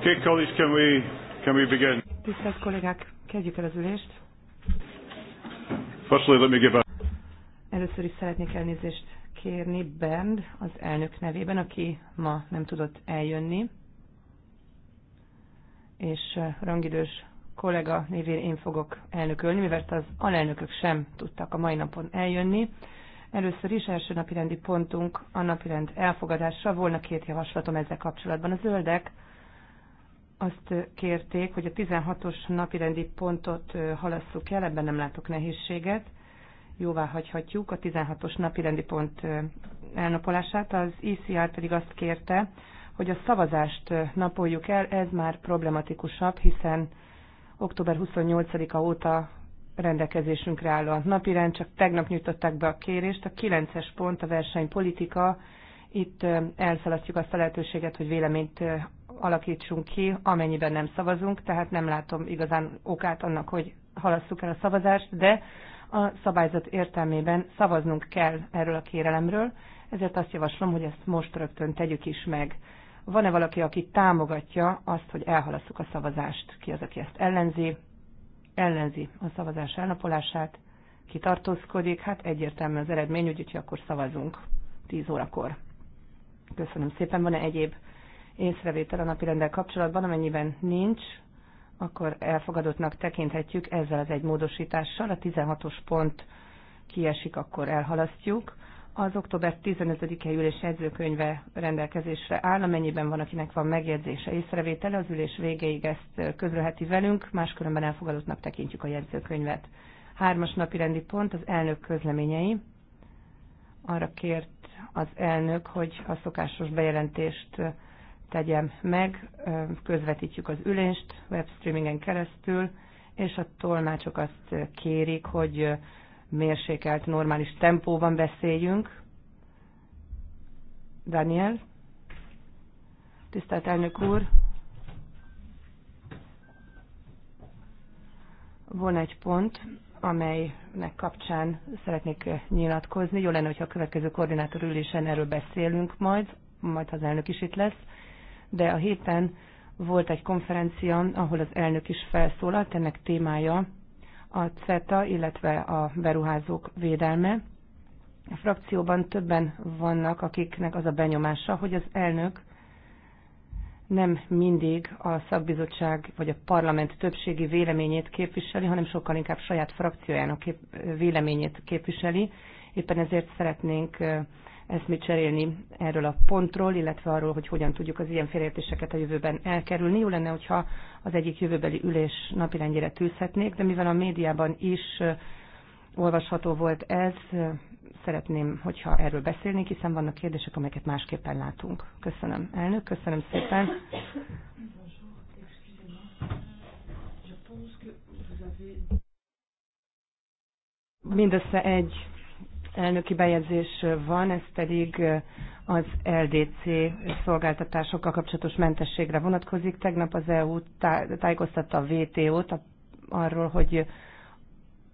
Okay, colleagues, can we, can we begin? Tisztelt kollégák, kezdjük el az ülést. Firstly, let me give a... Először is szeretnék elnézést kérni Bernd az elnök nevében, aki ma nem tudott eljönni. És rangidős kollega névén én fogok elnökölni, mivel az alelnökök sem tudtak a mai napon eljönni Először is első napirendi pontunk a napirend elfogadása. Volna két javaslatom ezzel kapcsolatban. A zöldek azt kérték, hogy a 16-os napirendi pontot halasszuk el, ebben nem látok nehézséget. Jóvá hagyhatjuk a 16-os napirendi pont elnapolását. Az ICR e pedig azt kérte, hogy a szavazást napoljuk el, ez már problematikusabb, hiszen október 28-a óta rendelkezésünkre álló a napirend, csak tegnap nyújtották be a kérést. A kilences pont a versenypolitika. Itt elszalasztjuk azt a lehetőséget, hogy véleményt alakítsunk ki, amennyiben nem szavazunk, tehát nem látom igazán okát annak, hogy halasszuk el a szavazást, de a szabályzat értelmében szavaznunk kell erről a kérelemről, ezért azt javaslom, hogy ezt most rögtön tegyük is meg. Van-e valaki, aki támogatja azt, hogy elhalasszuk a szavazást? Ki az, aki ezt ellenzi? ellenzi a szavazás elnapolását, ki hát egyértelmű az eredmény, úgyhogy akkor szavazunk 10 órakor. Köszönöm szépen. Van-e egyéb észrevétel a rendel kapcsolatban? Amennyiben nincs, akkor elfogadottnak tekinthetjük ezzel az egy módosítással. A 16-os pont kiesik, akkor elhalasztjuk. Az október 15-e ülés edzőkönyve rendelkezésre áll, amennyiben van, akinek van megjegyzése, észrevétele, az ülés végéig ezt közölheti velünk, máskülönben elfogadottnak tekintjük a jegyzőkönyvet. Hármas napi rendi pont az elnök közleményei. Arra kért az elnök, hogy a szokásos bejelentést tegyem meg, közvetítjük az ülést webstreamingen keresztül, és a tolmácsok azt kérik, hogy mérsékelt, normális tempóban beszéljünk. Daniel? Tisztelt elnök úr! Van egy pont, amelynek kapcsán szeretnék nyilatkozni. Jó lenne, hogyha a következő koordinátor ülésen erről beszélünk majd, majd az elnök is itt lesz. De a héten volt egy konferencia, ahol az elnök is felszólalt, ennek témája a CETA, illetve a beruházók védelme. A frakcióban többen vannak, akiknek az a benyomása, hogy az elnök nem mindig a szakbizottság vagy a parlament többségi véleményét képviseli, hanem sokkal inkább saját frakciójának kép- véleményét képviseli. Éppen ezért szeretnénk eszmét cserélni erről a pontról, illetve arról, hogy hogyan tudjuk az ilyen félértéseket a jövőben elkerülni. Jó lenne, hogyha az egyik jövőbeli ülés napirendjére tűzhetnék, de mivel a médiában is olvasható volt ez, szeretném, hogyha erről beszélnénk, hiszen vannak kérdések, amelyeket másképpen látunk. Köszönöm, elnök, köszönöm szépen. Mindössze egy elnöki bejegyzés van, ez pedig az LDC szolgáltatásokkal kapcsolatos mentességre vonatkozik. Tegnap az EU tájékoztatta a WTO-t arról, hogy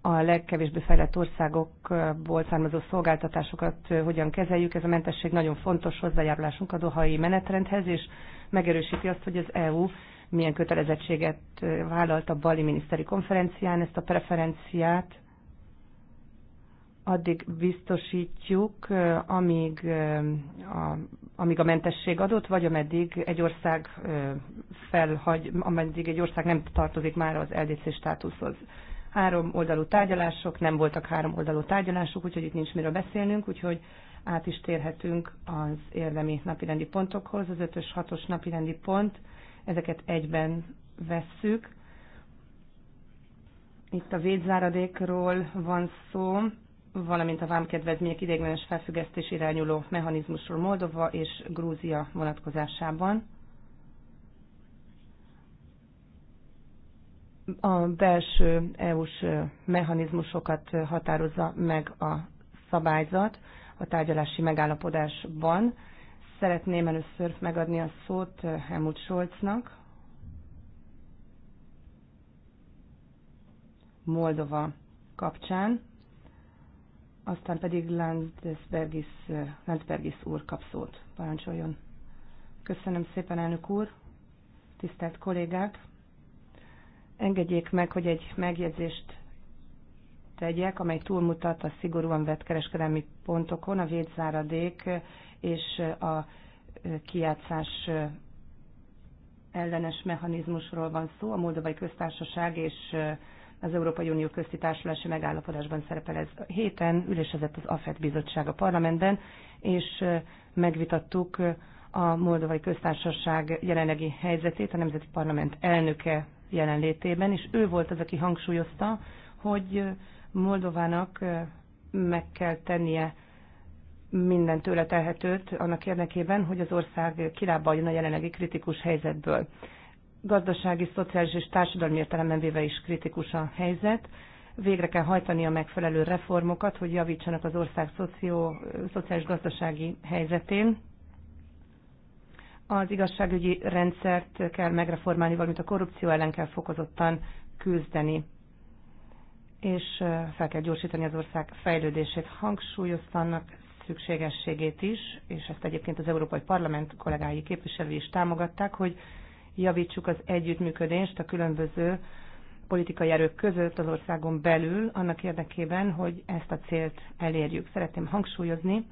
a legkevésbé fejlett országokból származó szolgáltatásokat hogyan kezeljük. Ez a mentesség nagyon fontos hozzájárulásunk a dohai menetrendhez, és megerősíti azt, hogy az EU milyen kötelezettséget vállalt a Bali miniszteri konferencián, ezt a preferenciát addig biztosítjuk, amíg a, amíg a mentesség adott, vagy ameddig egy ország felhagy, ameddig egy ország nem tartozik már az LDC státuszhoz. Három oldalú tárgyalások, nem voltak három oldalú tárgyalások, úgyhogy itt nincs miről beszélnünk, úgyhogy át is térhetünk az érdemi napirendi pontokhoz. Az ötös hatos napirendi pont, ezeket egyben vesszük. Itt a védzáradékról van szó, valamint a vámkedvezmények ideiglenes felfüggesztés irányuló mechanizmusról Moldova és Grúzia vonatkozásában. A belső EU-s mechanizmusokat határozza meg a szabályzat a tárgyalási megállapodásban. Szeretném először megadni a szót Helmut Scholznak. Moldova kapcsán aztán pedig Landsbergis, Landsbergis úr kap szót. Parancsoljon. Köszönöm szépen, elnök úr, tisztelt kollégák. Engedjék meg, hogy egy megjegyzést tegyek, amely túlmutat a szigorúan vett kereskedelmi pontokon, a védzáradék és a kiátszás ellenes mechanizmusról van szó. A Moldovai Köztársaság és az Európai Unió közti társulási megállapodásban szerepel ez. Héten ülésezett az AFET bizottság a parlamentben, és megvitattuk a Moldovai Köztársaság jelenlegi helyzetét a Nemzeti Parlament elnöke jelenlétében, és ő volt az, aki hangsúlyozta, hogy Moldovának meg kell tennie minden tőle telhetőt annak érdekében, hogy az ország kilábaljon a jelenlegi kritikus helyzetből gazdasági, szociális és társadalmi értelemben véve is kritikus a helyzet. Végre kell hajtani a megfelelő reformokat, hogy javítsanak az ország szoció, szociális-gazdasági helyzetén. Az igazságügyi rendszert kell megreformálni, valamint a korrupció ellen kell fokozottan küzdeni és fel kell gyorsítani az ország fejlődését. hangsúlyoztanak szükségességét is, és ezt egyébként az Európai Parlament kollégái képviselői is támogatták, hogy javítsuk az együttműködést a különböző politikai erők között az országon belül, annak érdekében, hogy ezt a célt elérjük. Szeretném hangsúlyozni,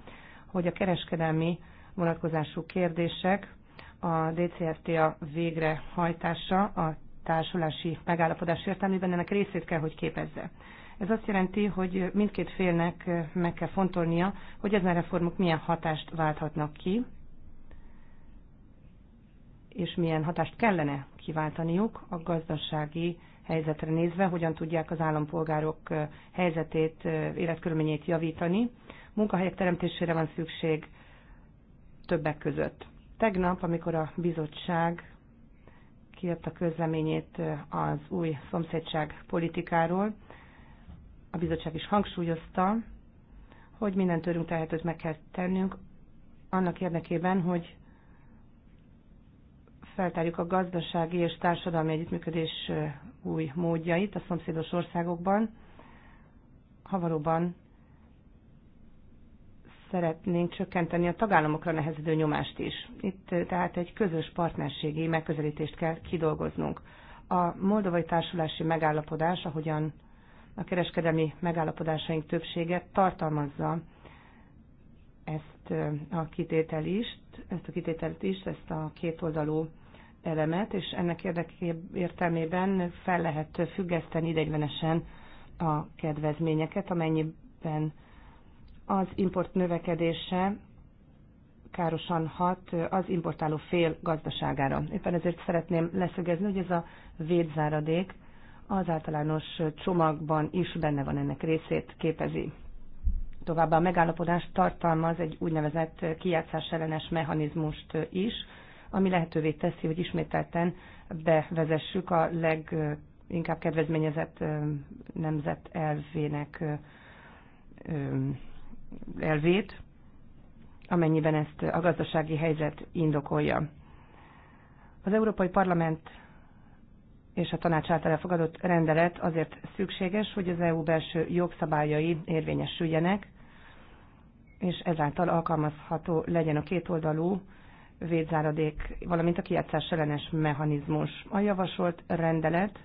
hogy a kereskedelmi vonatkozású kérdések, a DCFTA végrehajtása a társulási megállapodás értelmében ennek részét kell, hogy képezze. Ez azt jelenti, hogy mindkét félnek meg kell fontolnia, hogy ezen reformok milyen hatást válthatnak ki és milyen hatást kellene kiváltaniuk a gazdasági helyzetre nézve, hogyan tudják az állampolgárok helyzetét, életkörülményét javítani. Munkahelyek teremtésére van szükség többek között. Tegnap, amikor a bizottság kiadta közleményét az új szomszédság politikáról, a bizottság is hangsúlyozta, hogy minden törünk tehetőt meg kell tennünk annak érdekében, hogy feltárjuk a gazdasági és társadalmi együttműködés új módjait a szomszédos országokban, ha valóban szeretnénk csökkenteni a tagállamokra nehezedő nyomást is. Itt tehát egy közös partnerségi megközelítést kell kidolgoznunk. A moldovai társulási megállapodás, ahogyan a kereskedelmi megállapodásaink többsége tartalmazza ezt a is, ezt a kitételt is, ezt a kétoldalú elemet, és ennek érdekében értelmében fel lehet függeszteni ideiglenesen a kedvezményeket, amennyiben az import növekedése károsan hat az importáló fél gazdaságára. Éppen ezért szeretném leszögezni, hogy ez a védzáradék az általános csomagban is benne van ennek részét képezi. Továbbá a megállapodás tartalmaz egy úgynevezett kijátszás ellenes mechanizmust is, ami lehetővé teszi, hogy ismételten bevezessük a leginkább kedvezményezett nemzet elvének elvét, amennyiben ezt a gazdasági helyzet indokolja. Az Európai Parlament és a tanács által elfogadott rendelet azért szükséges, hogy az EU belső jogszabályai érvényesüljenek, és ezáltal alkalmazható legyen a kétoldalú védzáradék, valamint a kijátszás ellenes mechanizmus. A javasolt rendelet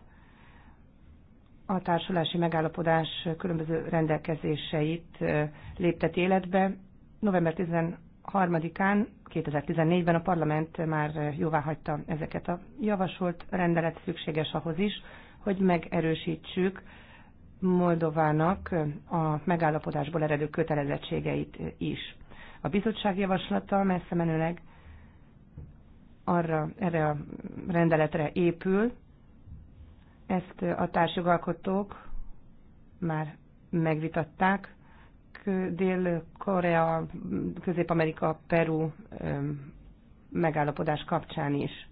a társulási megállapodás különböző rendelkezéseit léptet életbe. November 13-án, 2014-ben a parlament már jóvá hagyta ezeket a javasolt rendelet szükséges ahhoz is, hogy megerősítsük Moldovának a megállapodásból eredő kötelezettségeit is. A bizottság javaslata messze menőleg arra, erre a rendeletre épül. Ezt a társjogalkotók már megvitatták. Dél-Korea, Közép-Amerika, Peru megállapodás kapcsán is.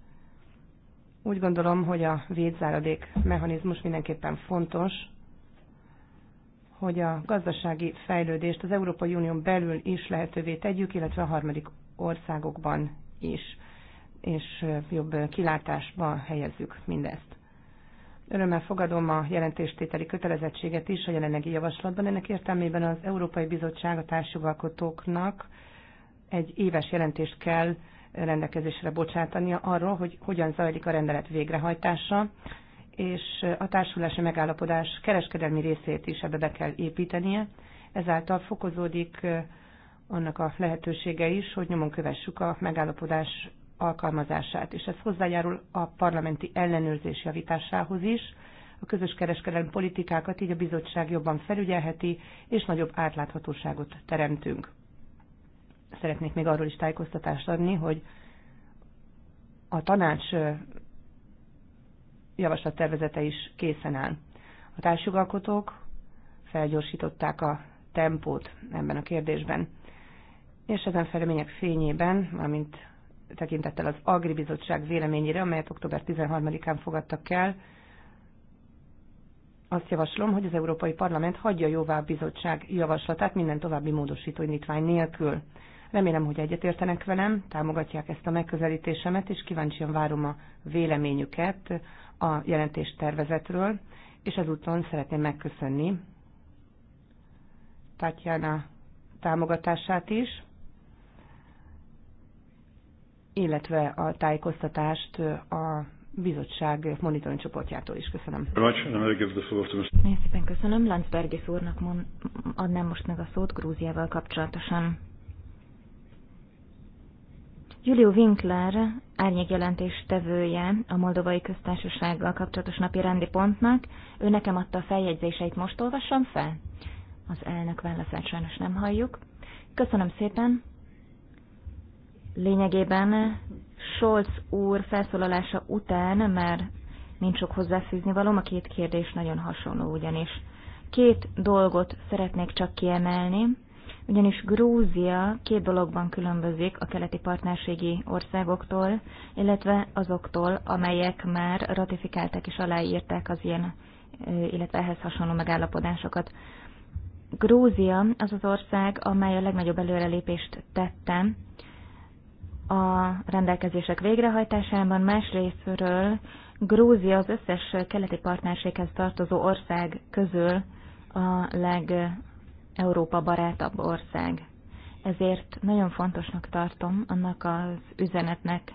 Úgy gondolom, hogy a védzáradék mechanizmus mindenképpen fontos, hogy a gazdasági fejlődést az Európai Unión belül is lehetővé tegyük, illetve a harmadik országokban is és jobb kilátásba helyezzük mindezt. Örömmel fogadom a jelentéstételi kötelezettséget is a jelenlegi javaslatban. Ennek értelmében az Európai Bizottság a társjogalkotóknak egy éves jelentést kell rendelkezésre bocsátania arról, hogy hogyan zajlik a rendelet végrehajtása, és a társulási megállapodás kereskedelmi részét is ebbe be kell építenie. Ezáltal fokozódik eh, annak a lehetősége is, hogy nyomon kövessük a megállapodás alkalmazását, és ez hozzájárul a parlamenti ellenőrzés javításához is, a közös kereskedelmi politikákat így a bizottság jobban felügyelheti, és nagyobb átláthatóságot teremtünk. Szeretnék még arról is tájékoztatást adni, hogy a tanács javaslattervezete is készen áll. A társjogalkotók felgyorsították a tempót ebben a kérdésben, és ezen felemények fényében, valamint tekintettel az Agribizottság véleményére, amelyet október 13-án fogadtak el, azt javaslom, hogy az Európai Parlament hagyja jóvá a bizottság javaslatát minden további módosító indítvány nélkül. Remélem, hogy egyetértenek velem, támogatják ezt a megközelítésemet, és kíváncsian várom a véleményüket a jelentés tervezetről, és ezúton szeretném megköszönni Tatjana támogatását is, illetve a tájékoztatást a bizottság monitoring csoportjától is. Köszönöm. Én szépen köszönöm. Bergész úrnak adnám most meg a szót Grúziával kapcsolatosan. Julio Winkler árnyékjelentés tevője a Moldovai Köztársasággal kapcsolatos napi rendi pontnak. Ő nekem adta a feljegyzéseit, most olvassam fel? Az elnök válaszát sajnos nem halljuk. Köszönöm szépen. Lényegében Scholz úr felszólalása után már nincs sok hozzáfűzni való, a két kérdés nagyon hasonló ugyanis. Két dolgot szeretnék csak kiemelni, ugyanis Grúzia két dologban különbözik a keleti partnerségi országoktól, illetve azoktól, amelyek már ratifikálták és aláírták az ilyen, illetve ehhez hasonló megállapodásokat. Grúzia az az ország, amely a legnagyobb előrelépést tette a rendelkezések végrehajtásában, másrésztről Grúzia az összes keleti partnerséghez tartozó ország közül a leg-Európa barátabb ország. Ezért nagyon fontosnak tartom annak az üzenetnek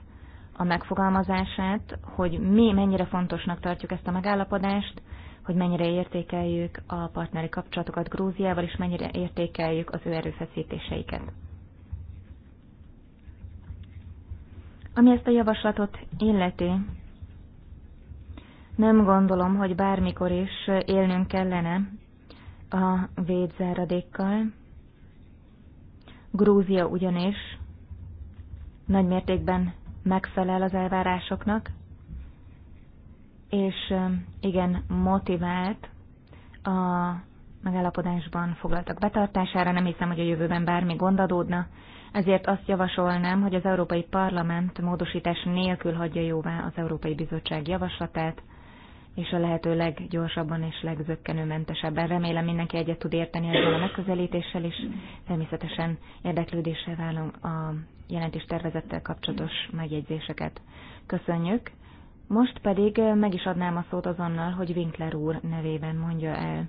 a megfogalmazását, hogy mi mennyire fontosnak tartjuk ezt a megállapodást, hogy mennyire értékeljük a partneri kapcsolatokat Grúziával, és mennyire értékeljük az ő erőfeszítéseiket. Ami ezt a javaslatot illeti, nem gondolom, hogy bármikor is élnünk kellene a védzáradékkal. Grúzia ugyanis nagy mértékben megfelel az elvárásoknak, és igen, motivált a megállapodásban foglaltak betartására. Nem hiszem, hogy a jövőben bármi gond adódna ezért azt javasolnám, hogy az Európai Parlament módosítás nélkül hagyja jóvá az Európai Bizottság javaslatát, és a lehető leggyorsabban és legzökkenőmentesebben. Remélem mindenki egyet tud érteni ezzel a megközelítéssel, és természetesen érdeklődéssel válom a jelentés tervezettel kapcsolatos megjegyzéseket. Köszönjük! Most pedig meg is adnám a szót azonnal, hogy Winkler úr nevében mondja el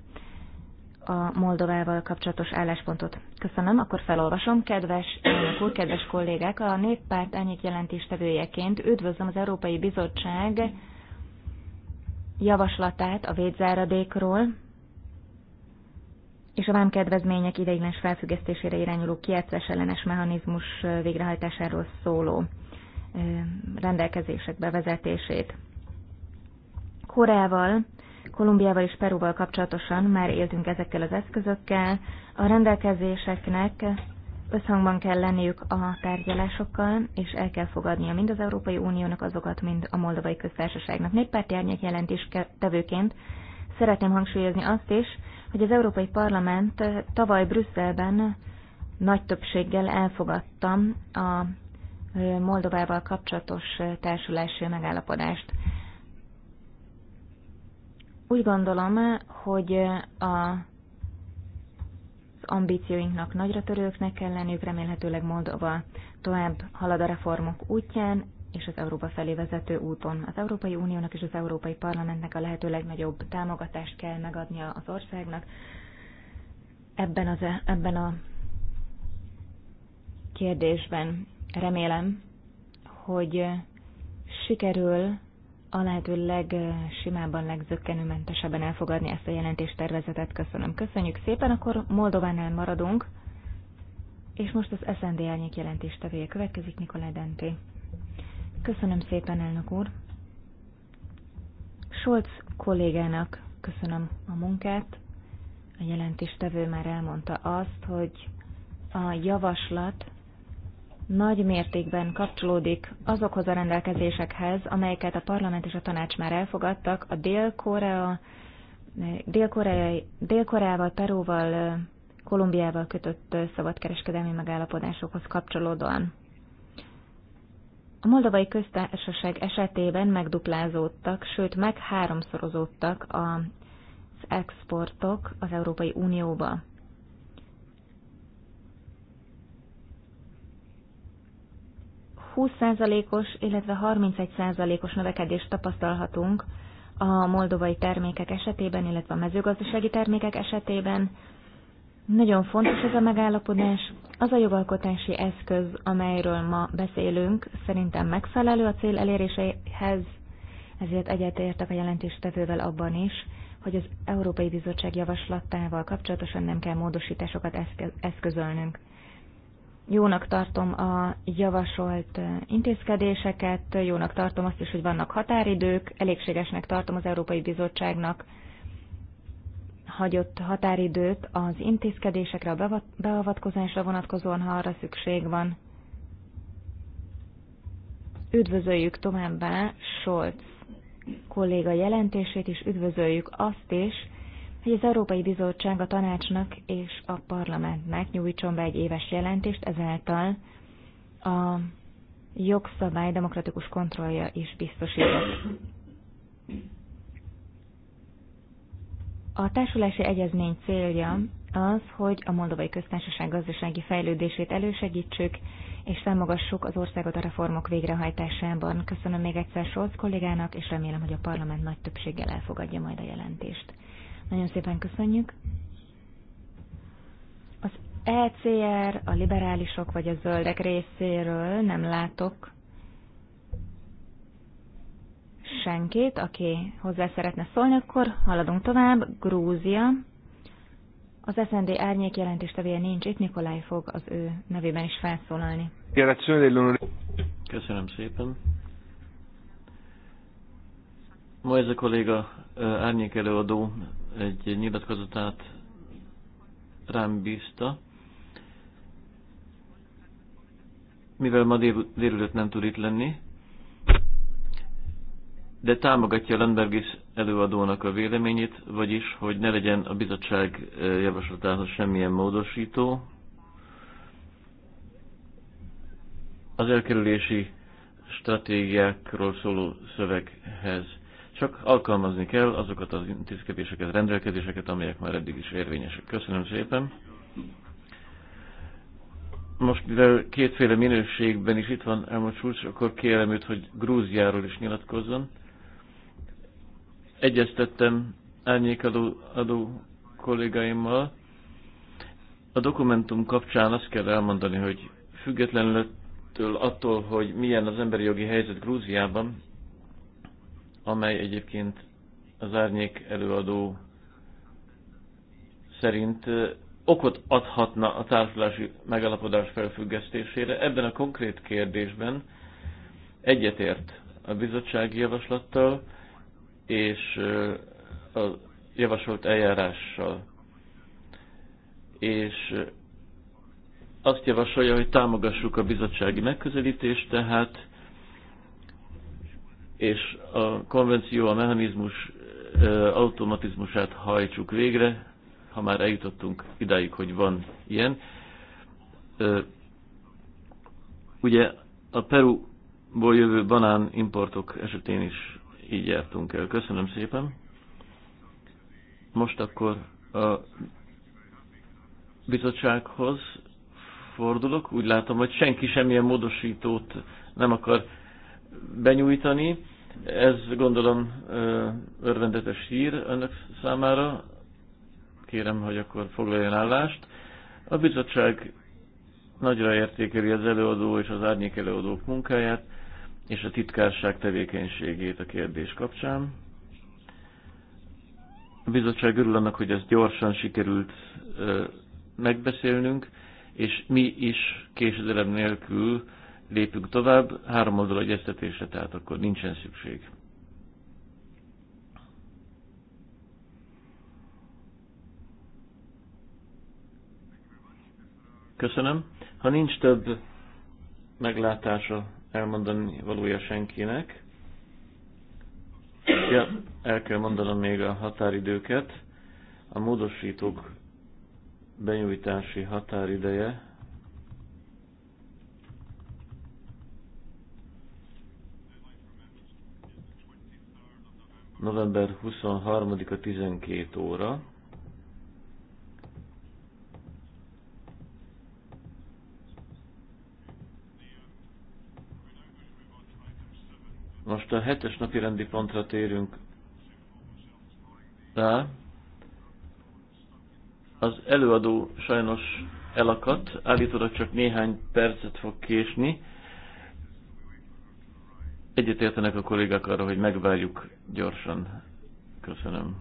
a Moldovával kapcsolatos álláspontot. Köszönöm, akkor felolvasom. Kedves elnök úr, kedves kollégák, a néppárt elnyék jelentéstevőjeként üdvözlöm az Európai Bizottság javaslatát a védzáradékról és a vámkedvezmények ideiglenes felfüggesztésére irányuló kiátszás ellenes mechanizmus végrehajtásáról szóló rendelkezések bevezetését. Koreával Kolumbiával és Peruval kapcsolatosan már éltünk ezekkel az eszközökkel. A rendelkezéseknek összhangban kell lenniük a tárgyalásokkal, és el kell fogadnia mind az Európai Uniónak azokat, mind a Moldovai Köztársaságnak. Néppárti árnyék jelentés tevőként szeretném hangsúlyozni azt is, hogy az Európai Parlament eh, tavaly Brüsszelben nagy többséggel elfogadta a eh, Moldovával kapcsolatos eh, társulási megállapodást. Úgy gondolom, hogy a ambícióinknak nagyra törőknek kell lenniük, remélhetőleg Moldova tovább halad a reformok útján, és az Európa felé vezető úton. Az Európai Uniónak és az Európai Parlamentnek a lehető legnagyobb támogatást kell megadnia az országnak ebben, az, e- ebben a kérdésben. Remélem, hogy sikerül a lehető legsimábban, legzökkenőmentesebben elfogadni ezt a jelentéstervezetet. Köszönöm. Köszönjük szépen, akkor Moldovánál maradunk. És most az SND árnyék jelentéstevője következik, Nikolaj Denté. Köszönöm szépen, elnök úr. Scholz kollégának köszönöm a munkát. A jelentéstevő már elmondta azt, hogy a javaslat nagy mértékben kapcsolódik azokhoz a rendelkezésekhez, amelyeket a parlament és a tanács már elfogadtak a Dél-Korea, Dél-Koreával, Dél Kolumbiával kötött szabadkereskedelmi megállapodásokhoz kapcsolódóan. A moldovai köztársaság esetében megduplázódtak, sőt megháromszorozódtak az exportok az Európai Unióba. 20%-os, illetve 31%-os növekedést tapasztalhatunk a moldovai termékek esetében, illetve a mezőgazdasági termékek esetében. Nagyon fontos ez a megállapodás. Az a jogalkotási eszköz, amelyről ma beszélünk, szerintem megfelelő a cél eléréséhez, ezért egyetértek a jelentéstevővel abban is, hogy az Európai Bizottság javaslatával kapcsolatosan nem kell módosításokat eszközölnünk. Jónak tartom a javasolt intézkedéseket, jónak tartom azt is, hogy vannak határidők, elégségesnek tartom az Európai Bizottságnak hagyott határidőt az intézkedésekre, a beavatkozásra vonatkozóan, ha arra szükség van. Üdvözöljük továbbá Scholz kolléga jelentését, és üdvözöljük azt is, hogy az Európai Bizottság a tanácsnak és a parlamentnek nyújtson be egy éves jelentést, ezáltal a jogszabály demokratikus kontrollja is biztosított. A társulási egyezmény célja az, hogy a Moldovai Köztársaság gazdasági fejlődését elősegítsük, és támogassuk az országot a reformok végrehajtásában. Köszönöm még egyszer Solc kollégának, és remélem, hogy a parlament nagy többséggel elfogadja majd a jelentést. Nagyon szépen köszönjük. Az ECR, a liberálisok vagy a zöldek részéről nem látok senkit, aki hozzá szeretne szólni, akkor haladunk tovább. Grúzia. Az SND árnyék jelentéstevője nincs itt, Nikolaj fog az ő nevében is felszólalni. Köszönöm szépen. Ma ez a kolléga árnyék előadó egy nyilatkozatát rám bízta. Mivel ma délelőtt nem tud itt lenni, de támogatja Lembergis előadónak a véleményét, vagyis, hogy ne legyen a bizottság javaslatához semmilyen módosító. Az elkerülési stratégiákról szóló szöveghez csak alkalmazni kell azokat az intézkedéseket, rendelkezéseket, amelyek már eddig is érvényesek. Köszönöm szépen! Most, mivel kétféle minőségben is itt van Elmo Csúcs, akkor kérem őt, hogy Grúziáról is nyilatkozzon. Egyeztettem árnyékadó adó kollégáimmal. A dokumentum kapcsán azt kell elmondani, hogy függetlenül attól, hogy milyen az emberi jogi helyzet Grúziában, amely egyébként az árnyék előadó szerint okot adhatna a társulási megalapodás felfüggesztésére. Ebben a konkrét kérdésben egyetért a bizottsági javaslattal és a javasolt eljárással. És azt javasolja, hogy támogassuk a bizottsági megközelítést, tehát és a konvenció, a mechanizmus automatizmusát hajtsuk végre, ha már eljutottunk idáig, hogy van ilyen. Ugye a Peruból jövő banán importok esetén is így jártunk el. Köszönöm szépen. Most akkor a bizottsághoz fordulok. Úgy látom, hogy senki semmilyen módosítót nem akar benyújtani. Ez gondolom örvendetes hír önök számára. Kérem, hogy akkor foglaljon állást. A bizottság nagyra értékeli az előadó és az árnyék előadók munkáját, és a titkárság tevékenységét a kérdés kapcsán. A bizottság örül annak, hogy ezt gyorsan sikerült megbeszélnünk, és mi is késedelem nélkül lépünk tovább, három oldal egyeztetésre, tehát akkor nincsen szükség. Köszönöm. Ha nincs több meglátása elmondani valója senkinek, ja, el kell mondanom még a határidőket. A módosítók benyújtási határideje november 23-a 12 óra. Most a hetes napi rendi pontra térünk rá. Az előadó sajnos elakadt, állítólag csak néhány percet fog késni, Egyetértenek a kollégák arra, hogy megvárjuk gyorsan. Köszönöm.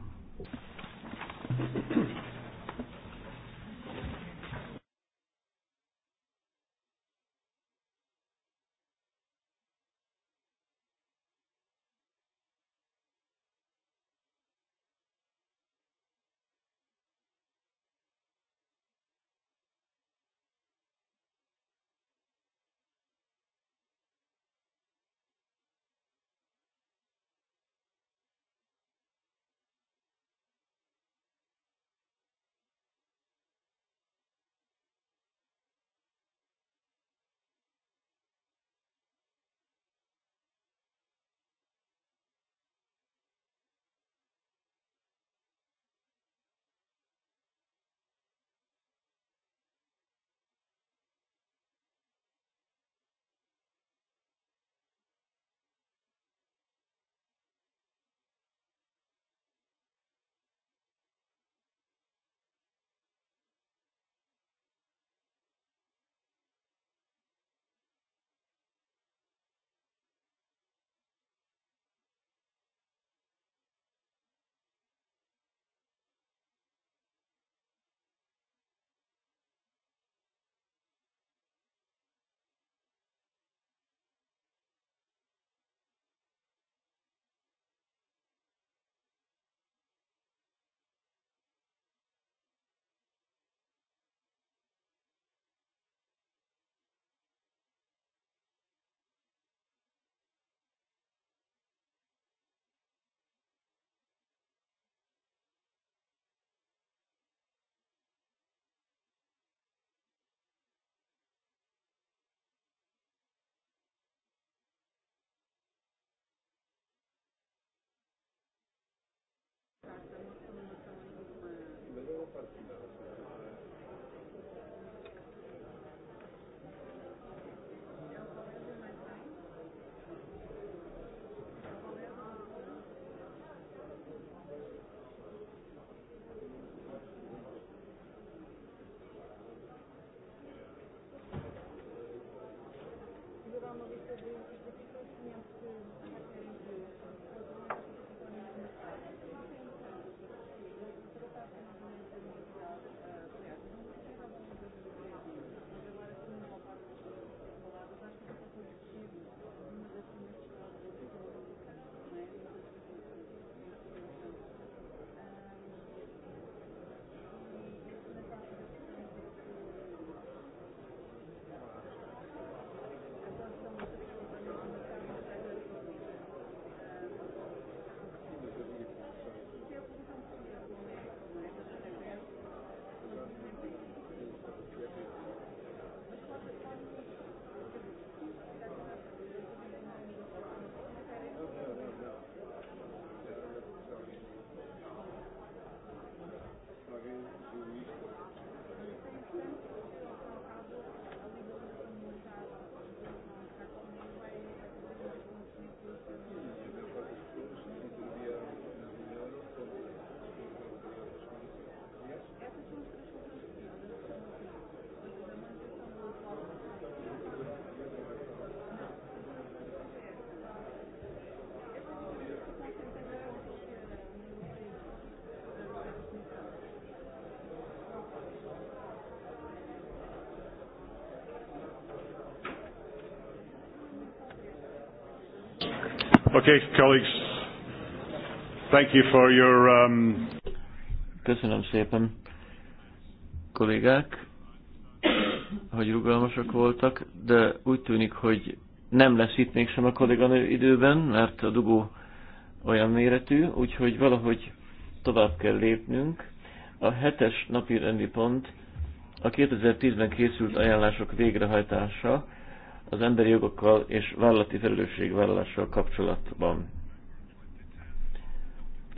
Okay, colleagues, thank you for your... Um... Köszönöm szépen, kollégák, hogy rugalmasak voltak, de úgy tűnik, hogy nem lesz itt mégsem a kolléganő időben, mert a dugó olyan méretű, úgyhogy valahogy tovább kell lépnünk. A hetes napi rendi pont a 2010-ben készült ajánlások végrehajtása, az emberi jogokkal és vállalati felelősségvállalással kapcsolatban.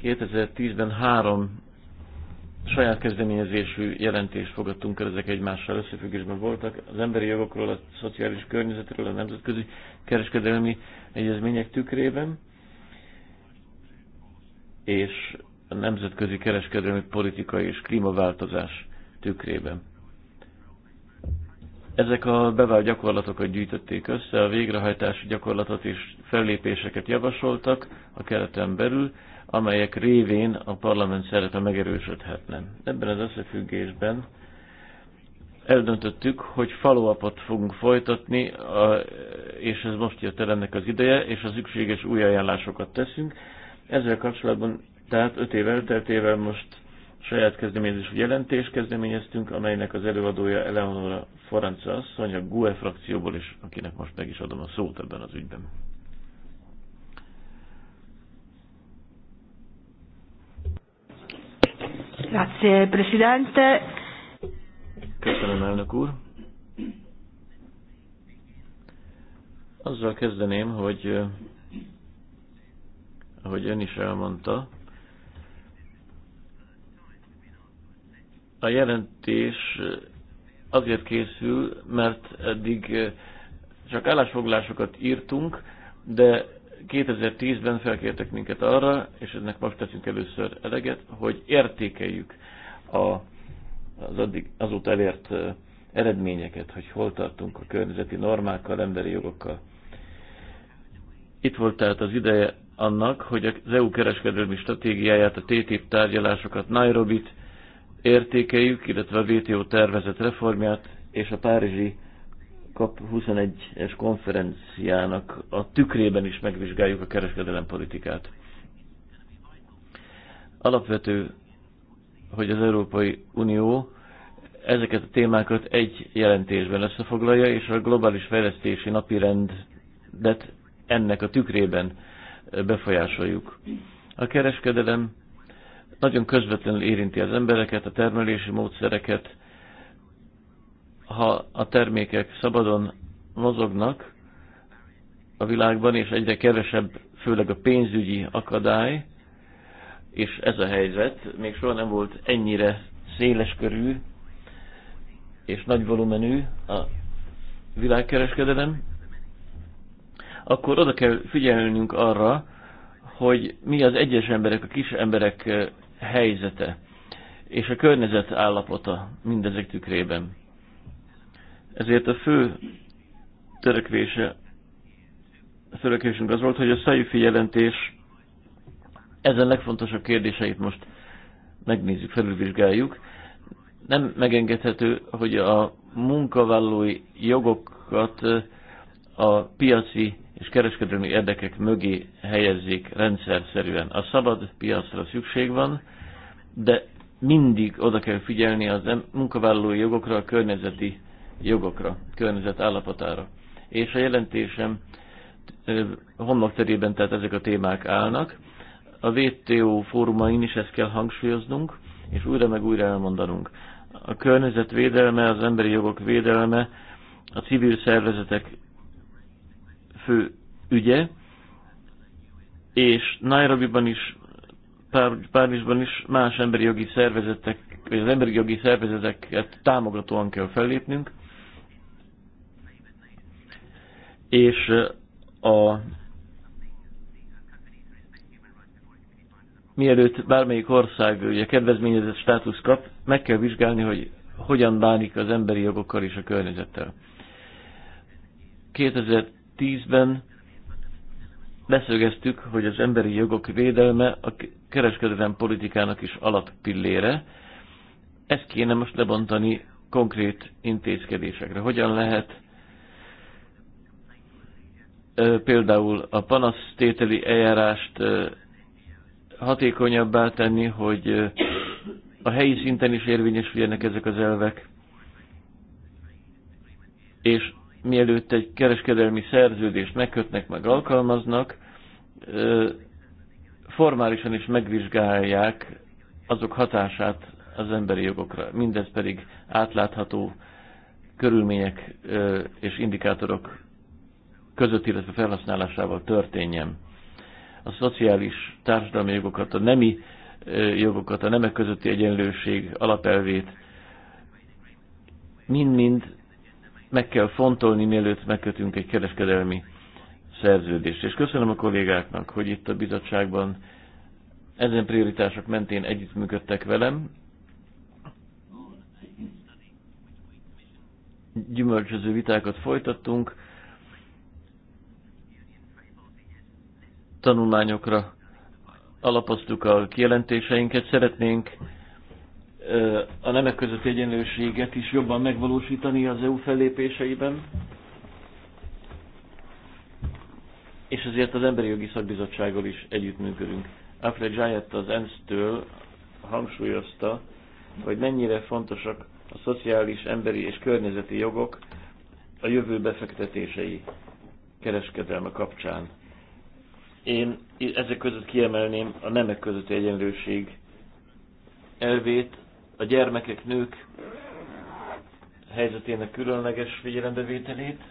2010-ben három saját kezdeményezésű jelentést fogadtunk el, ezek egymással összefüggésben voltak. Az emberi jogokról, a szociális környezetről, a nemzetközi kereskedelmi egyezmények tükrében, és a nemzetközi kereskedelmi politika és klímaváltozás tükrében. Ezek a bevált gyakorlatokat gyűjtötték össze, a végrehajtási gyakorlatot és fellépéseket javasoltak a kereten belül, amelyek révén a parlament szerepe megerősödhetne. Ebben az összefüggésben eldöntöttük, hogy Faluapot fogunk folytatni, és ez most jött el ennek az ideje, és a szükséges új ajánlásokat teszünk. Ezzel kapcsolatban, tehát öt év elteltével most saját kezdeményezésű jelentést kezdeményeztünk, amelynek az előadója Eleonora Forenca asszony, a GUE frakcióból is, akinek most meg is adom a szót ebben az ügyben. Grazie, Presidente. Köszönöm, elnök úr. Azzal kezdeném, hogy eh, ahogy ön is elmondta, a jelentés azért készül, mert eddig csak állásfoglalásokat írtunk, de 2010-ben felkértek minket arra, és ennek most teszünk először eleget, hogy értékeljük a, az addig, azóta elért eredményeket, hogy hol tartunk a környezeti normákkal, emberi jogokkal. Itt volt tehát az ideje annak, hogy az EU kereskedelmi stratégiáját, a TTIP tárgyalásokat, Nairobi-t értékeljük, illetve a WTO tervezett reformját és a Párizsi KAP 21-es konferenciának a tükrében is megvizsgáljuk a kereskedelem politikát. Alapvető, hogy az Európai Unió ezeket a témákat egy jelentésben összefoglalja, és a globális fejlesztési napirendet ennek a tükrében befolyásoljuk. A kereskedelem nagyon közvetlenül érinti az embereket, a termelési módszereket. Ha a termékek szabadon mozognak a világban, és egyre kevesebb, főleg a pénzügyi akadály, és ez a helyzet még soha nem volt ennyire széleskörű és nagy volumenű a világkereskedelem, akkor oda kell figyelnünk arra, hogy mi az egyes emberek, a kis emberek helyzete és a környezet állapota mindezek tükrében. Ezért a fő törekvése, a törekvésünk az volt, hogy a Szajfi jelentés ezen legfontosabb kérdéseit most megnézzük, felülvizsgáljuk. Nem megengedhető, hogy a munkavállalói jogokat a piaci és kereskedelmi érdekek mögé helyezzék szerűen. A szabad piacra szükség van, de mindig oda kell figyelni az munkavállalói jogokra, a környezeti jogokra, környezet állapotára. És a jelentésem terében, tehát ezek a témák állnak. A WTO fórumain is ezt kell hangsúlyoznunk, és újra meg újra elmondanunk. A környezet védelme, az emberi jogok védelme, a civil szervezetek fő ügye, és Nairobiban is, Párizsban is más emberi jogi szervezetek, vagy az emberi jogi szervezeteket támogatóan kell fellépnünk, és a mielőtt bármelyik ország ugye, kedvezményezett státusz kap, meg kell vizsgálni, hogy hogyan bánik az emberi jogokkal és a környezettel. 2000 2010-ben leszögeztük, hogy az emberi jogok védelme a kereskedelem politikának is alappillére. Ezt kéne most lebontani konkrét intézkedésekre. Hogyan lehet például a panasztételi eljárást hatékonyabbá tenni, hogy a helyi szinten is érvényesüljenek ezek az elvek, és mielőtt egy kereskedelmi szerződést megkötnek, meg alkalmaznak, formálisan is megvizsgálják azok hatását az emberi jogokra. Mindez pedig átlátható körülmények és indikátorok között, illetve felhasználásával történjen. A szociális társadalmi jogokat, a nemi jogokat, a nemek közötti egyenlőség alapelvét mind-mind meg kell fontolni, mielőtt megkötünk egy kereskedelmi szerződést. És köszönöm a kollégáknak, hogy itt a bizottságban ezen prioritások mentén együttműködtek velem. Gyümölcsöző vitákat folytattunk, tanulmányokra alapoztuk a kijelentéseinket, szeretnénk a nemek közötti egyenlőséget is jobban megvalósítani az EU fellépéseiben. És ezért az Emberi Jogi Szakbizottsággal is együttműködünk. Alfred Zsájett az ENSZ-től hangsúlyozta, hogy mennyire fontosak a szociális, emberi és környezeti jogok a jövő befektetései kereskedelme kapcsán. Én ezek között kiemelném a nemek közötti egyenlőség elvét, a gyermekek, nők helyzetének különleges figyelembevételét,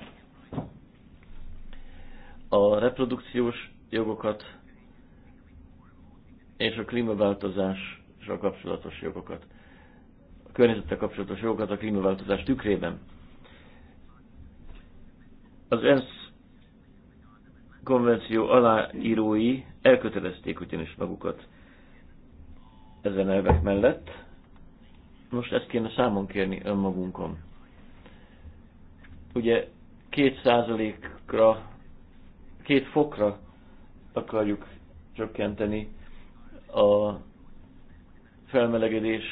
a reprodukciós jogokat és a klímaváltozással kapcsolatos jogokat. A környezettel kapcsolatos jogokat a klímaváltozás tükrében. Az ENSZ konvenció aláírói elkötelezték ugyanis magukat ezen elvek mellett, most ezt kéne számon kérni önmagunkon. Ugye két százalékra, két fokra akarjuk csökkenteni a felmelegedés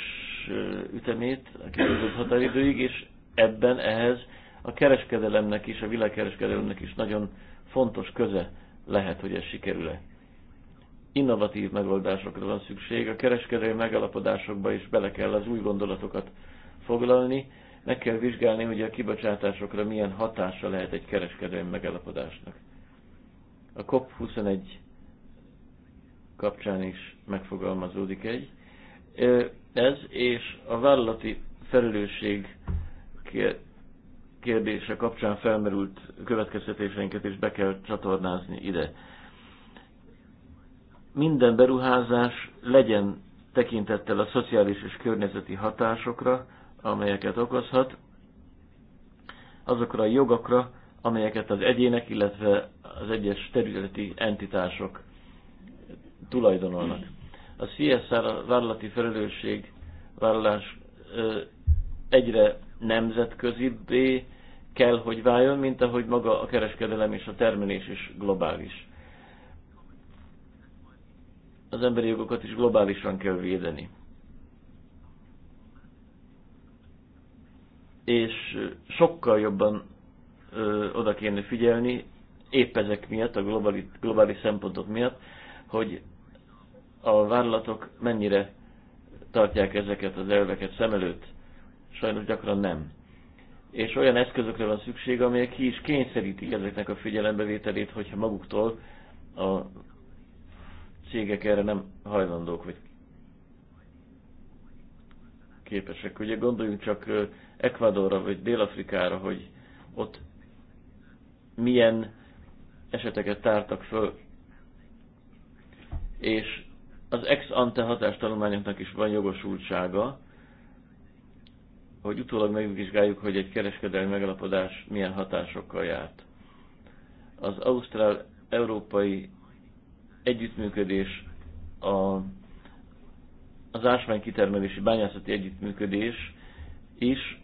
ütemét a kitűzött határidőig, és ebben ehhez a kereskedelemnek is, a világkereskedelemnek is nagyon fontos köze lehet, hogy ez sikerül-e innovatív megoldásokra van szükség, a kereskedelmi megalapodásokba is bele kell az új gondolatokat foglalni, meg kell vizsgálni, hogy a kibocsátásokra milyen hatása lehet egy kereskedelmi megalapodásnak. A COP21 kapcsán is megfogalmazódik egy. Ez és a vállalati felelősség kérdése kapcsán felmerült következtetéseinket is be kell csatornázni ide minden beruházás legyen tekintettel a szociális és környezeti hatásokra, amelyeket okozhat, azokra a jogokra, amelyeket az egyének, illetve az egyes területi entitások tulajdonolnak. A CSR, a vállalati felelősség vállalás egyre nemzetközibbé kell, hogy váljon, mint ahogy maga a kereskedelem és a termelés is globális az emberi jogokat is globálisan kell védeni. És sokkal jobban ö, oda kéne figyelni, épp ezek miatt, a globális, globális szempontok miatt, hogy a vállalatok mennyire tartják ezeket az elveket szem előtt. Sajnos gyakran nem. És olyan eszközökre van szükség, amelyek ki is kényszerítik ezeknek a figyelembevételét, hogyha maguktól a cégek erre nem hajlandók, vagy képesek. Ugye gondoljunk csak Ecuadorra, vagy Dél-Afrikára, hogy ott milyen eseteket tártak föl. És az ex-ante hatástanulmányoknak is van jogosultsága, hogy utólag megvizsgáljuk, hogy egy kereskedelmi megalapodás milyen hatásokkal járt. Az Ausztrál-Európai együttműködés, a, az ásványkitermelési bányászati együttműködés is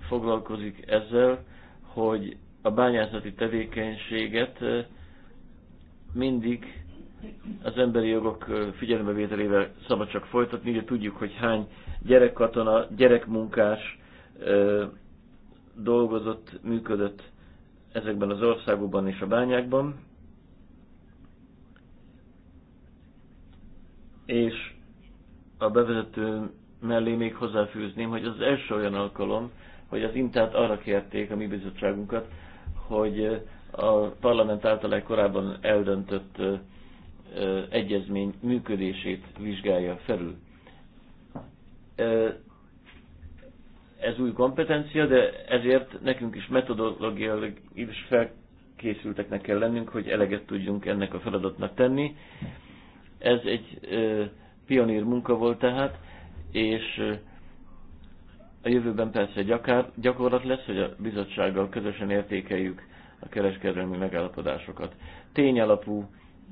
foglalkozik ezzel, hogy a bányászati tevékenységet mindig az emberi jogok figyelembevételével szabad csak folytatni, ugye tudjuk, hogy hány gyerekkatona, gyerekmunkás dolgozott, működött ezekben az országokban és a bányákban. És a bevezető mellé még hozzáfűzném, hogy az első olyan alkalom, hogy az Intát arra kérték a mi bizottságunkat, hogy a parlament által korábban eldöntött egyezmény működését vizsgálja felül. Ez új kompetencia, de ezért nekünk is metodológiailag is felkészülteknek kell lennünk, hogy eleget tudjunk ennek a feladatnak tenni, ez egy pionír munka volt tehát, és a jövőben persze gyakár, gyakorlat lesz, hogy a bizottsággal közösen értékeljük a kereskedelmi megállapodásokat. Tényalapú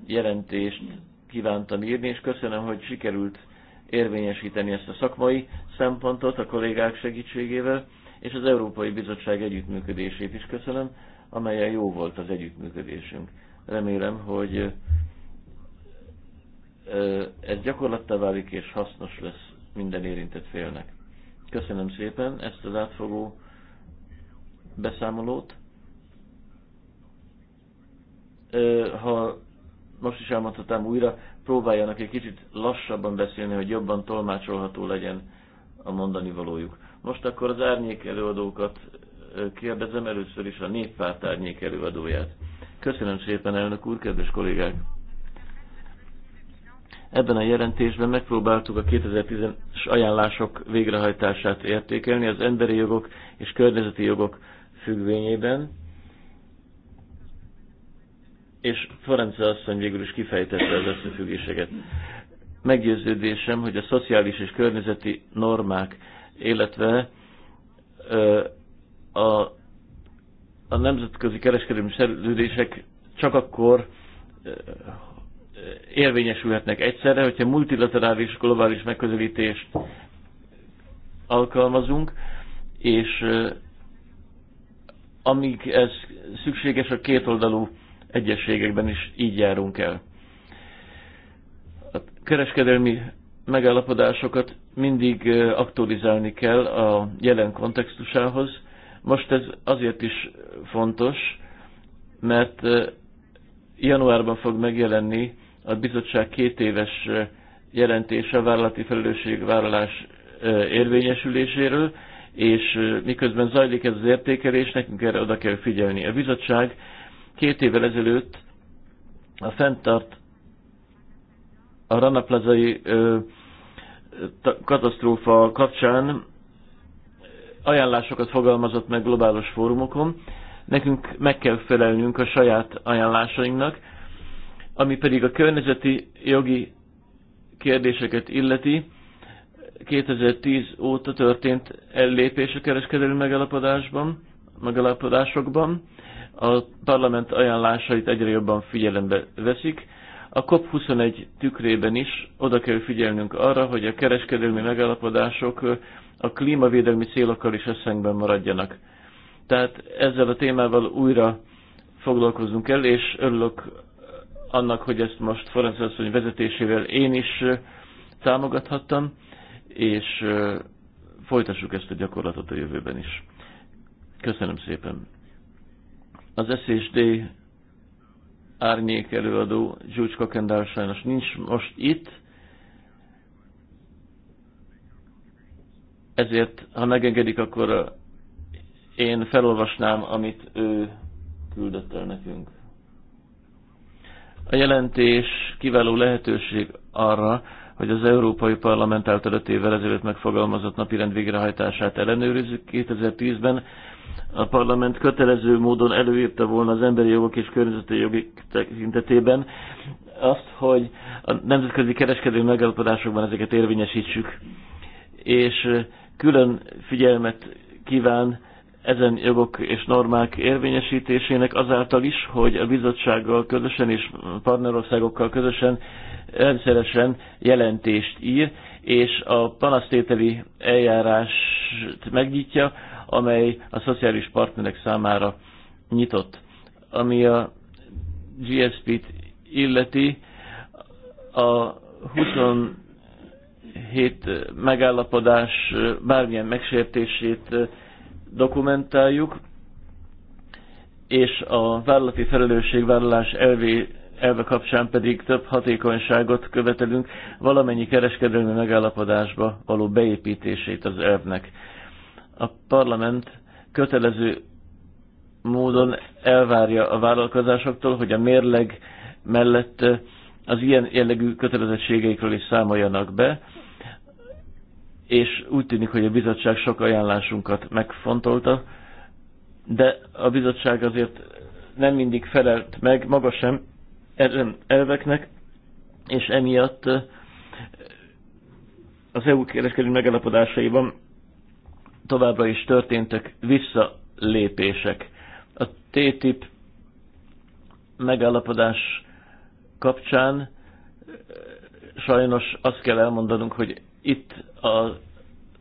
jelentést kívántam írni, és köszönöm, hogy sikerült érvényesíteni ezt a szakmai szempontot a kollégák segítségével, és az Európai Bizottság együttműködését is köszönöm, amelyen jó volt az együttműködésünk. Remélem, hogy ez gyakorlattá válik és hasznos lesz minden érintett félnek. Köszönöm szépen ezt az átfogó beszámolót. Ha most is elmondhatám újra, próbáljanak egy kicsit lassabban beszélni, hogy jobban tolmácsolható legyen a mondani valójuk. Most akkor az árnyék előadókat kérdezem először is a néppárt árnyék előadóját. Köszönöm szépen, elnök úr, kedves kollégák! Ebben a jelentésben megpróbáltuk a 2010-es ajánlások végrehajtását értékelni az emberi jogok és környezeti jogok függvényében, és Ferenc asszony végül is kifejtette az összefüggéseket. Meggyőződésem, hogy a szociális és környezeti normák, illetve a, a nemzetközi kereskedelmi szerződések csak akkor érvényesülhetnek egyszerre, hogyha multilaterális, globális megközelítést alkalmazunk, és amíg ez szükséges, a kétoldalú egyességekben is így járunk el. A kereskedelmi megállapodásokat mindig aktualizálni kell a jelen kontextusához. Most ez azért is fontos, mert januárban fog megjelenni a bizottság két éves jelentése a vállalati felelősségvállalás érvényesüléséről, és miközben zajlik ez az értékelés, nekünk erre oda kell figyelni. A bizottság két évvel ezelőtt a fenntart a ranaplazai katasztrófa kapcsán ajánlásokat fogalmazott meg globális fórumokon. Nekünk meg kell felelnünk a saját ajánlásainknak, ami pedig a környezeti jogi kérdéseket illeti, 2010 óta történt ellépés a kereskedelmi megalapodásban, megalapodásokban. A parlament ajánlásait egyre jobban figyelembe veszik. A COP21 tükrében is oda kell figyelnünk arra, hogy a kereskedelmi megalapodások a klímavédelmi célokkal is összhangban maradjanak. Tehát ezzel a témával újra foglalkozunk el, és örülök annak, hogy ezt most Ferenc asszony vezetésével én is támogathattam, és folytassuk ezt a gyakorlatot a jövőben is. Köszönöm szépen. Az SSD árnyék előadó Zsúcs Kakendár sajnos nincs most itt, ezért, ha megengedik, akkor én felolvasnám, amit ő küldött el nekünk. A jelentés kiváló lehetőség arra, hogy az Európai Parlament által 5 évvel ezelőtt megfogalmazott napirend végrehajtását ellenőrizzük. 2010-ben a parlament kötelező módon előírta volna az emberi jogok és környezeti jogi tekintetében azt, hogy a nemzetközi kereskedelmi megállapodásokban ezeket érvényesítsük. És külön figyelmet kíván ezen jogok és normák érvényesítésének azáltal is, hogy a bizottsággal közösen és partnerországokkal közösen rendszeresen jelentést ír, és a panasztételi eljárást megnyitja, amely a szociális partnerek számára nyitott. Ami a GSP-t illeti, a 27 megállapodás bármilyen megsértését dokumentáljuk, és a vállalati felelősségvállalás elvé, elve kapcsán pedig több hatékonyságot követelünk valamennyi kereskedelmi megállapodásba való beépítését az elvnek. A parlament kötelező módon elvárja a vállalkozásoktól, hogy a mérleg mellett az ilyen jellegű kötelezettségeikről is számoljanak be, és úgy tűnik, hogy a bizottság sok ajánlásunkat megfontolta, de a bizottság azért nem mindig felelt meg, maga sem elveknek, és emiatt eh, az EU kereskedelmi megállapodásaiban továbbra is történtek visszalépések. A TTIP megállapodás kapcsán eh, sajnos azt kell elmondanunk, hogy itt a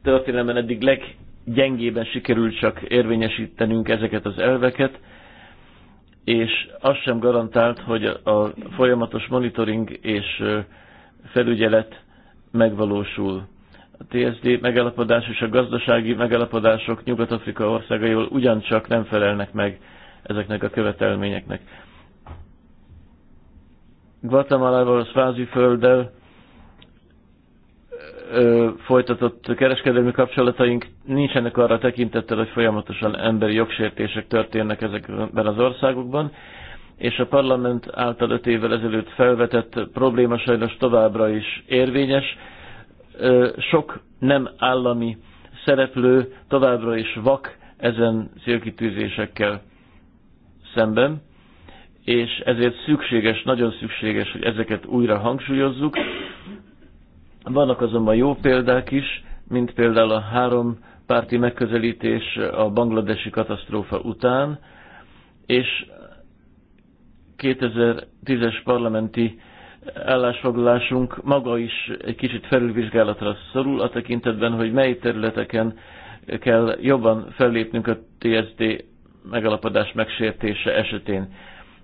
történelemben eddig leggyengében sikerült csak érvényesítenünk ezeket az elveket, és az sem garantált, hogy a folyamatos monitoring és felügyelet megvalósul. A TSD megállapodás és a gazdasági megállapodások Nyugat-Afrika országaival ugyancsak nem felelnek meg ezeknek a követelményeknek. Guatemala Svázi földdel folytatott kereskedelmi kapcsolataink nincsenek arra tekintettel, hogy folyamatosan emberi jogsértések történnek ezekben az országokban, és a parlament által öt évvel ezelőtt felvetett probléma sajnos továbbra is érvényes. Sok nem állami szereplő továbbra is vak ezen célkitűzésekkel szemben, és ezért szükséges, nagyon szükséges, hogy ezeket újra hangsúlyozzuk, vannak azonban jó példák is, mint például a három párti megközelítés a bangladesi katasztrófa után, és 2010-es parlamenti állásfoglalásunk maga is egy kicsit felülvizsgálatra szorul a tekintetben, hogy mely területeken kell jobban fellépnünk a TSD megalapodás megsértése esetén.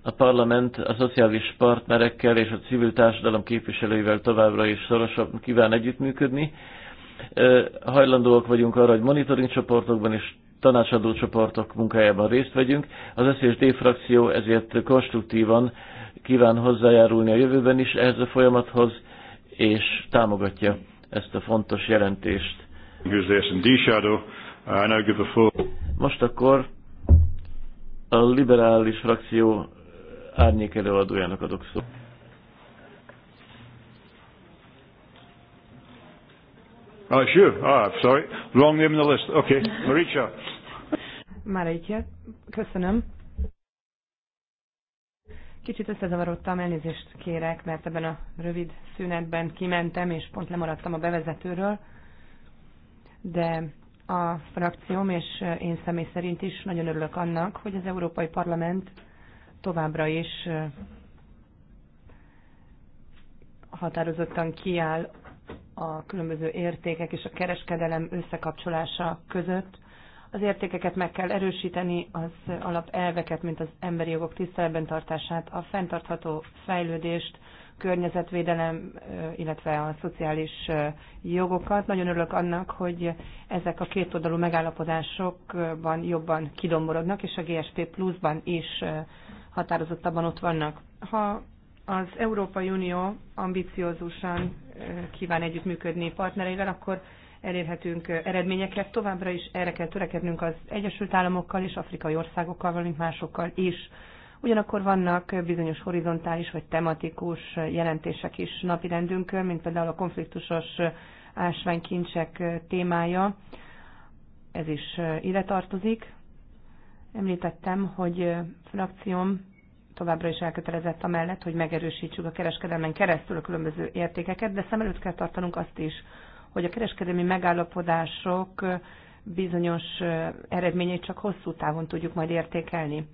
A parlament a szociális partnerekkel és a civil társadalom képviselőivel továbbra is szorosabb kíván együttműködni. Hajlandóak vagyunk arra, hogy monitoring csoportokban és tanácsadó csoportok munkájában részt vegyünk. Az SZSD frakció ezért konstruktívan kíván hozzájárulni a jövőben is ehhez a folyamathoz, és támogatja ezt a fontos jelentést. Most akkor a liberális frakció árnyék előadójának adok szót. Oh, sure. Ah, oh, sorry. Wrong name in the list. Okay. Maricha. Maricha. Köszönöm. Kicsit összezavarodtam, elnézést kérek, mert ebben a rövid szünetben kimentem, és pont lemaradtam a bevezetőről, de a frakcióm és én személy szerint is nagyon örülök annak, hogy az Európai Parlament továbbra is határozottan kiáll a különböző értékek és a kereskedelem összekapcsolása között. Az értékeket meg kell erősíteni, az alapelveket, mint az emberi jogok tiszteletben tartását, a fenntartható fejlődést, környezetvédelem, illetve a szociális jogokat. Nagyon örülök annak, hogy ezek a két oldalú megállapodásokban jobban kidomborodnak, és a GSP pluszban is határozottabban ott vannak. Ha az Európai Unió ambiciózusan kíván együttműködni partnereivel, akkor elérhetünk eredményeket. Továbbra is erre kell törekednünk az Egyesült Államokkal és afrikai országokkal, valamint másokkal is. Ugyanakkor vannak bizonyos horizontális vagy tematikus jelentések is napirendünkön, mint például a konfliktusos ásványkincsek témája. Ez is ide tartozik. Említettem, hogy frakcióm továbbra is elkötelezett amellett, hogy megerősítsük a kereskedelmen keresztül a különböző értékeket, de szem előtt kell tartanunk azt is, hogy a kereskedelmi megállapodások bizonyos eredményeit csak hosszú távon tudjuk majd értékelni.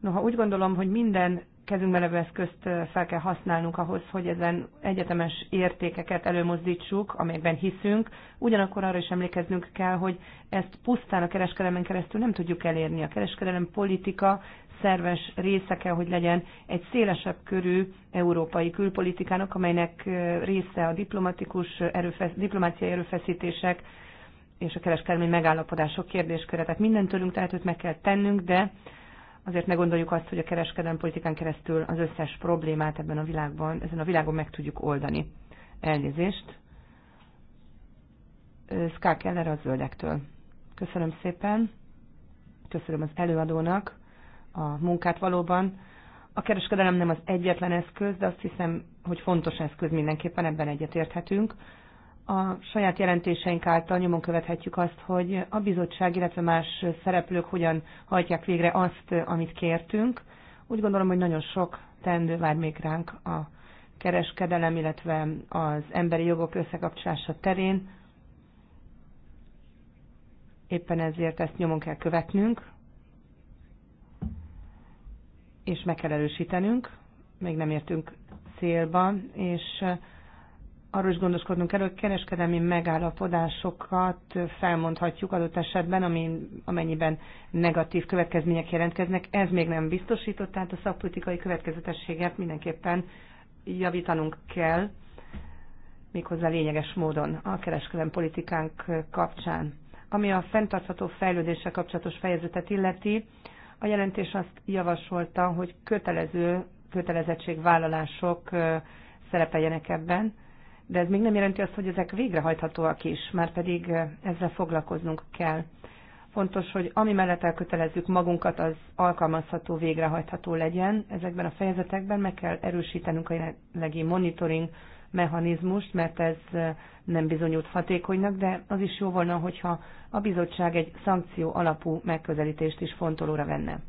Noha úgy gondolom, hogy minden kezünkben levő eszközt fel kell használnunk ahhoz, hogy ezen egyetemes értékeket előmozdítsuk, amelyekben hiszünk. Ugyanakkor arra is emlékeznünk kell, hogy ezt pusztán a kereskedelmen keresztül nem tudjuk elérni. A kereskedelem politika szerves része kell, hogy legyen egy szélesebb körű európai külpolitikának, amelynek része a diplomatikus erőfesz, diplomáciai erőfeszítések és a kereskedelmi megállapodások kérdésköre. Tehát mindent tőlünk tehetőt meg kell tennünk, de Azért ne gondoljuk azt, hogy a kereskedelmi politikán keresztül az összes problémát ebben a világban, ezen a világon meg tudjuk oldani. Elnézést. Ská Keller a zöldektől. Köszönöm szépen. Köszönöm az előadónak a munkát valóban. A kereskedelem nem az egyetlen eszköz, de azt hiszem, hogy fontos eszköz mindenképpen, ebben egyetérthetünk a saját jelentéseink által nyomon követhetjük azt, hogy a bizottság, illetve más szereplők hogyan hajtják végre azt, amit kértünk. Úgy gondolom, hogy nagyon sok teendő vár még ránk a kereskedelem, illetve az emberi jogok összekapcsolása terén. Éppen ezért ezt nyomon kell követnünk, és meg kell erősítenünk. Még nem értünk célba, és arról is gondoskodnunk kell, hogy kereskedelmi megállapodásokat felmondhatjuk adott esetben, ami, amennyiben negatív következmények jelentkeznek. Ez még nem biztosított, tehát a szakpolitikai következetességet mindenképpen javítanunk kell, méghozzá lényeges módon a kereskedelmi politikánk kapcsán. Ami a fenntartható fejlődéssel kapcsolatos fejezetet illeti, a jelentés azt javasolta, hogy kötelező kötelezettségvállalások szerepeljenek ebben, de ez még nem jelenti azt, hogy ezek végrehajthatóak is, már pedig eh, ezzel foglalkoznunk kell. Fontos, hogy ami mellett elkötelezzük magunkat, az alkalmazható, végrehajtható legyen. Ezekben a fejezetekben meg kell erősítenünk a jelenlegi monitoring mechanizmust, mert ez eh, nem bizonyult hatékonynak, de az is jó volna, hogyha a bizottság egy szankció alapú megközelítést is fontolóra venne.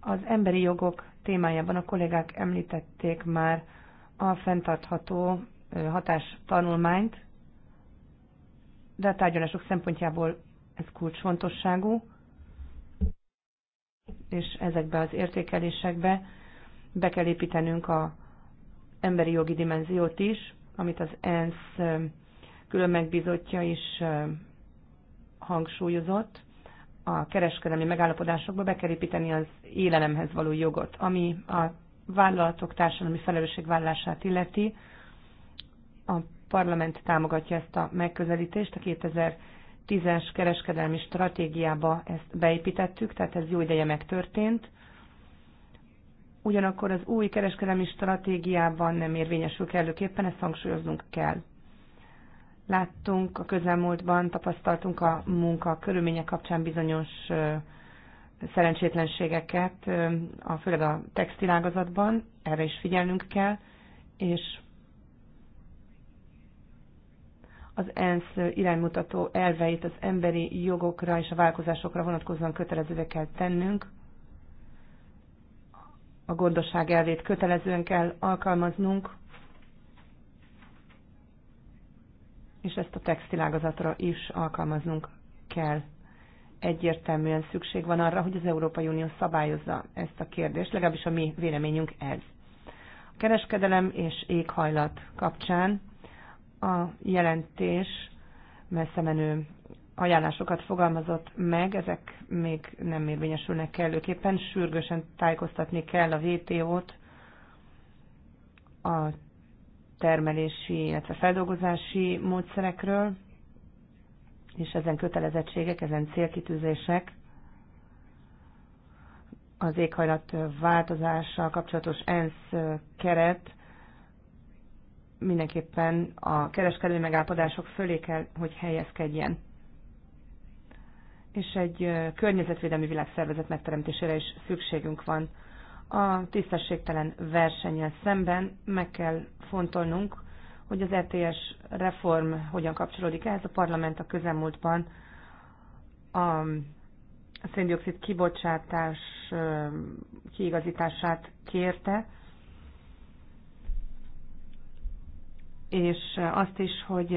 Az emberi jogok témájában a kollégák említették már a fenntartható hatástanulmányt, de a tárgyalások szempontjából ez kulcsfontosságú, és ezekbe az értékelésekbe be kell építenünk az emberi jogi dimenziót is, amit az ENSZ külön megbizotja is hangsúlyozott. A kereskedelmi megállapodásokba be kell építeni az élelemhez való jogot, ami a vállalatok társadalmi felelősségvállását illeti, a parlament támogatja ezt a megközelítést, a 2010-es kereskedelmi stratégiába ezt beépítettük, tehát ez jó ideje megtörtént. Ugyanakkor az új kereskedelmi stratégiában nem érvényesül kellőképpen, ezt hangsúlyoznunk kell. Láttunk a közelmúltban, tapasztaltunk a munka körülmények kapcsán bizonyos szerencsétlenségeket, a, főleg a textilágazatban, erre is figyelnünk kell, és az ENSZ iránymutató elveit az emberi jogokra és a vállalkozásokra vonatkozóan kötelezővé kell tennünk. A gondosság elvét kötelezően kell alkalmaznunk, és ezt a textilágazatra is alkalmaznunk kell egyértelműen szükség van arra, hogy az Európai Unió szabályozza ezt a kérdést, legalábbis a mi véleményünk ez. A kereskedelem és éghajlat kapcsán a jelentés messze menő ajánlásokat fogalmazott meg, ezek még nem érvényesülnek kellőképpen. Sürgősen tájékoztatni kell a vto t a termelési, illetve feldolgozási módszerekről, és ezen kötelezettségek, ezen célkitűzések az éghajlat változással kapcsolatos ENSZ keret mindenképpen a kereskedelmi megállapodások fölé kell, hogy helyezkedjen. És egy környezetvédelmi világszervezet megteremtésére is szükségünk van. A tisztességtelen versennyel szemben meg kell fontolnunk, hogy az ETS reform hogyan kapcsolódik ehhez. A parlament a közelmúltban a széndiokszid kibocsátás kiigazítását kérte, és azt is, hogy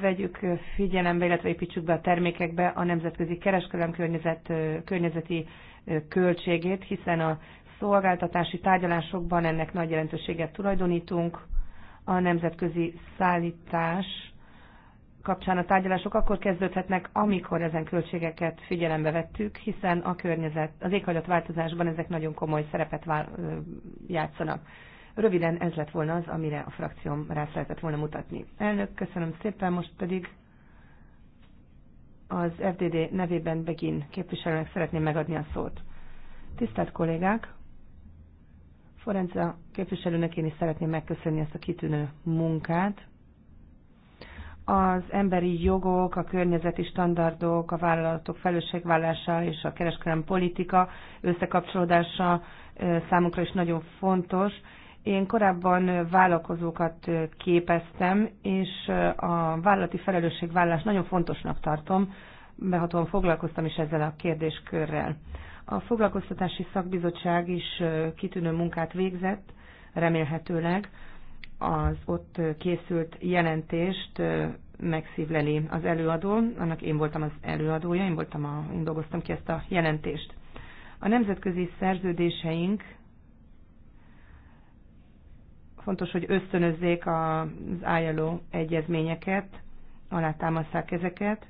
vegyük figyelembe, illetve építsük be a termékekbe a nemzetközi kereskedelem környezet, környezeti költségét, hiszen a szolgáltatási tárgyalásokban ennek nagy jelentőséget tulajdonítunk, a nemzetközi szállítás kapcsán a tárgyalások akkor kezdődhetnek, amikor ezen költségeket figyelembe vettük, hiszen a környezet, az éghajlatváltozásban ezek nagyon komoly szerepet játszanak. Röviden ez lett volna az, amire a frakcióm rá szeretett volna mutatni. Elnök, köszönöm szépen, most pedig az FDD nevében Begin képviselőnek szeretném megadni a szót. Tisztelt kollégák! Forenza képviselőnek én is szeretném megköszönni ezt a kitűnő munkát. Az emberi jogok, a környezeti standardok, a vállalatok felelősségvállása és a kereskedelmi politika összekapcsolódása számunkra is nagyon fontos. Én korábban vállalkozókat képeztem, és a vállalati felelősségvállás nagyon fontosnak tartom, behatóan foglalkoztam is ezzel a kérdéskörrel. A foglalkoztatási szakbizottság is kitűnő munkát végzett, remélhetőleg az ott készült jelentést megszívleli az előadó, annak én voltam az előadója, én, voltam a, én dolgoztam ki ezt a jelentést. A nemzetközi szerződéseink fontos, hogy ösztönözzék az ILO egyezményeket, alátámaszták ezeket,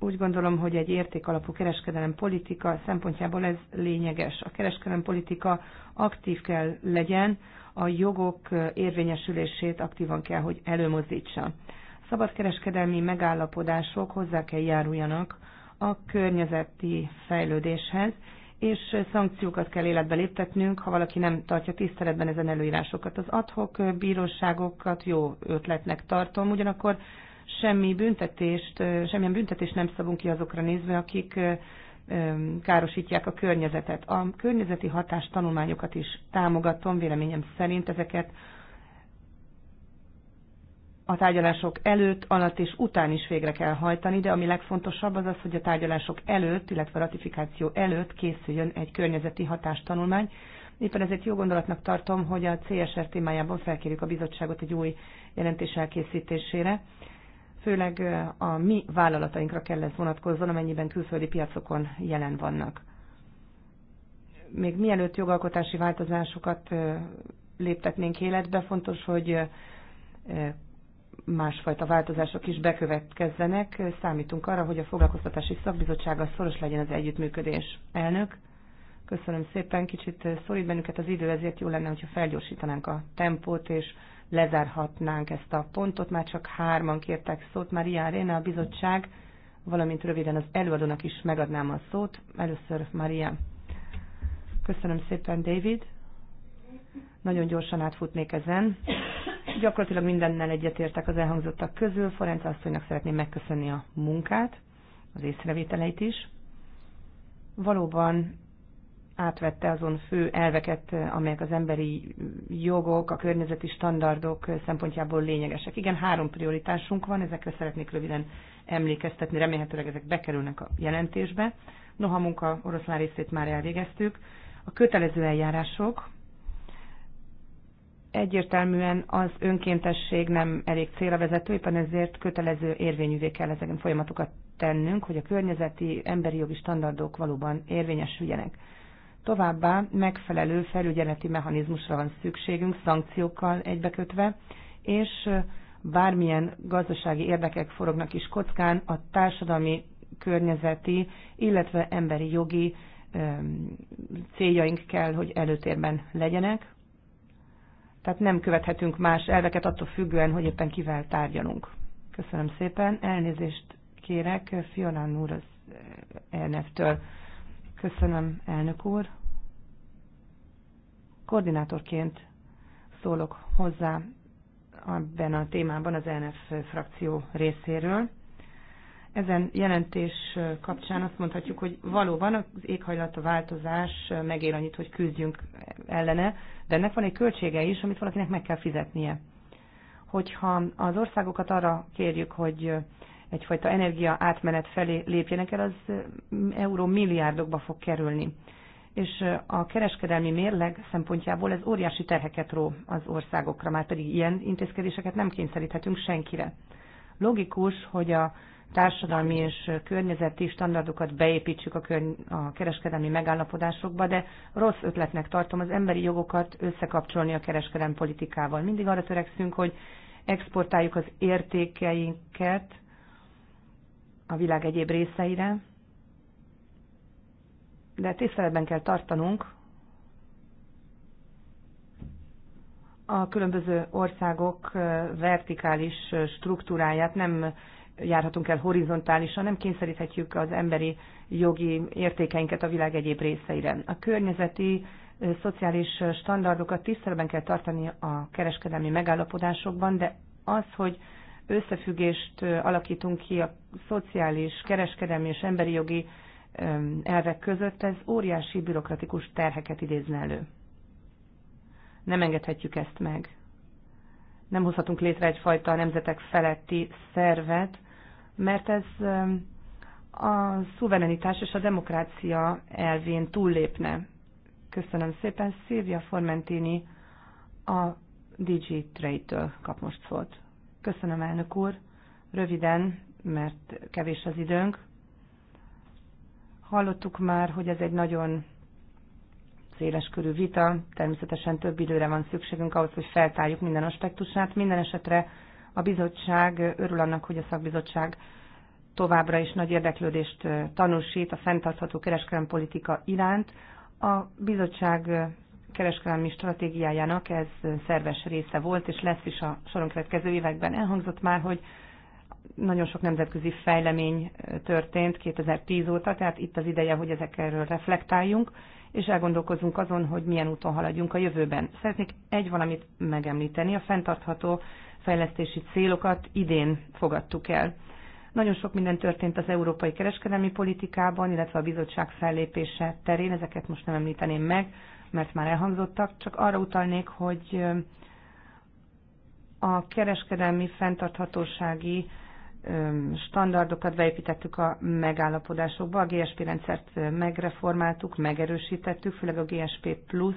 úgy gondolom, hogy egy értékalapú kereskedelem politika szempontjából ez lényeges. A kereskedelem politika aktív kell legyen, a jogok érvényesülését aktívan kell, hogy előmozdítsa. Szabadkereskedelmi megállapodások hozzá kell járuljanak a környezeti fejlődéshez, és szankciókat kell életbe léptetnünk, ha valaki nem tartja tiszteletben ezen előírásokat. Az adhok bíróságokat jó ötletnek tartom, ugyanakkor semmi büntetést, semmilyen büntetést nem szabunk ki azokra nézve, akik károsítják a környezetet. A környezeti hatás tanulmányokat is támogatom, véleményem szerint ezeket a tárgyalások előtt, alatt és után is végre kell hajtani, de ami legfontosabb az az, hogy a tárgyalások előtt, illetve a ratifikáció előtt készüljön egy környezeti tanulmány. Éppen ezért jó gondolatnak tartom, hogy a CSR témájában felkérjük a bizottságot egy új jelentés elkészítésére főleg a mi vállalatainkra kell ez vonatkozzon, amennyiben külföldi piacokon jelen vannak. Még mielőtt jogalkotási változásokat léptetnénk életbe, fontos, hogy másfajta változások is bekövetkezzenek. Számítunk arra, hogy a foglalkoztatási szakbizottsággal szoros legyen az együttműködés. Elnök, köszönöm szépen, kicsit szorít bennünket az idő, ezért jó lenne, hogyha felgyorsítanánk a tempót, és lezárhatnánk ezt a pontot. Már csak hárman kértek szót, már ilyen Réna a bizottság, valamint röviden az előadónak is megadnám a szót. Először Maria. Köszönöm szépen, David. Nagyon gyorsan átfutnék ezen. Gyakorlatilag mindennel egyetértek az elhangzottak közül. Forenc asszonynak szeretném megköszönni a munkát, az észrevételeit is. Valóban átvette azon fő elveket, amelyek az emberi jogok, a környezeti standardok szempontjából lényegesek. Igen, három prioritásunk van, ezekre szeretnék röviden emlékeztetni, remélhetőleg ezek bekerülnek a jelentésbe. Noha munka oroszlán részét már elvégeztük. A kötelező eljárások, egyértelműen az önkéntesség nem elég célra vezető, éppen ezért kötelező érvényűvé kell ezeken folyamatokat tennünk, hogy a környezeti emberi jogi standardok valóban érvényesüljenek. Továbbá megfelelő felügyeleti mechanizmusra van szükségünk, szankciókkal egybekötve, és bármilyen gazdasági érdekek forognak is kockán, a társadalmi, környezeti, illetve emberi jogi céljaink kell, hogy előtérben legyenek. Tehát nem követhetünk más elveket attól függően, hogy éppen kivel tárgyalunk. Köszönöm szépen. Elnézést kérek Fionán úr az ENF-től. Köszönöm, elnök úr. Koordinátorként szólok hozzá ebben a témában az NF frakció részéről. Ezen jelentés kapcsán azt mondhatjuk, hogy valóban az változás megér annyit, hogy küzdjünk ellene, de ennek van egy költsége is, amit valakinek meg kell fizetnie. Hogyha az országokat arra kérjük, hogy egyfajta energia átmenet felé lépjenek el, az euró milliárdokba fog kerülni. És a kereskedelmi mérleg szempontjából ez óriási terheket ró az országokra, már pedig ilyen intézkedéseket nem kényszeríthetünk senkire. Logikus, hogy a társadalmi és környezeti standardokat beépítsük a, körny- a kereskedelmi megállapodásokba, de rossz ötletnek tartom az emberi jogokat összekapcsolni a kereskedelmi politikával. Mindig arra törekszünk, hogy exportáljuk az értékeinket, a világ egyéb részeire, de tiszteletben kell tartanunk a különböző országok vertikális struktúráját, nem járhatunk el horizontálisan, nem kényszeríthetjük az emberi jogi értékeinket a világ egyéb részeire. A környezeti, szociális standardokat tiszteletben kell tartani a kereskedelmi megállapodásokban, de az, hogy összefüggést alakítunk ki a szociális, kereskedelmi és emberi jogi elvek között, ez óriási bürokratikus terheket idézne elő. Nem engedhetjük ezt meg. Nem hozhatunk létre egyfajta nemzetek feletti szervet, mert ez a szuverenitás és a demokrácia elvén túllépne. Köszönöm szépen. Szilvia Formentini a DG Trade-től kap most szót. Köszönöm, elnök úr. Röviden, mert kevés az időnk. Hallottuk már, hogy ez egy nagyon széleskörű vita, természetesen több időre van szükségünk ahhoz, hogy feltárjuk minden aspektusát. Minden esetre a bizottság örül annak, hogy a szakbizottság továbbra is nagy érdeklődést tanúsít a fenntartható kereskedelmi politika iránt. A bizottság kereskedelmi stratégiájának ez szerves része volt, és lesz is a soron következő években. Elhangzott már, hogy nagyon sok nemzetközi fejlemény történt 2010 óta, tehát itt az ideje, hogy ezekről reflektáljunk, és elgondolkozunk azon, hogy milyen úton haladjunk a jövőben. Szeretnék egy valamit megemlíteni, a fenntartható fejlesztési célokat idén fogadtuk el. Nagyon sok minden történt az európai kereskedelmi politikában, illetve a bizottság fellépése terén, ezeket most nem említeném meg, mert már elhangzottak, csak arra utalnék, hogy a kereskedelmi fenntarthatósági standardokat beépítettük a megállapodásokba, a GSP rendszert megreformáltuk, megerősítettük, főleg a GSP Plus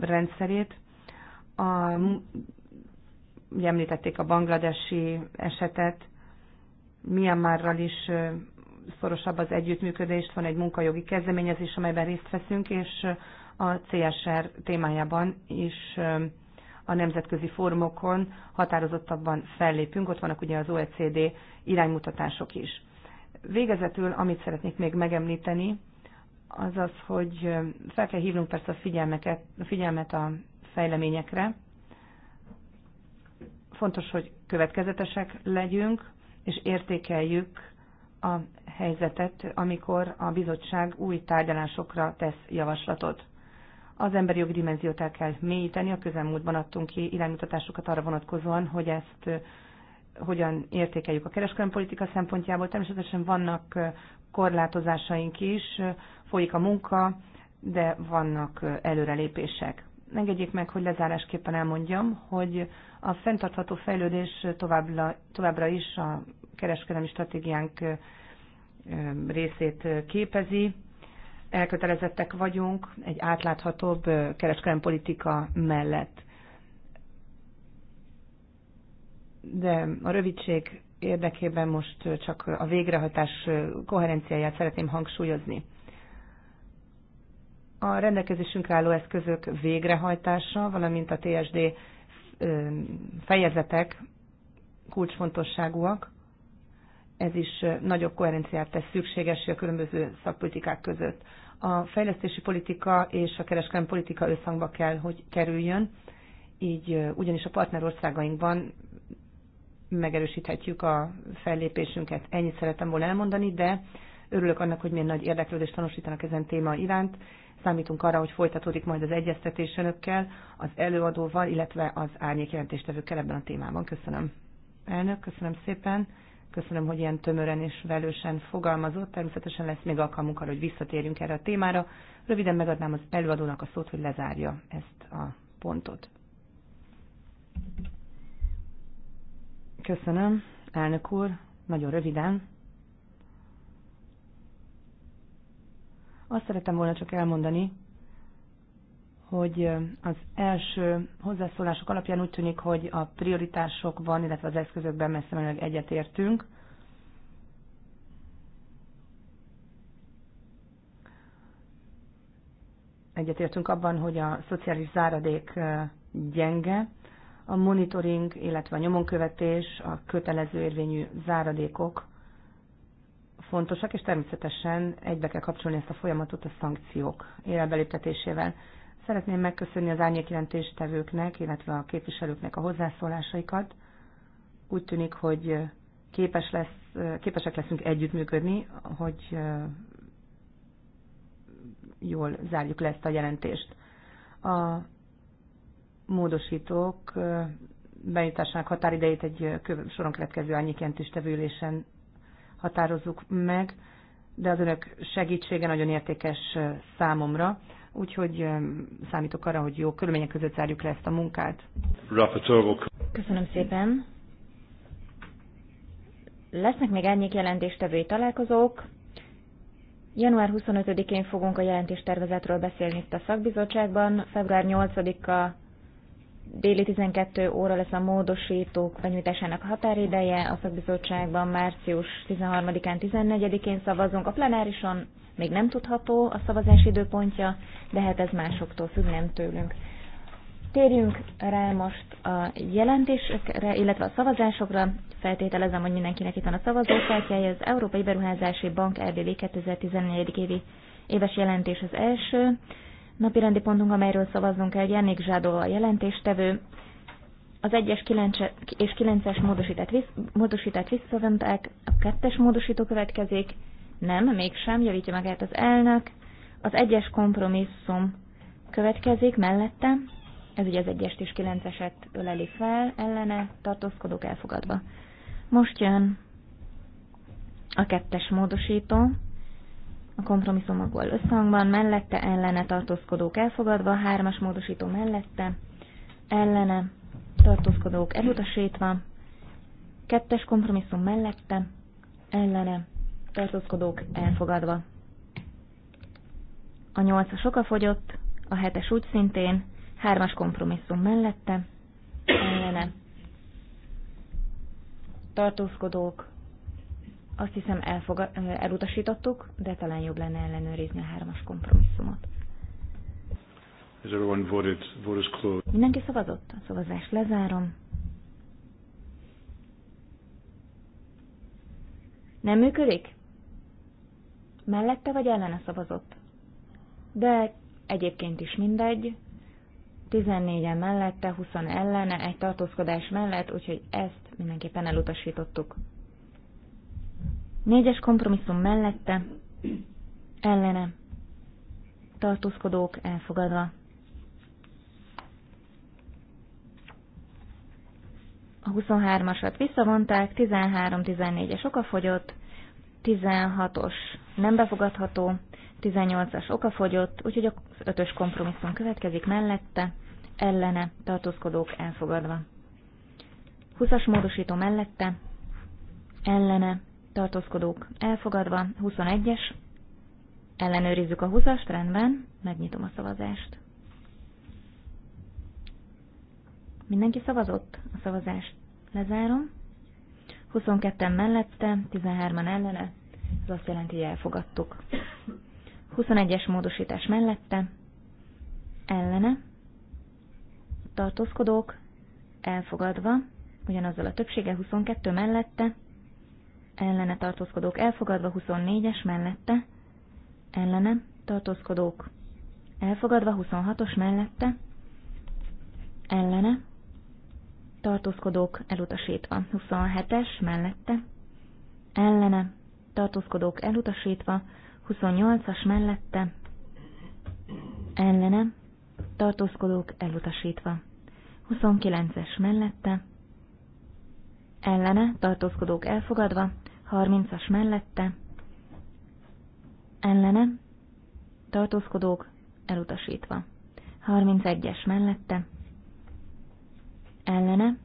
rendszerét. A, említették a bangladesi esetet, Myanmarral is szorosabb az együttműködést, van egy munkajogi kezdeményezés, amelyben részt veszünk, és a CSR témájában is a nemzetközi fórumokon határozottabban fellépünk, ott vannak ugye az OECD iránymutatások is. Végezetül, amit szeretnék még megemlíteni, az az, hogy fel kell hívnunk persze a, a figyelmet a fejleményekre. Fontos, hogy következetesek legyünk, és értékeljük a helyzetet, amikor a bizottság új tárgyalásokra tesz javaslatot. Az emberi jogi dimenziót el kell mélyíteni, a közelmúltban adtunk ki iránymutatásokat arra vonatkozóan, hogy ezt hogyan értékeljük a kereskedelmi politika szempontjából. Természetesen vannak korlátozásaink is, folyik a munka, de vannak előrelépések. Engedjék meg, hogy lezárásképpen elmondjam, hogy a fenntartható fejlődés továbbra, továbbra is a kereskedelmi stratégiánk részét képezi. Elkötelezettek vagyunk egy átláthatóbb kereskedelmi politika mellett. De a rövidség érdekében most csak a végrehajtás koherenciáját szeretném hangsúlyozni. A rendelkezésünk álló eszközök végrehajtása, valamint a TSD fejezetek kulcsfontosságúak ez is nagyobb koherenciát tesz szükséges a különböző szakpolitikák között. A fejlesztési politika és a kereskedelmi politika összhangba kell, hogy kerüljön, így ugyanis a partnerországainkban megerősíthetjük a fellépésünket. Ennyit szeretem volna elmondani, de örülök annak, hogy milyen nagy érdeklődést tanúsítanak ezen téma iránt. Számítunk arra, hogy folytatódik majd az egyeztetés önökkel, az előadóval, illetve az árnyék jelentéstevőkkel ebben a témában. Köszönöm. Elnök, köszönöm szépen. Köszönöm, hogy ilyen tömören és velősen fogalmazott. Természetesen lesz még alkalmunk arra, hogy visszatérjünk erre a témára. Röviden megadnám az előadónak a szót, hogy lezárja ezt a pontot. Köszönöm, elnök úr. Nagyon röviden. Azt szeretem volna csak elmondani, hogy az első hozzászólások alapján úgy tűnik, hogy a prioritásokban, illetve az eszközökben messze menőleg egyetértünk. Egyetértünk abban, hogy a szociális záradék gyenge, a monitoring, illetve a nyomonkövetés, a kötelező érvényű záradékok fontosak, és természetesen egybe kell kapcsolni ezt a folyamatot a szankciók élbeléptetésével. Szeretném megköszönni az árnyékjelentéstevőknek, illetve a képviselőknek a hozzászólásaikat. Úgy tűnik, hogy képes lesz, képesek leszünk együttműködni, hogy jól zárjuk le ezt a jelentést. A módosítók bejutásának határidejét egy soron következő árnyékjelentéstevő ülésen határozzuk meg, de az önök segítsége nagyon értékes számomra úgyhogy számítok arra, hogy jó körülmények között zárjuk le ezt a munkát. Köszönöm szépen. Lesznek még ennyi jelentéstevői találkozók. Január 25-én fogunk a jelentéstervezetről beszélni itt a szakbizottságban, február 8-a déli 12 óra lesz a módosítók benyújtásának határideje, a szakbizottságban március 13-án, 14-én szavazunk, a plenárison még nem tudható a szavazás időpontja, de hát ez másoktól függ, nem tőlünk. Térjünk rá most a jelentésekre, illetve a szavazásokra. Feltételezem, hogy mindenkinek itt van a szavazókártyája. Az Európai Beruházási Bank RBB 2014. évi éves jelentés az első. Napi rendi pontunk, amelyről szavazzunk el, Jánik Zsádó a jelentéstevő. Az 1-es és 9-es módosítást visszavonták, a 2-es módosító következik, nem, mégsem, javítja magát az elnök. Az egyes kompromisszum következik mellette. Ez ugye az egyest és kilenceset öleli fel, ellene, tartózkodók elfogadva. Most jön a kettes módosító, a kompromisszumokból összhangban, mellette, ellene, tartózkodók elfogadva, hármas módosító mellette, ellene, tartózkodók elutasítva, kettes kompromisszum mellette, ellene, tartózkodók elfogadva. A nyolcas fogyott, a hetes úgy szintén, hármas kompromisszum mellette, ellene. Tartózkodók, azt hiszem elfogad, elutasítottuk, de talán jobb lenne ellenőrizni a hármas kompromisszumot. Is everyone voted? Vote is closed. Mindenki szavazott? A szavazást lezárom. Nem működik? mellette vagy ellene szavazott. De egyébként is mindegy, 14-en mellette, 20 ellene, egy tartózkodás mellett, úgyhogy ezt mindenképpen elutasítottuk. Négyes kompromisszum mellette, ellene, tartózkodók elfogadva. A 23-asat visszavonták, 13-14-es okafogyott, 16-os nem befogadható, 18-as okafogyott, úgyhogy az ötös kompromisszum következik mellette, ellene tartózkodók elfogadva. 20-as módosító mellette, ellene tartózkodók elfogadva, 21-es, ellenőrizzük a 20-ast, rendben, megnyitom a szavazást. Mindenki szavazott? A szavazást lezárom. 22-en mellette, 13-an ellene, ez azt jelenti, hogy elfogadtuk. 21-es módosítás mellette, ellene, tartózkodók, elfogadva, ugyanazzal a többsége 22 mellette, ellene tartózkodók elfogadva 24-es mellette, ellene tartózkodók elfogadva 26-os mellette, ellene tartózkodók elutasítva 27-es mellette, ellene tartózkodók elutasítva, 28-as mellette, ellene, tartózkodók elutasítva, 29-es mellette, ellene, tartózkodók elfogadva, 30-as mellette, ellene, tartózkodók elutasítva, 31-es mellette, ellene,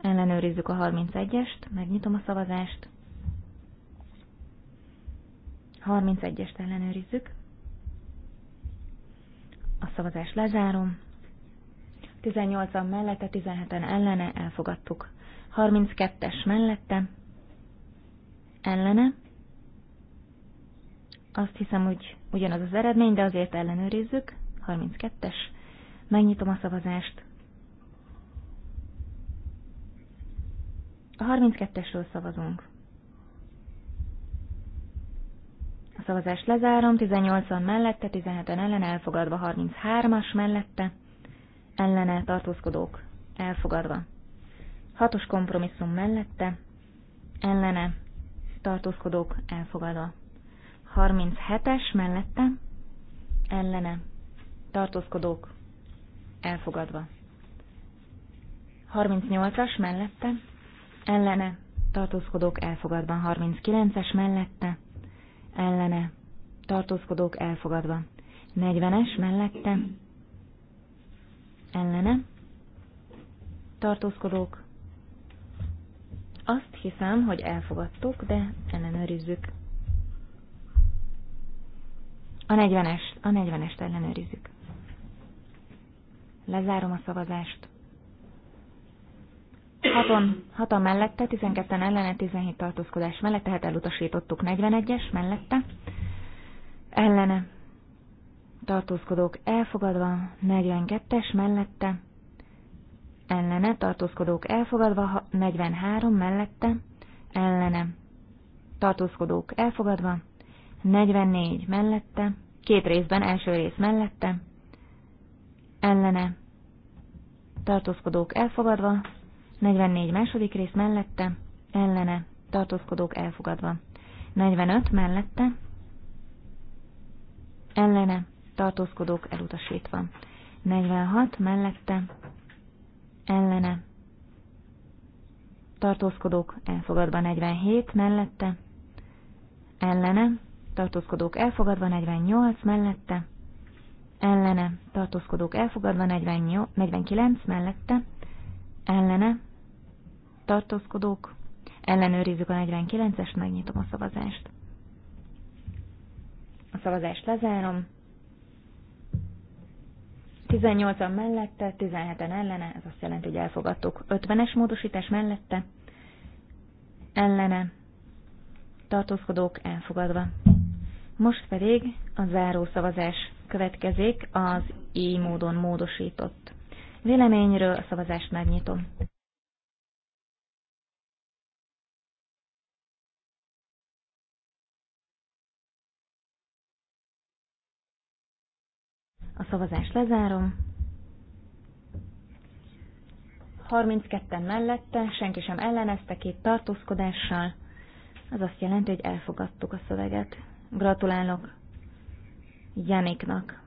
ellenőrizzük a 31-est, megnyitom a szavazást, 31-est ellenőrizzük. A szavazást lezárom. 18-an mellette, 17-en ellene elfogadtuk. 32-es mellette, ellene. Azt hiszem, hogy ugyanaz az eredmény, de azért ellenőrizzük. 32-es. Megnyitom a szavazást. A 32-esről szavazunk. A szavazást lezárom, 18-an mellette, 17-en ellen, elfogadva 33-as mellette, ellene tartózkodók, elfogadva. 6-os kompromisszum mellette, ellene tartózkodók, elfogadva. 37-es mellette, ellene tartózkodók, elfogadva. 38-as mellette, ellene tartózkodók, elfogadva. 39-es mellette, ellene, tartózkodók elfogadva. 40-es mellette, ellene, tartózkodók. Azt hiszem, hogy elfogadtuk, de ellenőrizzük. A 40 est a 40-est ellenőrizzük. Lezárom a szavazást. Haton, hatan mellette, 12-en ellene, 17 tartózkodás mellett, tehát elutasítottuk 41-es mellette. Ellene tartózkodók elfogadva, 42-es mellette. Ellene tartózkodók elfogadva, 43 mellette. Ellene tartózkodók elfogadva, 44 mellette. Két részben, első rész mellette. Ellene tartózkodók elfogadva, 44 második rész mellette, ellene, tartózkodók elfogadva. 45 mellette, ellene, tartózkodók elutasítva. 46 mellette, ellene, tartózkodók elfogadva. 47 mellette, ellene, tartózkodók elfogadva. 48 mellette, ellene, tartózkodók elfogadva. 49 mellette, ellene, tartózkodók, ellenőrizzük a 49-est, megnyitom a szavazást. A szavazást lezárom. 18-an mellette, 17-en ellene, ez azt jelenti, hogy elfogadtuk. 50-es módosítás mellette, ellene, tartózkodók elfogadva. Most pedig a záró szavazás következik az így módon módosított véleményről, a szavazást megnyitom. A szavazást lezárom. 32-en mellette, senki sem ellenezte két tartózkodással. Ez azt jelenti, hogy elfogadtuk a szöveget. Gratulálok Janiknak.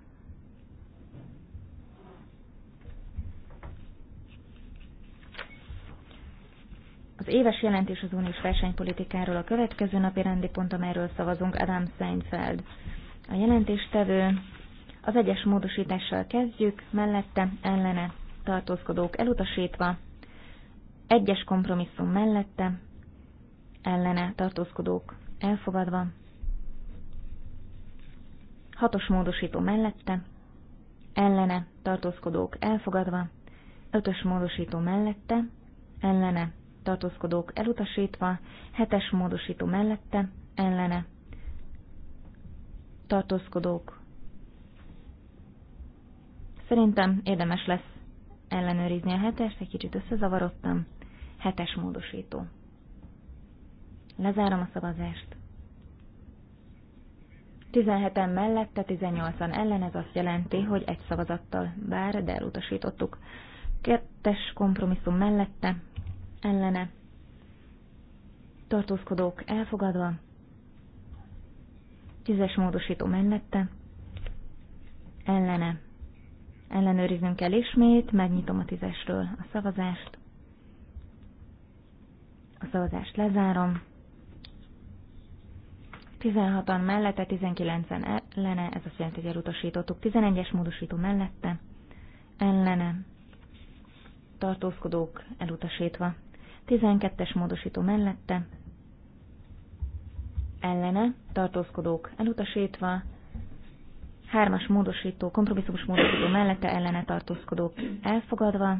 Az éves jelentés az uniós versenypolitikáról a következő napi rendi pont, amelyről szavazunk, Adam Seinfeld. A jelentéstevő az egyes módosítással kezdjük, mellette ellene tartózkodók elutasítva, egyes kompromisszum mellette ellene tartózkodók elfogadva, hatos módosító mellette ellene tartózkodók elfogadva, ötös módosító mellette ellene tartózkodók elutasítva, hetes módosító mellette ellene tartózkodók Szerintem érdemes lesz ellenőrizni a hetest, egy kicsit összezavarodtam. Hetes módosító. Lezárom a szavazást. 17-en mellette, 18-an ellen, ez azt jelenti, hogy egy szavazattal bár, de elutasítottuk. Kettes kompromisszum mellette, ellene, tartózkodók elfogadva, tízes módosító mellette, ellene, Ellenőriznünk kell ismét, megnyitom a tízesről a szavazást. A szavazást lezárom. 16-an mellette, 19-en ellene, ez azt jelenti, hogy elutasítottuk. 11-es módosító mellette, ellene, tartózkodók elutasítva. 12-es módosító mellette, ellene, tartózkodók elutasítva. Hármas módosító, kompromisszumos módosító mellette ellene tartózkodók elfogadva.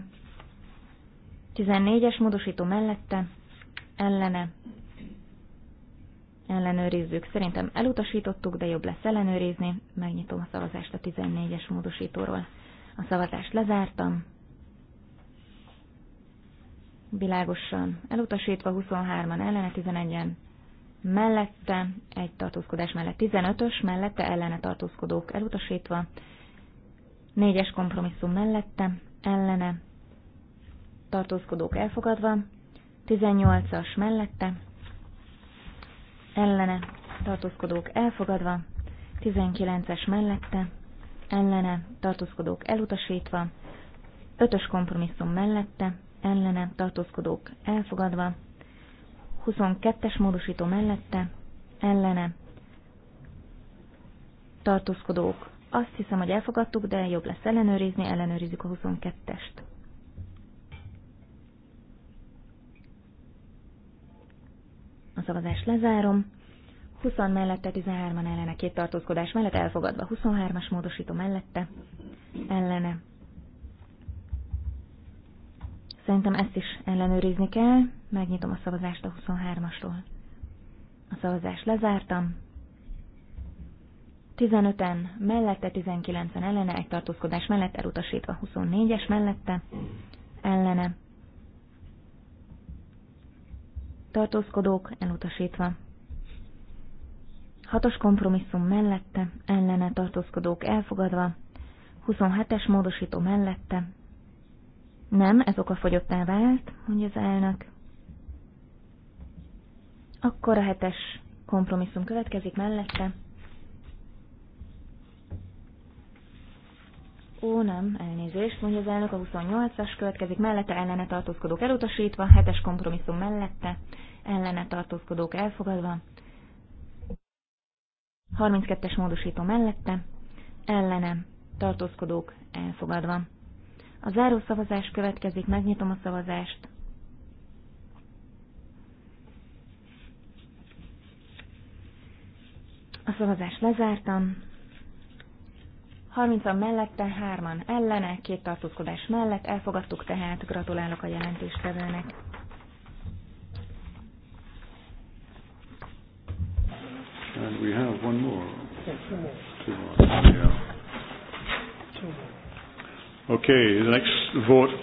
14-es módosító mellette ellene ellenőrizzük. Szerintem elutasítottuk, de jobb lesz ellenőrizni. Megnyitom a szavazást a 14-es módosítóról. A szavazást lezártam. Világosan elutasítva 23-an ellene 11-en mellette, egy tartózkodás mellett 15-ös, mellette ellene tartózkodók elutasítva, 4-es kompromisszum mellette, ellene tartózkodók elfogadva, 18-as mellette, ellene tartózkodók elfogadva, 19-es mellette, ellene tartózkodók elutasítva, 5-ös kompromisszum mellette, ellene tartózkodók elfogadva, 22-es módosító mellette, ellene, tartózkodók. Azt hiszem, hogy elfogadtuk, de jobb lesz ellenőrizni, ellenőrizzük a 22-est. A szavazást lezárom. 20 mellette, 13-an ellene, két tartózkodás mellett elfogadva, 23-as módosító mellette, ellene. Szerintem ezt is ellenőrizni kell. Megnyitom a szavazást a 23-asról. A szavazást lezártam. 15-en mellette, 19-en ellene, egy tartózkodás mellett elutasítva 24-es mellette, ellene. Tartózkodók elutasítva. Hatos kompromisszum mellette, ellene tartózkodók elfogadva, 27-es módosító mellette. Nem, ez okafogyottá vált, mondja az elnök. Akkor a hetes kompromisszum következik mellette. Ó, nem, elnézést, mondja az elnök, a 28-as következik mellette, ellene tartózkodók elutasítva, hetes kompromisszum mellette, ellene tartózkodók elfogadva, 32-es módosító mellette, ellene tartózkodók elfogadva. A zárószavazás következik, megnyitom a szavazást. A szavazást lezártam. 30-an mellette, 3-an ellene, két tartózkodás mellett, elfogadtuk tehát, gratulálok a jelentéstevőnek. And we have one more. two more. Two more. Yeah. Okay, the next vote.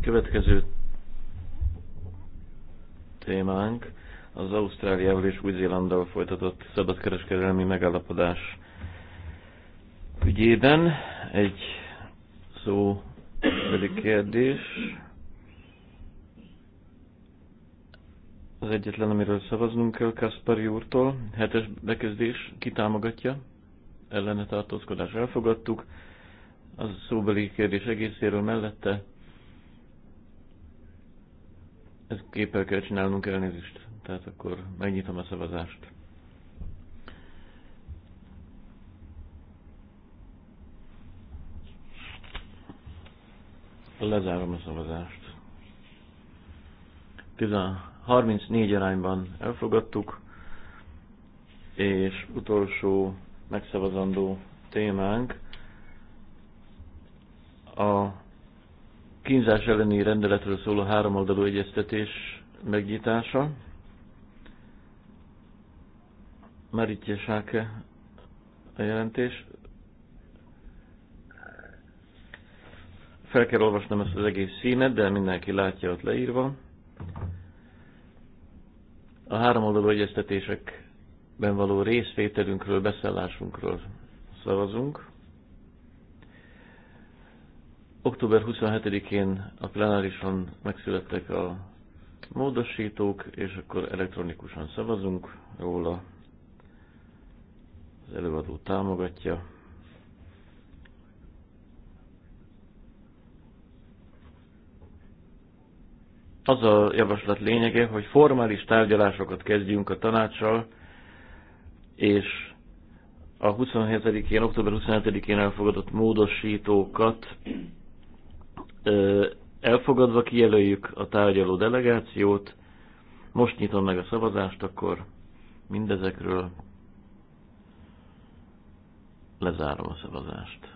Következő témánk az Ausztráliával és Új-Zélanddal folytatott szabadkereskedelmi megállapodás ügyében. Egy szó pedig kérdés. Az egyetlen, amiről szavaznunk kell Kaspari úrtól. Hetes bekezdés kitámogatja. Ellene tartózkodás elfogadtuk. Az szóbeli kérdés egészéről mellette. ez képpel kell csinálnunk elnézést. Tehát akkor megnyitom a szavazást. Lezárom a szavazást. 34 arányban elfogadtuk, és utolsó megszavazandó témánk a kínzás elleni rendeletről szóló háromoldalú egyeztetés megnyitása. Maritje Sáke a jelentés. Fel kell olvasnom ezt az egész színet, de mindenki látja ott leírva. A háromoldalú egyeztetésekben való részvételünkről, beszállásunkról szavazunk. Október 27-én a plenárison megszülettek a módosítók, és akkor elektronikusan szavazunk róla az előadó támogatja. Az a javaslat lényege, hogy formális tárgyalásokat kezdjünk a tanácssal, és a 27-én, október 27-én elfogadott módosítókat elfogadva kijelöljük a tárgyaló delegációt. Most nyitom meg a szavazást akkor mindezekről. Lezárom a szavazást.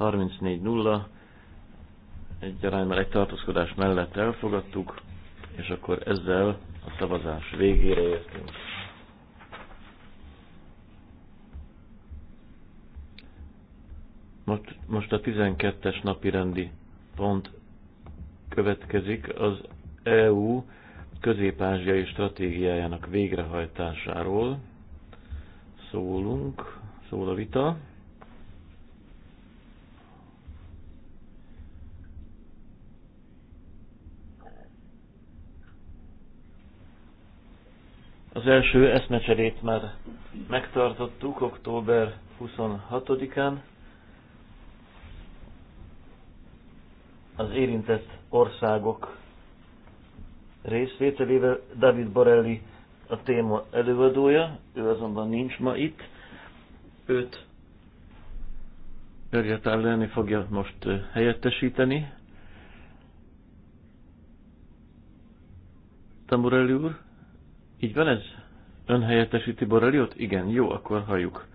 34-0, egy arányban egy tartózkodás mellett elfogadtuk, és akkor ezzel a szavazás végére értünk. Most, most a 12-es napi rendi pont következik, az EU közép-ázsiai stratégiájának végrehajtásáról szólunk szól a vita. Az első eszmecserét már megtartottuk október 26-án. Az érintett országok részvételével David Borelli a téma előadója, ő azonban nincs ma itt. Őt Gergert Lenni fogja most helyettesíteni. Tamburelli úr, így van ez? Ön helyettesíti Boreliot? Igen, jó, akkor halljuk,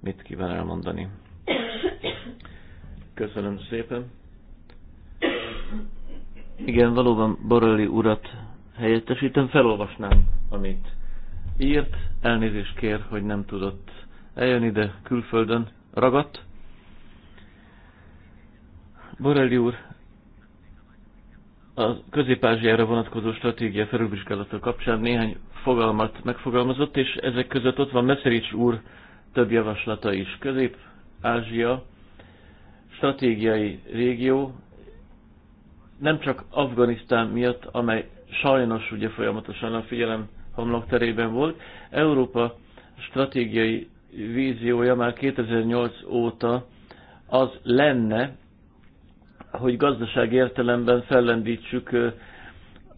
mit kíván elmondani. Köszönöm szépen. Igen, valóban Borelli urat helyettesítem, felolvasnám, amit írt. Elnézést kér, hogy nem tudott eljön ide külföldön, ragadt. Borelli úr a közép vonatkozó stratégia felülvizsgálata kapcsán néhány fogalmat megfogalmazott, és ezek között ott van Meszerics úr több javaslata is. Közép-Ázsia stratégiai régió nem csak Afganisztán miatt, amely sajnos ugye folyamatosan a figyelem homlokterében volt, Európa stratégiai víziója már 2008 óta az lenne, hogy gazdaság értelemben fellendítsük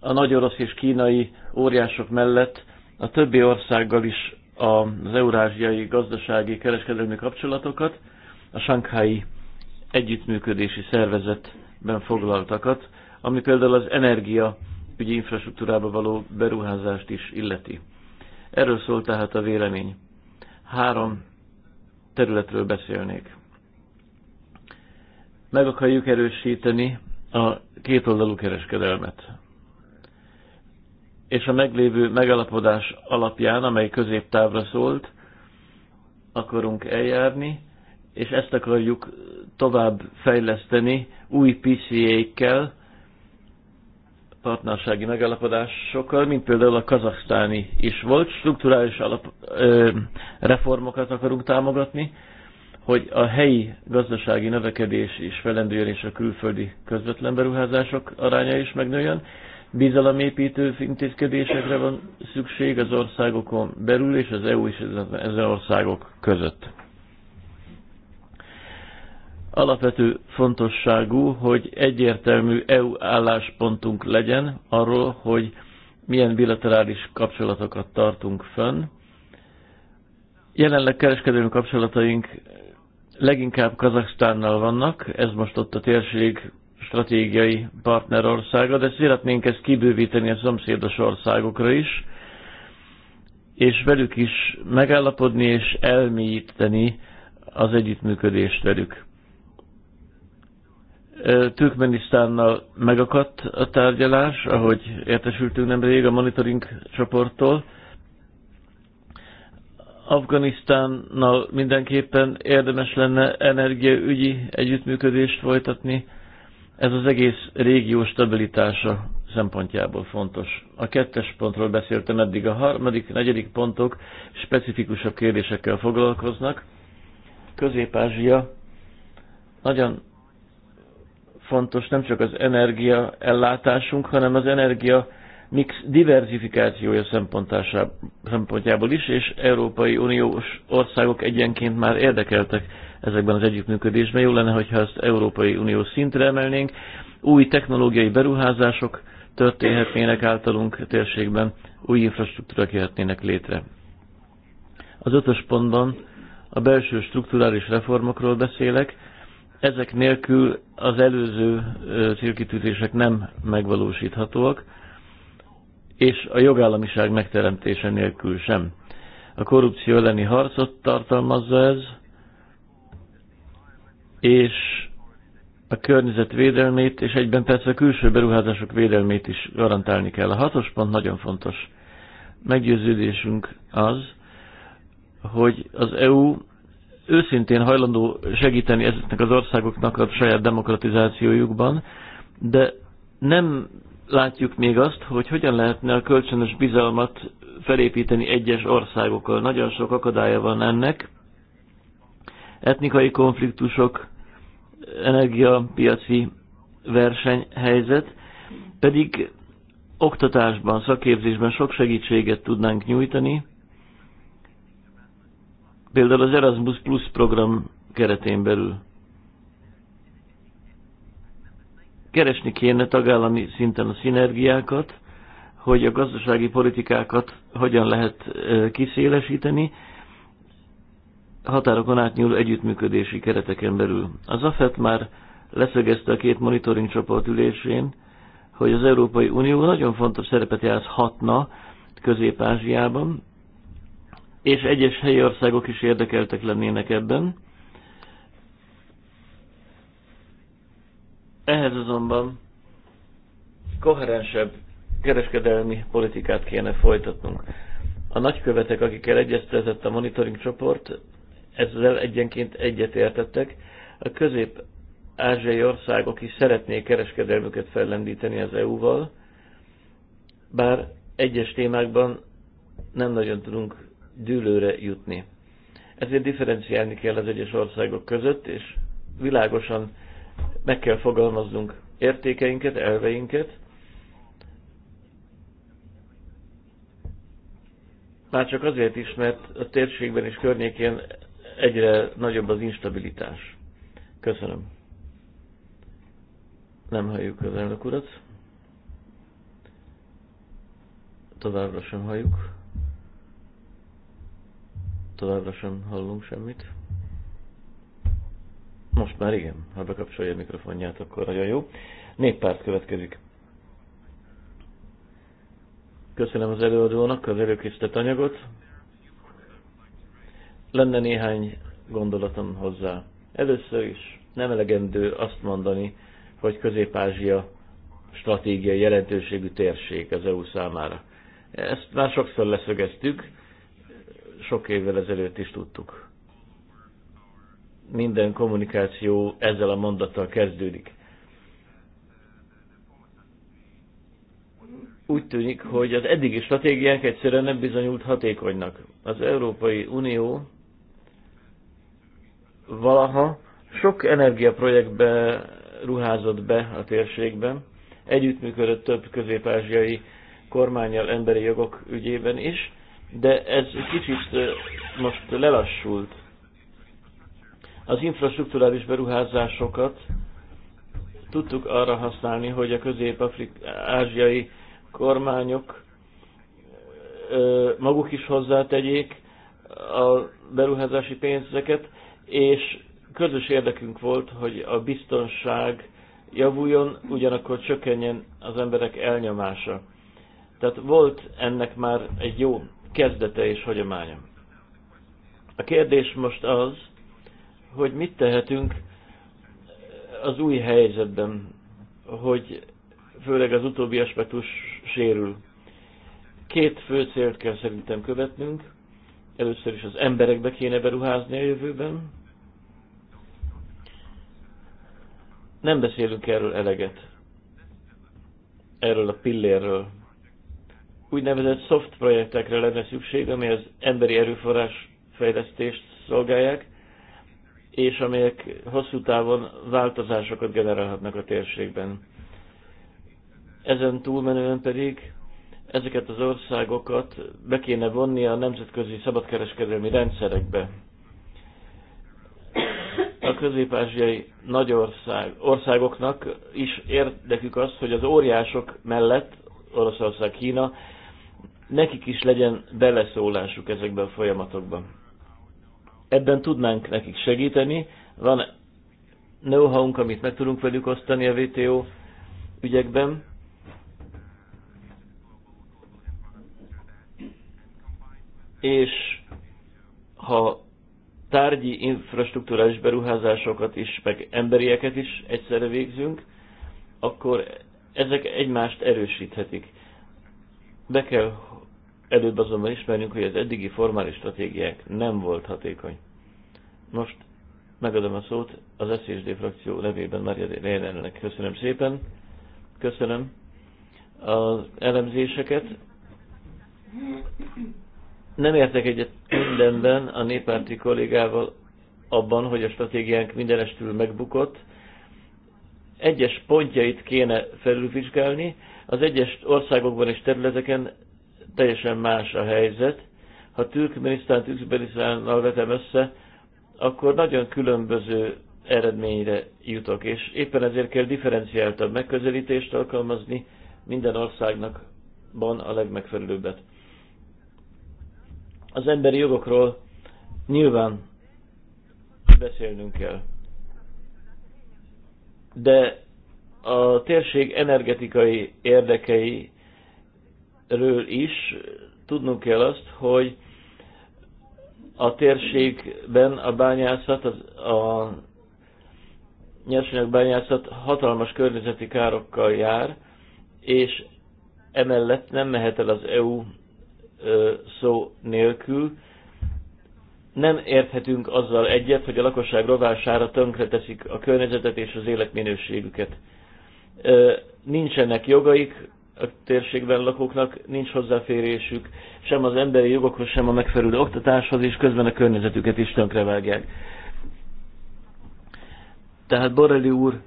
a nagy orosz és kínai óriások mellett a többi országgal is az eurázsiai gazdasági kereskedelmi kapcsolatokat, a Sankhái együttműködési szervezetben foglaltakat, ami például az energia ügyi infrastruktúrába való beruházást is illeti. Erről szól tehát a vélemény. Három területről beszélnék. Meg akarjuk erősíteni a kétoldalú kereskedelmet. És a meglévő megalapodás alapján, amely középtávra szólt, akarunk eljárni, és ezt akarjuk tovább fejleszteni új PCA-kkel, partnersági megállapodásokkal, mint például a kazasztáni is volt. Strukturális alap, ö, reformokat akarunk támogatni, hogy a helyi gazdasági növekedés is felendüljön, és a külföldi közvetlen beruházások aránya is megnőjön. Bizalomépítő intézkedésekre van szükség az országokon belül és az EU és ezen országok között. Alapvető fontosságú, hogy egyértelmű EU álláspontunk legyen arról, hogy milyen bilaterális kapcsolatokat tartunk fönn. Jelenleg kereskedelmi kapcsolataink leginkább Kazaksztánnal vannak, ez most ott a térség stratégiai partnerországa, de szeretnénk ezt kibővíteni a szomszédos országokra is, és velük is megállapodni és elmélyíteni az együttműködést velük. Türkmenisztánnal megakadt a tárgyalás, ahogy értesültünk nemrég a monitoring csoporttól. Afganisztánnal mindenképpen érdemes lenne energiaügyi együttműködést folytatni. Ez az egész régió stabilitása szempontjából fontos. A kettes pontról beszéltem eddig, a harmadik, negyedik pontok specifikusabb kérdésekkel foglalkoznak. Közép-Ázsia nagyon fontos nem csak az energia ellátásunk, hanem az energia mix diversifikációja szempontjából is, és Európai Uniós országok egyenként már érdekeltek ezekben az együttműködésben. Jó lenne, hogyha ezt Európai Unió szintre emelnénk. Új technológiai beruházások történhetnének általunk térségben, új infrastruktúrák jöhetnének létre. Az ötös pontban a belső strukturális reformokról beszélek, ezek nélkül az előző célkitűzések nem megvalósíthatóak, és a jogállamiság megteremtése nélkül sem. A korrupció elleni harcot tartalmazza ez, és a környezet védelmét, és egyben persze a külső beruházások védelmét is garantálni kell. A hatos pont nagyon fontos. Meggyőződésünk az, hogy az EU őszintén hajlandó segíteni ezeknek az országoknak a saját demokratizációjukban, de nem látjuk még azt, hogy hogyan lehetne a kölcsönös bizalmat felépíteni egyes országokkal. Nagyon sok akadálya van ennek. Etnikai konfliktusok, energiapiaci versenyhelyzet, pedig oktatásban, szakképzésben sok segítséget tudnánk nyújtani, Például az Erasmus Plus program keretén belül. Keresni kéne tagállami szinten a szinergiákat, hogy a gazdasági politikákat hogyan lehet kiszélesíteni, határokon átnyúló együttműködési kereteken belül. Az AFET már leszögezte a két monitoring csoport ülésén, hogy az Európai Unió nagyon fontos szerepet játszhatna Közép-Ázsiában, és egyes helyi országok is érdekeltek lennének ebben. Ehhez azonban koherensebb kereskedelmi politikát kéne folytatnunk. A nagykövetek, akikkel egyeztetett a monitoring csoport, ezzel egyenként egyetértettek, a közép-ázsiai országok is szeretnék kereskedelmüket fellendíteni az EU-val, bár egyes témákban nem nagyon tudunk dűlőre jutni. Ezért differenciálni kell az egyes országok között, és világosan meg kell fogalmaznunk értékeinket, elveinket. Már csak azért is, mert a térségben és környékén egyre nagyobb az instabilitás. Köszönöm. Nem halljuk az elnök urat. Továbbra sem halljuk. Továbbra sem hallunk semmit. Most már igen, ha bekapcsolja a mikrofonját, akkor nagyon jó. Néppárt következik. Köszönöm az előadónak az előkészített anyagot. Lenne néhány gondolatom hozzá. Először is nem elegendő azt mondani, hogy Közép-Ázsia stratégiai jelentőségű térség az EU számára. Ezt már sokszor leszögeztük, sok évvel ezelőtt is tudtuk. Minden kommunikáció ezzel a mondattal kezdődik. Úgy tűnik, hogy az eddigi stratégiánk egyszerűen nem bizonyult hatékonynak. Az Európai Unió valaha sok energiaprojektbe ruházott be a térségben, együttműködött több közép-ázsiai kormányjal emberi jogok ügyében is, de ez kicsit most lelassult. Az infrastruktúrális beruházásokat tudtuk arra használni, hogy a közép-ázsiai kormányok maguk is hozzátegyék a beruházási pénzeket, és közös érdekünk volt, hogy a biztonság javuljon, ugyanakkor csökkenjen az emberek elnyomása. Tehát volt ennek már egy jó kezdete és hagyománya. A kérdés most az, hogy mit tehetünk az új helyzetben, hogy főleg az utóbbi aspektus sérül. Két fő célt kell szerintem követnünk. Először is az emberekbe kéne beruházni a jövőben. Nem beszélünk erről eleget. Erről a pillérről, úgynevezett soft projektekre lenne szükség, ami az emberi erőforrás fejlesztést szolgálják, és amelyek hosszú távon változásokat generálhatnak a térségben. Ezen túlmenően pedig ezeket az országokat be kéne vonni a nemzetközi szabadkereskedelmi rendszerekbe. A közép-ázsiai nagy ország, országoknak is érdekük az, hogy az óriások mellett Oroszország, Kína nekik is legyen beleszólásuk ezekben a folyamatokban. Ebben tudnánk nekik segíteni, van know amit meg tudunk velük osztani a VTO ügyekben, és ha tárgyi infrastruktúrális beruházásokat is, meg emberieket is egyszerre végzünk, akkor ezek egymást erősíthetik. Be kell előbb azonban ismernünk, hogy az eddigi formális stratégiák nem volt hatékony. Most megadom a szót az SZSD frakció nevében Mária Rejlennek. Köszönöm szépen. Köszönöm az elemzéseket. Nem értek egyet mindenben a néppárti kollégával abban, hogy a stratégiánk mindenestül megbukott. Egyes pontjait kéne felülvizsgálni, az egyes országokban és területeken teljesen más a helyzet. Ha Türkmenisztán, Türkmenisztánnal vetem össze, akkor nagyon különböző eredményre jutok, és éppen ezért kell differenciáltabb megközelítést alkalmazni minden országnak van a legmegfelelőbbet. Az emberi jogokról nyilván beszélnünk kell. De a térség energetikai érdekeiről is tudnunk kell azt, hogy a térségben a bányászat, az, a nyersanyagbányászat hatalmas környezeti károkkal jár, és emellett nem mehet el az EU szó nélkül. Nem érthetünk azzal egyet, hogy a lakosság rovására tönkreteszik a környezetet és az életminőségüket nincsenek jogaik, a térségben lakóknak nincs hozzáférésük sem az emberi jogokhoz, sem a megfelelő oktatáshoz, és közben a környezetüket is tönkrevágják. Tehát Borreli úr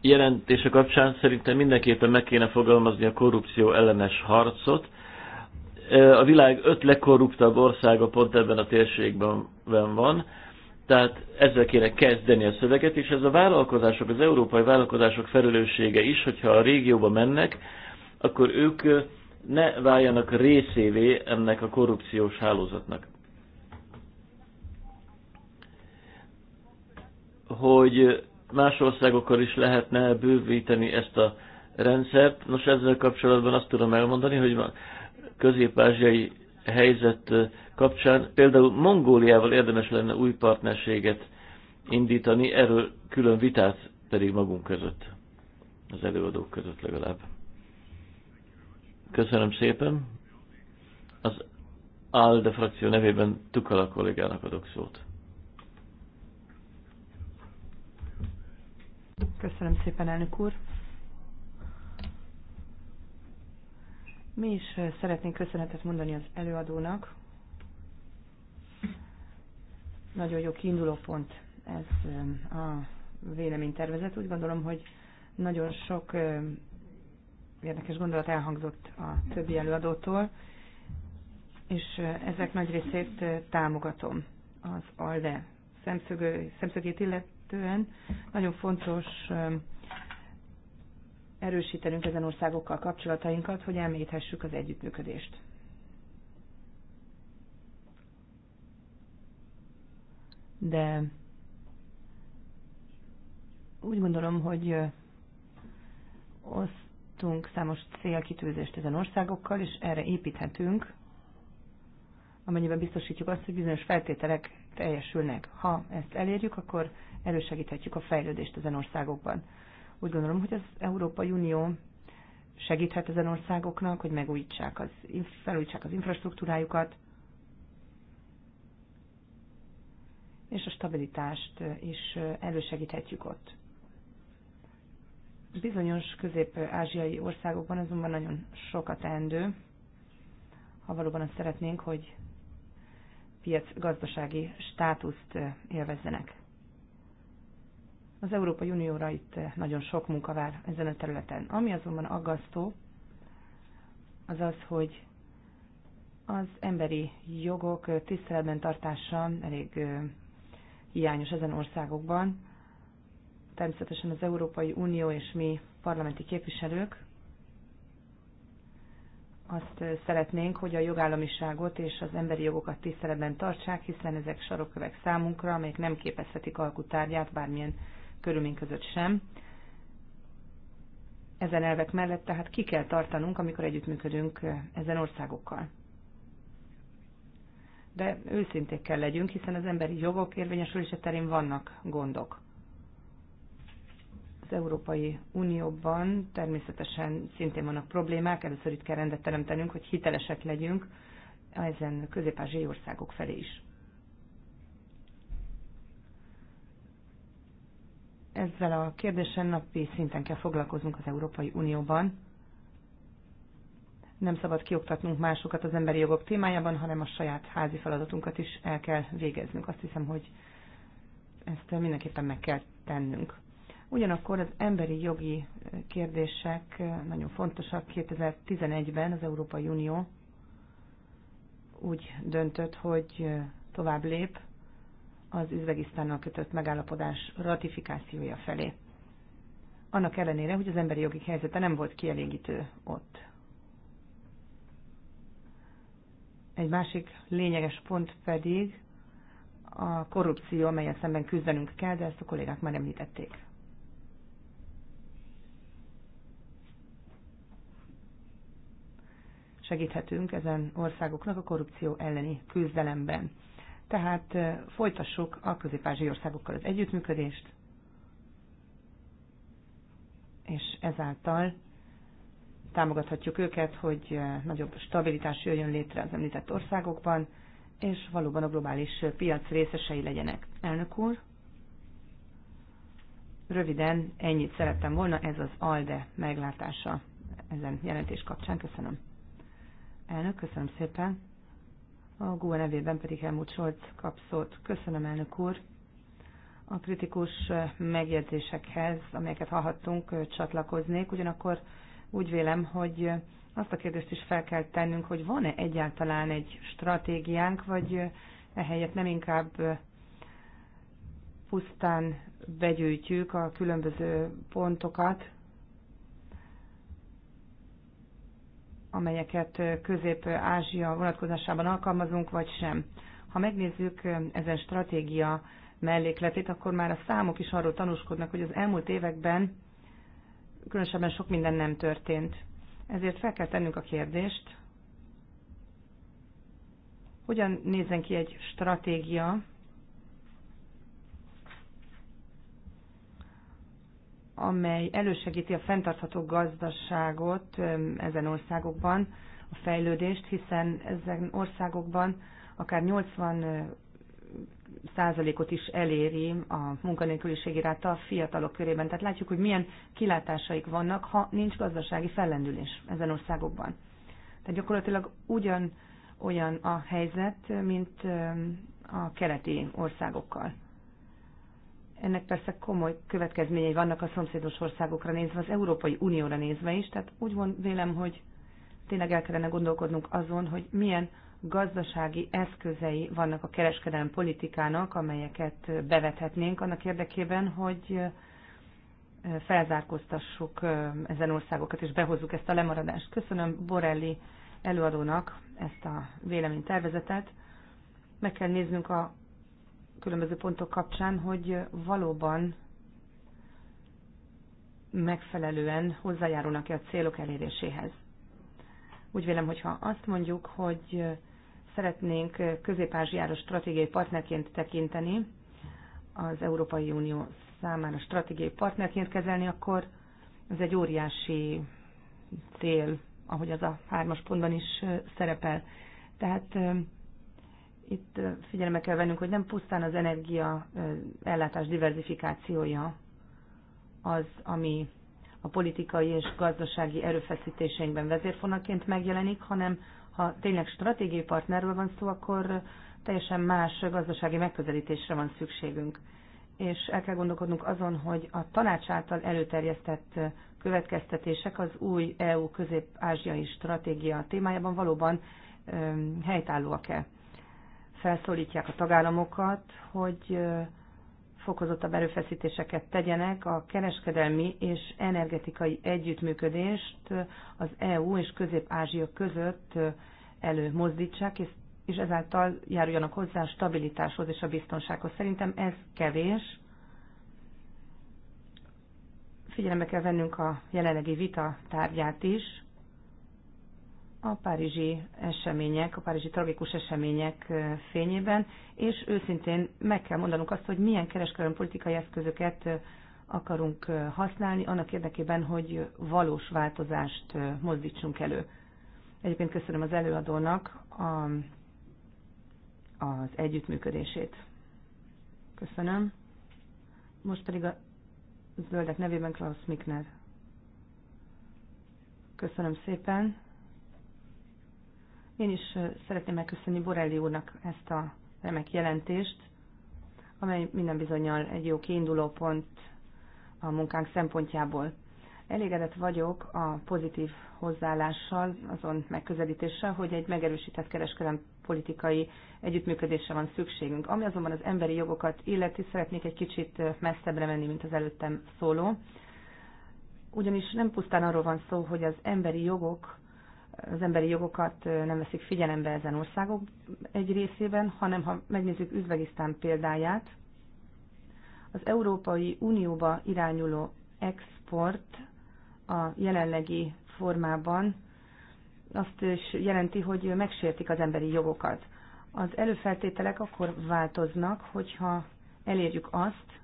jelentése kapcsán szerintem mindenképpen meg kéne fogalmazni a korrupció ellenes harcot. A világ öt legkorruptabb országa pont ebben a térségben van tehát ezzel kéne kezdeni a szöveget, és ez a vállalkozások, az európai vállalkozások felelőssége is, hogyha a régióba mennek, akkor ők ne váljanak részévé ennek a korrupciós hálózatnak. Hogy más országokkal is lehetne bővíteni ezt a rendszert. Nos, ezzel kapcsolatban azt tudom elmondani, hogy a közép-ázsiai helyzet kapcsán. Például Mongóliával érdemes lenne új partnerséget indítani, erről külön vitát pedig magunk között, az előadók között legalább. Köszönöm szépen. Az ALDE frakció nevében Tukala kollégának adok szót. Köszönöm szépen, elnök úr. Mi is eh, szeretnénk köszönetet mondani az előadónak. Nagyon jó kiinduló pont ez eh, a véleménytervezet. Úgy gondolom, hogy nagyon sok eh, érdekes gondolat elhangzott a többi előadótól, és ezek nagy részét támogatom az ALDE szemszögét illetően. Nagyon fontos erősítenünk ezen országokkal kapcsolatainkat, hogy elmélyíthessük az együttműködést. De úgy gondolom, hogy osztunk számos célkitűzést ezen országokkal, és erre építhetünk, amennyiben biztosítjuk azt, hogy bizonyos feltételek teljesülnek. Ha ezt elérjük, akkor elősegíthetjük a fejlődést ezen országokban. Úgy gondolom, hogy az Európai Unió segíthet ezen országoknak, hogy megújítsák az, felújítsák az infrastruktúrájukat, és a stabilitást is elősegíthetjük ott. Bizonyos közép-ázsiai országokban azonban nagyon sokat teendő, ha valóban azt szeretnénk, hogy gazdasági státuszt élvezzenek. Az Európai Unióra itt eh, nagyon sok munka vár ezen a területen. Ami azonban aggasztó, az az, hogy az emberi jogok eh, tiszteletben tartása elég eh, hiányos ezen országokban. Természetesen az Európai Unió és mi parlamenti képviselők azt szeretnénk, hogy a jogállamiságot és az emberi jogokat tiszteletben tartsák, hiszen ezek sarokkövek számunkra, amelyek nem képezhetik alkutárgyát bármilyen körülmény között sem. Ezen elvek mellett tehát ki kell tartanunk, amikor együttműködünk eh, ezen országokkal. De őszinték kell legyünk, hiszen az emberi jogok érvényesülése terén vannak gondok az Európai Unióban természetesen szintén vannak problémák, először itt kell rendet teremtenünk, hogy hitelesek legyünk ezen közép országok felé is. ezzel a kérdéssel napi szinten kell foglalkoznunk az Európai Unióban. Nem szabad kioktatnunk másokat az emberi jogok témájában, hanem a saját házi feladatunkat is el kell végeznünk. Azt hiszem, hogy ezt mindenképpen meg kell tennünk. Ugyanakkor az emberi jogi kérdések nagyon fontosak. 2011-ben az Európai Unió úgy döntött, hogy tovább lép az Üzbegisztánnal kötött megállapodás ratifikációja felé. Annak ellenére, hogy az emberi jogi helyzete nem volt kielégítő ott. Egy másik lényeges pont pedig a korrupció, amelyen szemben küzdenünk kell, de ezt a kollégák már említették. Segíthetünk ezen országoknak a korrupció elleni küzdelemben tehát folytassuk a közép országokkal az együttműködést, és ezáltal támogathatjuk őket, hogy nagyobb stabilitás jöjjön létre az említett országokban, és valóban a globális piac részesei legyenek. Elnök úr, röviden ennyit szerettem volna, ez az ALDE meglátása ezen jelentés kapcsán. Köszönöm. Elnök, köszönöm szépen. A GUE nevében pedig Helmut Scholz kap szót. Köszönöm, elnök úr. A kritikus megjegyzésekhez, amelyeket hallhattunk, csatlakoznék. Ugyanakkor úgy vélem, hogy azt a kérdést is fel kell tennünk, hogy van-e egyáltalán egy stratégiánk, vagy ehelyett nem inkább pusztán begyűjtjük a különböző pontokat, amelyeket Közép-Ázsia vonatkozásában alkalmazunk, vagy sem. Ha megnézzük ezen stratégia mellékletét, akkor már a számok is arról tanúskodnak, hogy az elmúlt években különösebben sok minden nem történt. Ezért fel kell tennünk a kérdést, hogyan nézzen ki egy stratégia, amely elősegíti a fenntartható gazdaságot ezen országokban, a fejlődést, hiszen ezen országokban akár 80 százalékot is eléri a munkanélküliség iráta a fiatalok körében. Tehát látjuk, hogy milyen kilátásaik vannak, ha nincs gazdasági fellendülés ezen országokban. Tehát gyakorlatilag ugyan olyan a helyzet, mint a keleti országokkal. Ennek persze komoly következményei vannak a szomszédos országokra nézve, az Európai Unióra nézve is, tehát úgy van vélem, hogy tényleg el kellene gondolkodnunk azon, hogy milyen gazdasági eszközei vannak a kereskedelmi politikának, amelyeket bevethetnénk annak érdekében, hogy felzárkóztassuk ezen országokat, és behozzuk ezt a lemaradást. Köszönöm Borelli előadónak ezt a véleménytervezetet. Meg kell néznünk a különböző pontok kapcsán, hogy valóban megfelelően hozzájárulnak-e a célok eléréséhez. Úgy vélem, hogyha azt mondjuk, hogy szeretnénk Közép-Ázsiára stratégiai partnerként tekinteni, az Európai Unió számára stratégiai partnerként kezelni, akkor ez egy óriási cél, ahogy az a hármas pontban is szerepel. Tehát itt figyelembe kell vennünk, hogy nem pusztán az energia ellátás diversifikációja az, ami a politikai és gazdasági erőfeszítéseinkben vezérfonaként megjelenik, hanem ha tényleg stratégiai partnerről van szó, akkor teljesen más gazdasági megközelítésre van szükségünk. És el kell gondolkodnunk azon, hogy a tanács által előterjesztett következtetések az új EU közép-ázsiai stratégia témájában valóban helytállóak-e felszólítják a tagállamokat, hogy fokozottabb erőfeszítéseket tegyenek a kereskedelmi és energetikai együttműködést az EU és Közép-Ázsia között előmozdítsák, és ezáltal járuljanak hozzá a stabilitáshoz és a biztonsághoz. Szerintem ez kevés. Figyelembe kell vennünk a jelenlegi vita tárgyát is, a párizsi események, a párizsi tragikus események fényében, és őszintén meg kell mondanunk azt, hogy milyen kereskedelmi politikai eszközöket akarunk használni annak érdekében, hogy valós változást mozdítsunk elő. Egyébként köszönöm az előadónak a, az együttműködését. Köszönöm. Most pedig a zöldek nevében Klaus Mikner. Köszönöm szépen. Én is szeretném megköszönni Borelli úrnak ezt a remek jelentést, amely minden bizonyal egy jó kiinduló pont a munkánk szempontjából. Elégedett vagyok a pozitív hozzáállással, azon megközelítéssel, hogy egy megerősített kereskedelmi politikai együttműködésre van szükségünk. Ami azonban az emberi jogokat illeti, szeretnék egy kicsit messzebbre menni, mint az előttem szóló. Ugyanis nem pusztán arról van szó, hogy az emberi jogok az emberi jogokat nem veszik figyelembe ezen országok egy részében, hanem ha megnézzük Üzvegisztán példáját, az Európai Unióba irányuló export a jelenlegi formában azt is jelenti, hogy megsértik az emberi jogokat. Az előfeltételek akkor változnak, hogyha elérjük azt,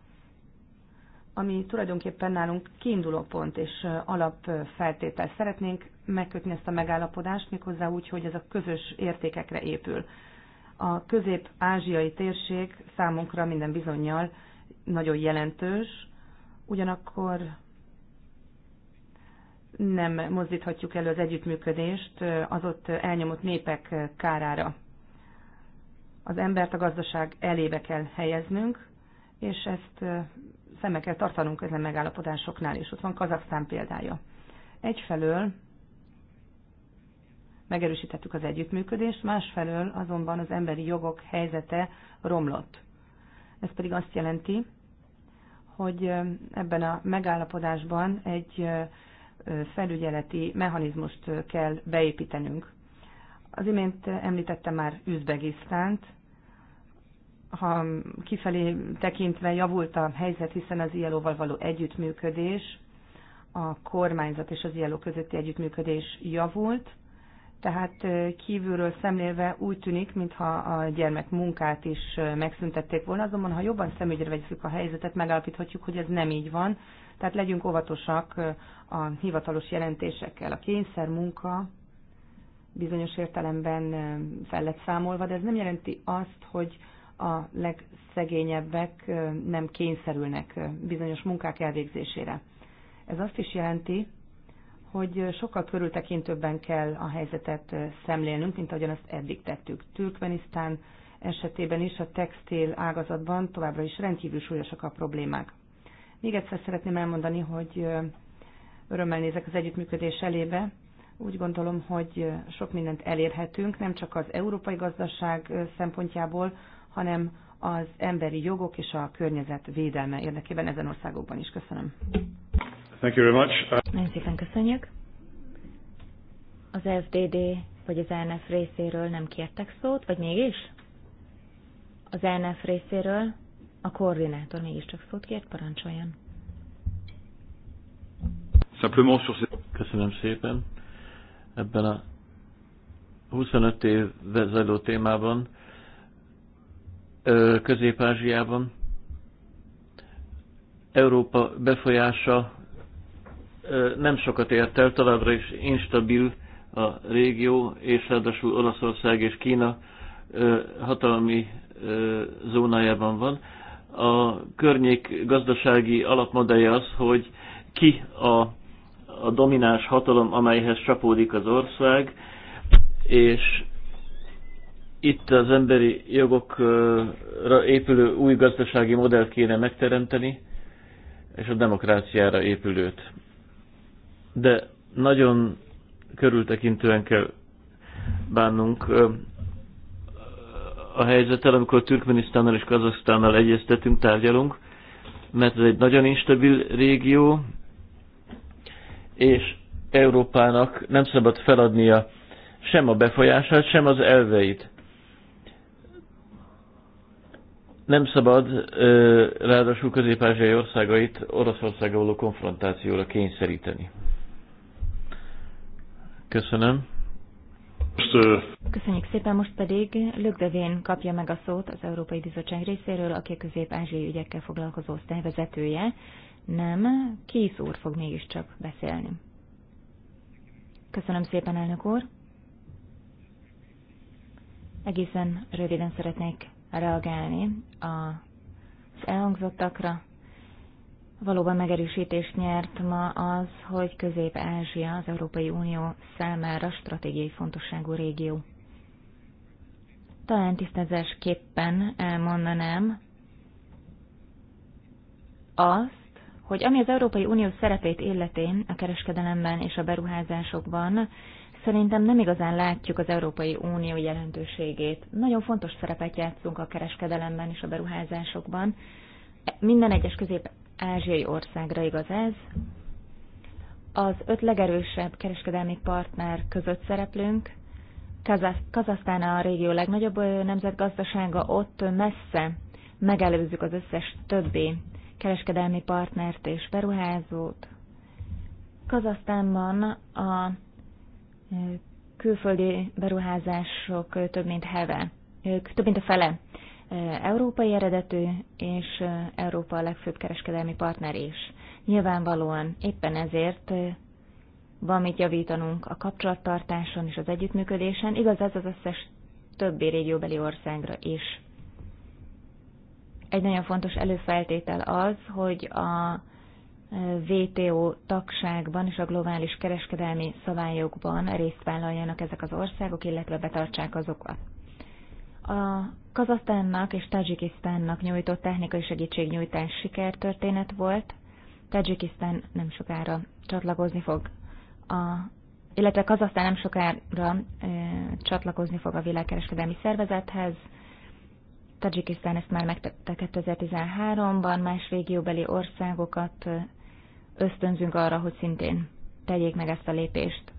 ami tulajdonképpen nálunk kiinduló pont és alapfeltétel. Szeretnénk megkötni ezt a megállapodást, méghozzá úgy, hogy ez a közös értékekre épül. A közép-ázsiai térség számunkra minden bizonyal nagyon jelentős, ugyanakkor nem mozdíthatjuk elő az együttműködést az ott elnyomott népek kárára. Az embert a gazdaság elébe kell helyeznünk, és ezt szemmel kell tartanunk közlen megállapodásoknál, és ott van Kazaksztán példája. Egyfelől megerősítettük az együttműködést, másfelől azonban az emberi jogok helyzete romlott. Ez pedig azt jelenti, hogy ebben a megállapodásban egy felügyeleti mechanizmust kell beépítenünk. Az imént említettem már Üzbegisztánt, ha kifelé tekintve javult a helyzet, hiszen az ILO-val való együttműködés, a kormányzat és az ILO közötti együttműködés javult, tehát kívülről szemlélve úgy tűnik, mintha a gyermek munkát is megszüntették volna, azonban ha jobban szemügyre vegyük a helyzetet, megállapíthatjuk, hogy ez nem így van, tehát legyünk óvatosak a hivatalos jelentésekkel. A kényszer munka bizonyos értelemben fel lett számolva, de ez nem jelenti azt, hogy a legszegényebbek nem kényszerülnek bizonyos munkák elvégzésére. Ez azt is jelenti, hogy sokkal körültekintőbben kell a helyzetet szemlélnünk, mint ahogyan azt eddig tettük. Türkmenisztán esetében is a textil ágazatban továbbra is rendkívül súlyosak a problémák. Még egyszer szeretném elmondani, hogy örömmel nézek az együttműködés elébe. Úgy gondolom, hogy sok mindent elérhetünk, nem csak az európai gazdaság szempontjából, hanem az emberi jogok és a környezet védelme érdekében ezen országokban is. Köszönöm. Thank you very much. Nagyon szépen köszönjük. Az FDD vagy az NF részéről nem kértek szót, vagy mégis? Az NF részéről a koordinátor mégiscsak szót kért, parancsoljon. Köszönöm szépen. Ebben a 25 év zajló témában Közép-Ázsiában. Európa befolyása nem sokat ért el, továbbra is instabil a régió, és ráadásul Olaszország és Kína hatalmi zónájában van. A környék gazdasági alapmodellje az, hogy ki a, a domináns hatalom, amelyhez csapódik az ország, és itt az emberi jogokra épülő új gazdasági modell kéne megteremteni, és a demokráciára épülőt. De nagyon körültekintően kell bánnunk a helyzettel, amikor Türkmenisztánnal és Kazasztánnal egyeztetünk, tárgyalunk, mert ez egy nagyon instabil régió, és Európának nem szabad feladnia sem a befolyását, sem az elveit nem szabad ráadásul közép-ázsiai országait Oroszországgal való konfrontációra kényszeríteni. Köszönöm. Köszönjük szépen, most pedig Lögdevén kapja meg a szót az Európai Bizottság részéről, aki a közép-ázsiai ügyekkel foglalkozó osztály vezetője. Nem, Kész úr fog mégiscsak beszélni. Köszönöm szépen, elnök úr. Egészen röviden szeretnék reagálni az elhangzottakra. Valóban megerősítést nyert ma az, hogy Közép-Ázsia az Európai Unió számára stratégiai fontosságú régió. Talán tisztázásképpen elmondanám azt, hogy ami az Európai Unió szerepét illetén a kereskedelemben és a beruházásokban, szerintem nem igazán látjuk az Európai Unió jelentőségét. Nagyon fontos szerepet játszunk a kereskedelemben és a beruházásokban. Minden egyes közép-ázsiai országra igaz ez. Az öt legerősebb kereskedelmi partner között szereplünk. Kazasztán a régió legnagyobb nemzetgazdasága, ott messze megelőzzük az összes többi kereskedelmi partnert és beruházót. Kazasztánban a külföldi beruházások több mint heve, több mint a fele európai eredetű, és Európa a legfőbb kereskedelmi partner is. Nyilvánvalóan éppen ezért van mit javítanunk a kapcsolattartáson és az együttműködésen, igaz ez az összes többi régióbeli országra is. Egy nagyon fontos előfeltétel az, hogy a WTO tagságban és a globális kereskedelmi szabályokban részt vállaljanak ezek az országok, illetve betartsák azokat. A Kazasztánnak és Tajikisztánnak nyújtott technikai segítségnyújtás sikertörténet volt. Tajikisztán nem sokára csatlakozni fog a illetve Kazasztán nem sokára e, csatlakozni fog a világkereskedelmi szervezethez. Tajikisztán ezt már megtette 2013-ban, más régióbeli országokat ösztönzünk arra, hogy szintén tegyék meg ezt a lépést.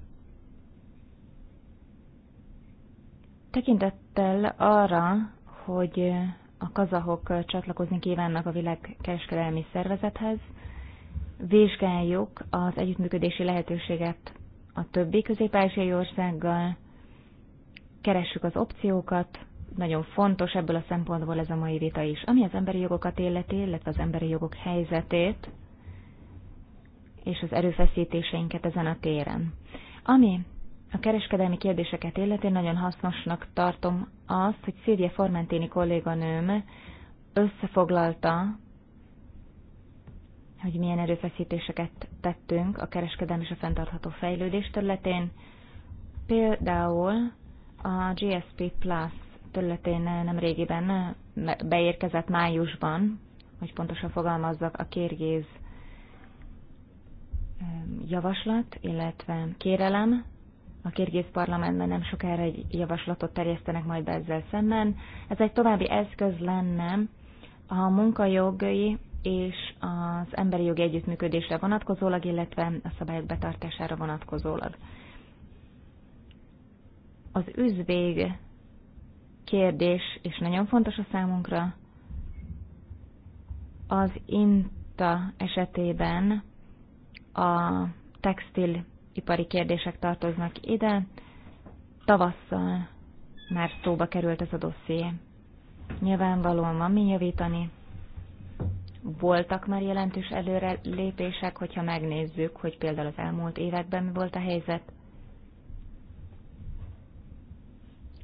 Tekintettel arra, hogy a kazahok csatlakozni kívánnak a világkereskedelmi szervezethez, vizsgáljuk az együttműködési lehetőséget a többi közép országgal, keressük az opciókat, nagyon fontos ebből a szempontból ez a mai vita is, ami az emberi jogokat illeti, illetve az emberi jogok helyzetét, és az erőfeszítéseinket ezen a téren. Ami a kereskedelmi kérdéseket illeti, nagyon hasznosnak tartom azt, hogy Szilvia Formenténi kolléganőm összefoglalta, hogy milyen erőfeszítéseket tettünk a kereskedelmi és a fenntartható fejlődés területén. Például a GSP Plus területén nem régiben beérkezett májusban, hogy pontosan fogalmazzak, a kérgéz javaslat, illetve kérelem. A kirgiz parlamentben nem sokára egy javaslatot terjesztenek majd be ezzel szemben. Ez egy további eszköz lenne a munkajogai és az emberi jogi együttműködésre vonatkozólag, illetve a szabályok betartására vonatkozólag. Az üzvég kérdés, és nagyon fontos a számunkra, az INTA esetében a textilipari kérdések tartoznak ide. Tavasszal már szóba került ez a dosszié. Nyilvánvalóan van mi javítani. Voltak már jelentős előrelépések, hogyha megnézzük, hogy például az elmúlt években mi volt a helyzet.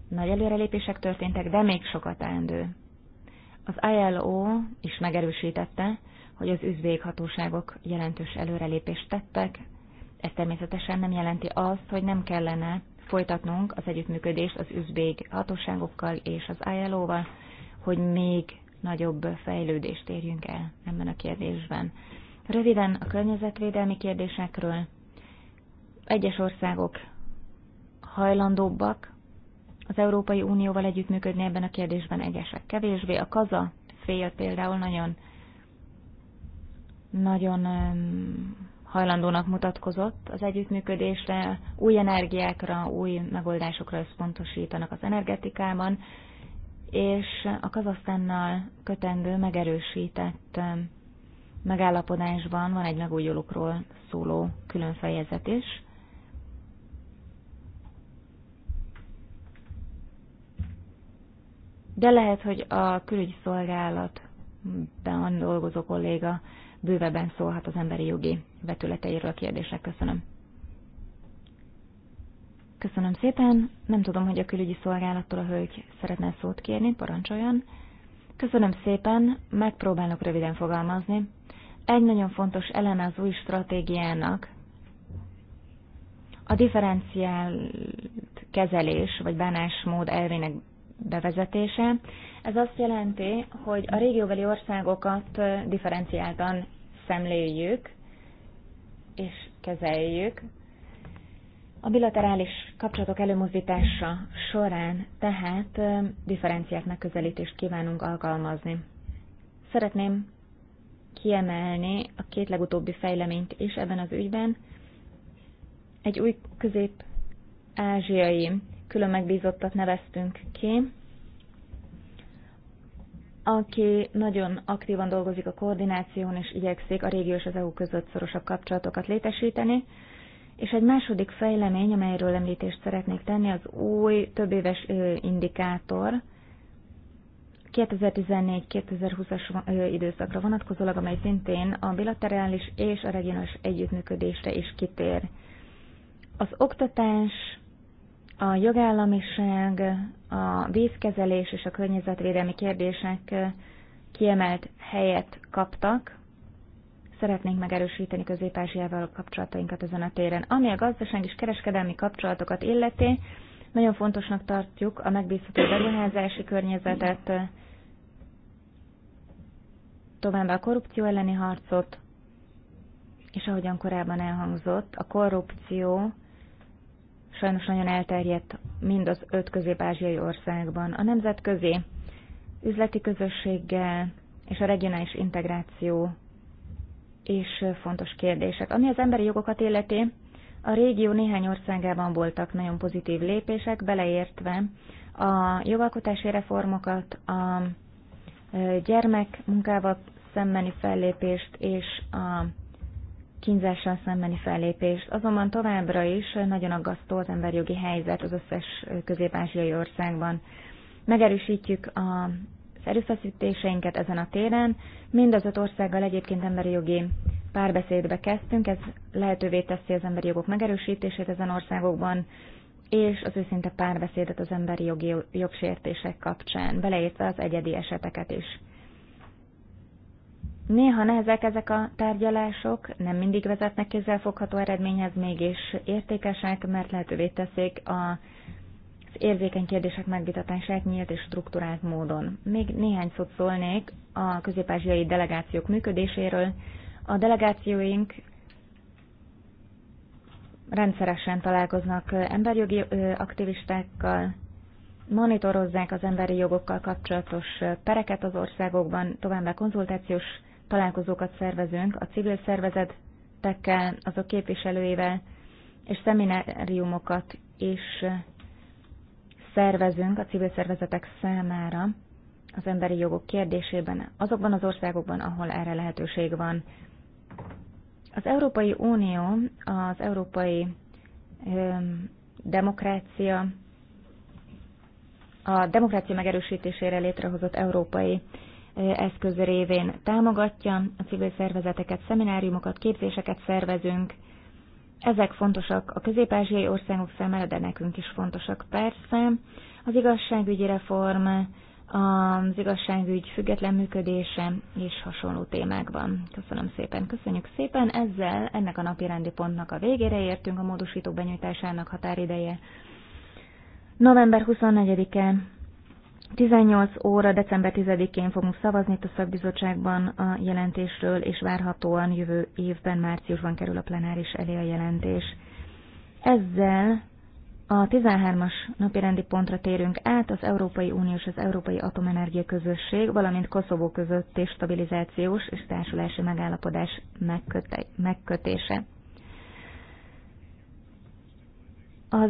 Nagy előrelépések történtek, de még sokat teendő. Az ILO is megerősítette, hogy az üzvéghatóságok hatóságok jelentős előrelépést tettek. Ez természetesen nem jelenti azt, hogy nem kellene folytatnunk az együttműködést az üzbég hatóságokkal és az ilo hogy még nagyobb fejlődést érjünk el ebben a kérdésben. Röviden a környezetvédelmi kérdésekről. Egyes országok hajlandóbbak az Európai Unióval együttműködni ebben a kérdésben, egyesek kevésbé. A kaza fél például nagyon nagyon hajlandónak mutatkozott az együttműködésre, új energiákra, új megoldásokra összpontosítanak az energetikában, és a Kazasztánnal kötendő megerősített megállapodásban van egy megújulókról szóló külön fejezet is. De lehet, hogy a külügyi szolgálatban dolgozó kolléga bővebben szólhat az emberi jogi vetületeiről a kérdésre. Köszönöm. Köszönöm szépen. Nem tudom, hogy a külügyi szolgálattól a hölgy szeretne szót kérni, parancsoljon. Köszönöm szépen, megpróbálok röviden fogalmazni. Egy nagyon fontos eleme az új stratégiának a differenciált kezelés vagy bánásmód elvének bevezetése. Ez azt jelenti, hogy a régióbeli országokat differenciáltan szemléljük és kezeljük. A bilaterális kapcsolatok előmozdítása során tehát differenciált megközelítést kívánunk alkalmazni. Szeretném kiemelni a két legutóbbi fejleményt is ebben az ügyben. Egy új közép-ázsiai külön megbízottat neveztünk ki, aki nagyon aktívan dolgozik a koordináción, és igyekszik a régió és az EU között szorosabb kapcsolatokat létesíteni. És egy második fejlemény, amelyről említést szeretnék tenni, az új éves indikátor, 2014-2020-as időszakra vonatkozólag, amely szintén a bilaterális és a regionális együttműködésre is kitér. Az oktatás, a jogállamiság, a vízkezelés és a környezetvédelmi kérdések kiemelt helyet kaptak. Szeretnénk megerősíteni közép a kapcsolatainkat ezen a téren. Ami a gazdaság és kereskedelmi kapcsolatokat illeti, nagyon fontosnak tartjuk a megbízható beruházási környezetet, továbbá a korrupció elleni harcot, és ahogyan korábban elhangzott, a korrupció sajnos nagyon elterjedt mind az öt közép-ázsiai országban. A nemzetközi üzleti közösséggel és a regionális integráció is fontos kérdések. Ami az emberi jogokat illeti, a régió néhány országában voltak nagyon pozitív lépések, beleértve a jogalkotási reformokat, a gyermekmunkával szembeni fellépést és a kínzással szembeni fellépést. Azonban továbbra is nagyon aggasztó az emberjogi helyzet az összes közép-ázsiai országban. Megerősítjük a az erőfeszítéseinket ezen a téren. Mind az öt országgal egyébként emberi jogi párbeszédbe kezdtünk, ez lehetővé teszi az emberi jogok megerősítését ezen országokban, és az őszinte párbeszédet az emberi jogi jogsértések kapcsán, beleértve az egyedi eseteket is. Néha nehezek ezek a tárgyalások, nem mindig vezetnek kézzelfogható eredményhez, mégis értékesek, mert lehetővé teszik a az érzékeny kérdések megvitatását nyílt és struktúrált módon. Még néhány szót szólnék a közép delegációk működéséről. A delegációink rendszeresen találkoznak emberjogi aktivistákkal, monitorozzák az emberi jogokkal kapcsolatos pereket az országokban, továbbá konzultációs találkozókat szervezünk a civil szervezetekkel, azok képviselőivel, és szemináriumokat is szervezünk a civil szervezetek számára az emberi jogok kérdésében, azokban az országokban, ahol erre lehetőség van. Az Európai Unió az európai demokrácia, a demokrácia megerősítésére létrehozott európai eszköz révén támogatja a civil szervezeteket, szemináriumokat, képzéseket szervezünk. Ezek fontosak a közép országok számára, de nekünk is fontosak persze. Az igazságügyi reform, az igazságügy független működése és hasonló témákban. Köszönöm szépen, köszönjük szépen. Ezzel ennek a napi rendi pontnak a végére értünk a módosítók benyújtásának határideje. November 24-e 18 óra december 10-én fogunk szavazni itt a szakbizottságban a jelentésről, és várhatóan jövő évben, márciusban kerül a plenáris elé a jelentés. Ezzel a 13-as napirendi pontra térünk át, az Európai Unió és az Európai Atomenergia Közösség, valamint Koszovó között és stabilizációs és társulási megállapodás megköte- megkötése. Az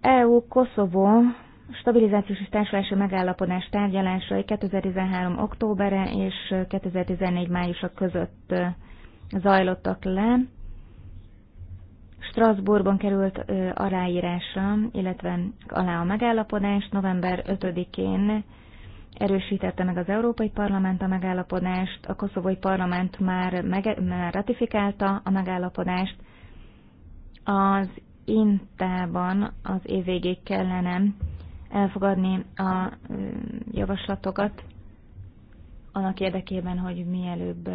EU-Koszovó stabilizációs és társulási megállapodás tárgyalásai 2013. októbere és 2014. májusa között zajlottak le. Strasbourgban került aláírásra, illetve alá a megállapodás. November 5-én erősítette meg az Európai Parlament a megállapodást, a koszovói parlament már, mege, már ratifikálta a megállapodást. Az Intában az év végéig kellene elfogadni a javaslatokat annak érdekében, hogy mielőbb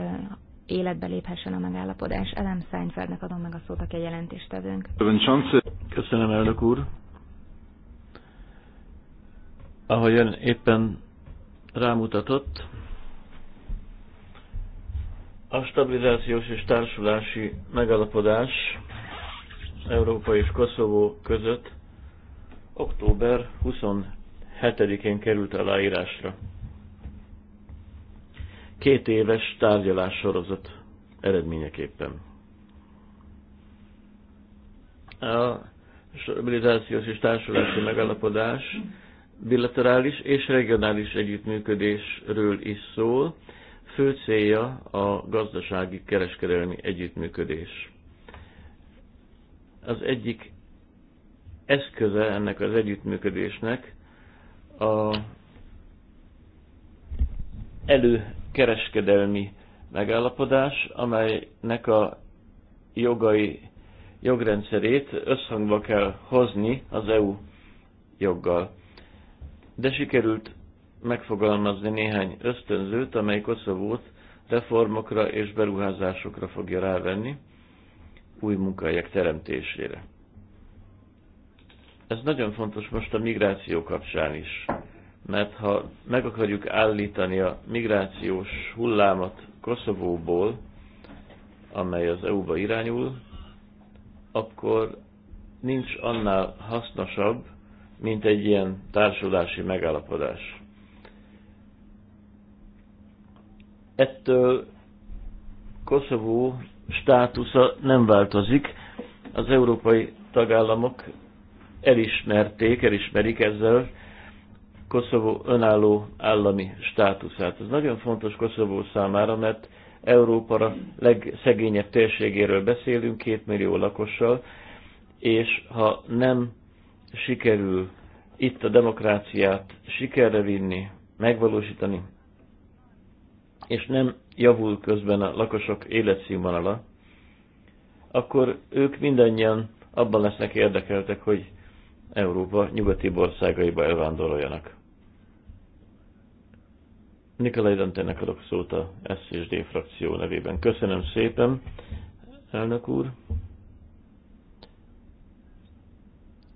életbe léphessen a megállapodás. Elem Szányferdnek adom meg a szót, aki a jelentéstevőnk. Köszönöm, elnök úr. ön éppen rámutatott, a stabilizációs és társulási megalapodás Európa és Koszovó között október 27-én került aláírásra. Két éves tárgyalás sorozat eredményeképpen. A stabilizációs és társulási megállapodás bilaterális és regionális együttműködésről is szól. Fő célja a gazdasági kereskedelmi együttműködés. Az egyik eszköze ennek az együttműködésnek a előkereskedelmi megállapodás, amelynek a jogai, jogrendszerét összhangba kell hozni az EU joggal. De sikerült megfogalmazni néhány ösztönzőt, amely Koszovót reformokra és beruházásokra fogja rávenni, új munkahelyek teremtésére. Ez nagyon fontos most a migráció kapcsán is, mert ha meg akarjuk állítani a migrációs hullámot Koszovóból, amely az EU-ba irányul, akkor nincs annál hasznosabb, mint egy ilyen társulási megállapodás. Ettől Koszovó státusza nem változik, az európai tagállamok elismerték, elismerik ezzel Koszovó önálló állami státuszát. Ez nagyon fontos Koszovó számára, mert Európa legszegényebb térségéről beszélünk, két millió lakossal, és ha nem sikerül itt a demokráciát sikerre vinni, megvalósítani, és nem javul közben a lakosok életszínvonala, akkor ők mindannyian abban lesznek érdekeltek, hogy Európa nyugati országaiba elvándoroljanak. Nikolai Dantének adok szót a SZSD frakció nevében. Köszönöm szépen, elnök úr,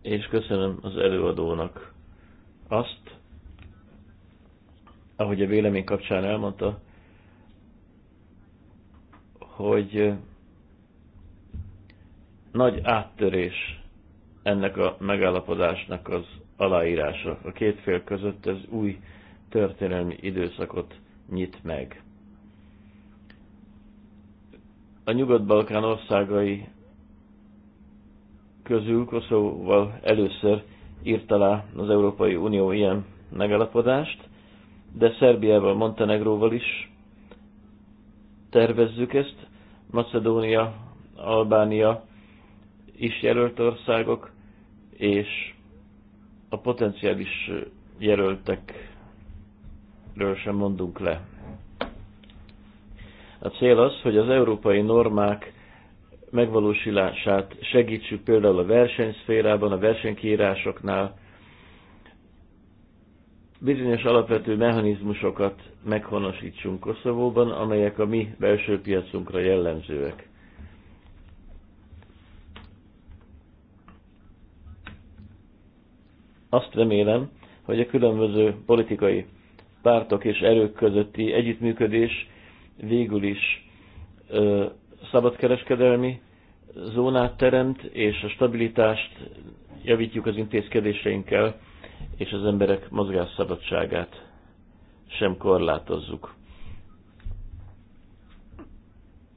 és köszönöm az előadónak azt, ahogy a vélemény kapcsán elmondta, hogy nagy áttörés ennek a megállapodásnak az aláírása. A két fél között ez új történelmi időszakot nyit meg. A Nyugat-Balkán országai közül Koszóval először írt alá az Európai Unió ilyen megállapodást, de Szerbiával, Montenegróval is tervezzük ezt. Macedónia, Albánia is jelölt országok, és a potenciális jelöltekről sem mondunk le. A cél az, hogy az európai normák megvalósulását segítsük például a versenyszférában, a versenykírásoknál, bizonyos alapvető mechanizmusokat meghonosítsunk Koszovóban, amelyek a mi belső piacunkra jellemzőek. Azt remélem, hogy a különböző politikai pártok és erők közötti együttműködés végül is ö, szabadkereskedelmi zónát teremt, és a stabilitást javítjuk az intézkedéseinkkel, és az emberek mozgásszabadságát sem korlátozzuk.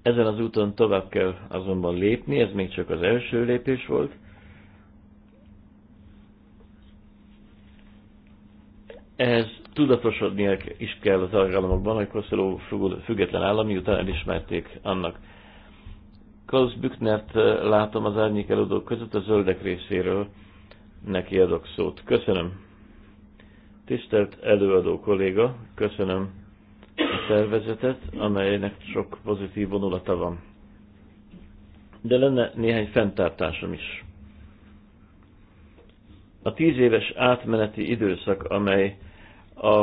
Ezen az úton tovább kell azonban lépni, ez még csak az első lépés volt, Ez tudatosodni is kell az tagállamokban, hogy Koszoró független állam, miután elismerték annak. Klaus Bücknert eh, látom az árnyék előadók között, a zöldek részéről neki adok szót. Köszönöm. Tisztelt előadó kolléga, köszönöm a szervezetet, amelynek sok pozitív vonulata van. De lenne néhány fenntartásom is. A tíz éves átmeneti időszak, amely a,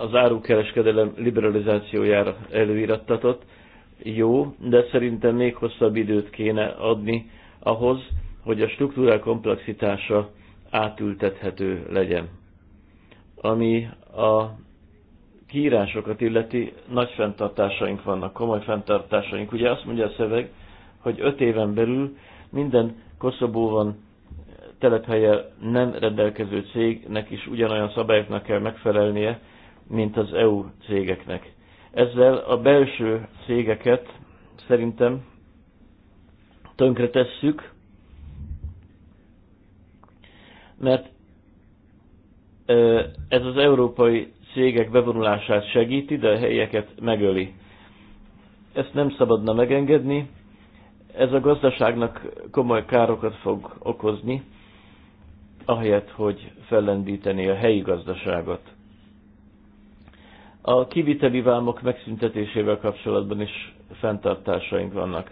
az árukereskedelem liberalizációjára előirattatott, jó, de szerintem még hosszabb időt kéne adni ahhoz, hogy a struktúrák komplexitása átültethető legyen. Ami a kiírásokat illeti, nagy fenntartásaink vannak, komoly fenntartásaink. Ugye azt mondja a szöveg, hogy öt éven belül minden Koszobóban telephelye nem rendelkező cégnek is ugyanolyan szabályoknak kell megfelelnie, mint az EU cégeknek. Ezzel a belső cégeket szerintem tönkre tesszük, mert ez az európai cégek bevonulását segíti, de a helyeket megöli. Ezt nem szabadna megengedni, ez a gazdaságnak komoly károkat fog okozni, ahelyett, hogy fellendítené a helyi gazdaságot. A kiviteli vámok megszüntetésével kapcsolatban is fenntartásaink vannak.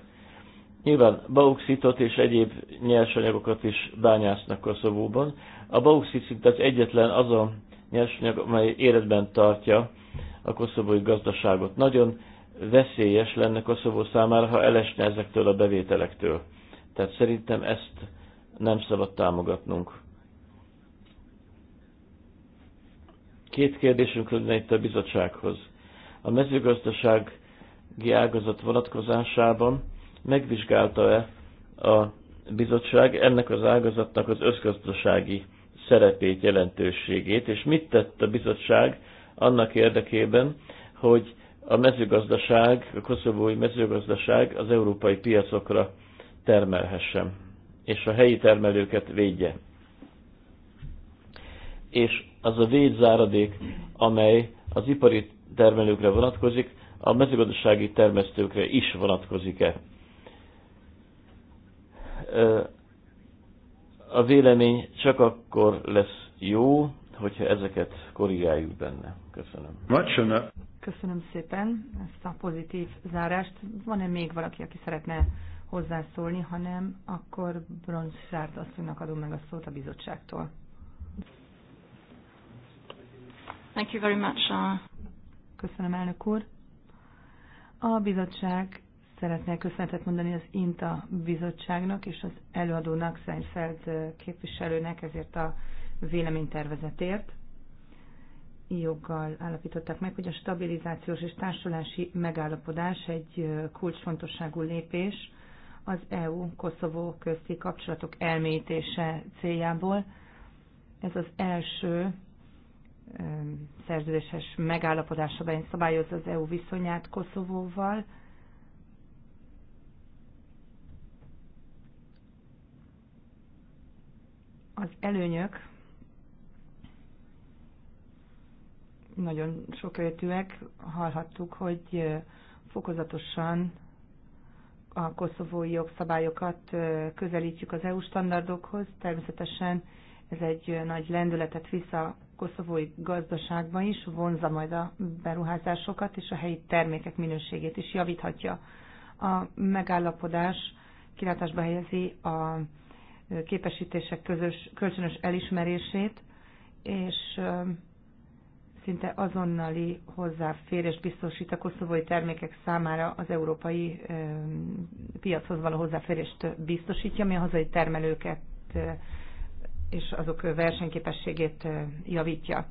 Nyilván bauxitot és egyéb nyersanyagokat is bányásznak Koszovóban. A bauxit szinte az egyetlen az a nyersanyag, amely életben tartja a koszovói gazdaságot. Nagyon veszélyes lenne Koszovó számára, ha elesne ezektől a bevételektől. Tehát szerintem ezt nem szabad támogatnunk. Két kérdésünk lenne itt a bizottsághoz. A mezőgazdasági ágazat vonatkozásában megvizsgálta-e a bizottság ennek az ágazatnak az összgazdasági szerepét, jelentőségét, és mit tett a bizottság annak érdekében, hogy a mezőgazdaság, a koszovói mezőgazdaság az európai piacokra termelhessen, és a helyi termelőket védje. És az a védzáradék, amely az ipari termelőkre vonatkozik, a mezőgazdasági termesztőkre is vonatkozik-e. A vélemény csak akkor lesz jó, hogyha ezeket korrigáljuk benne. Köszönöm. Uh, Köszönöm szépen ezt a pozitív zárást. Van-e még valaki, aki szeretne hozzászólni, hanem akkor Bronz asszonynak adom meg a szót a bizottságtól. Thank you very much. Uh, Köszönöm, elnök úr. A bizottság szeretne köszönetet mondani az INTA bizottságnak és az előadónak, Seinfeld uh, képviselőnek ezért a véleménytervezetért. Joggal állapították meg, hogy a stabilizációs és társulási megállapodás egy uh, kulcsfontosságú lépés az EU-Koszovó közti kapcsolatok elmélyítése céljából. Ez az első szerződéses megállapodásában szabályozza az EU viszonyát Koszovóval. Az előnyök nagyon soköltűek. Hallhattuk, hogy fokozatosan a koszovói jogszabályokat közelítjük az EU standardokhoz. Természetesen ez egy nagy lendületet vissza koszovói gazdaságban is, vonza majd a beruházásokat, és a helyi termékek minőségét is javíthatja. A megállapodás kilátásba helyezi a képesítések közös, kölcsönös elismerését, és szinte azonnali hozzáférés biztosít a koszovói termékek számára az európai piachoz való hozzáférést biztosítja, ami a hazai termelőket és azok versenyképességét javítja.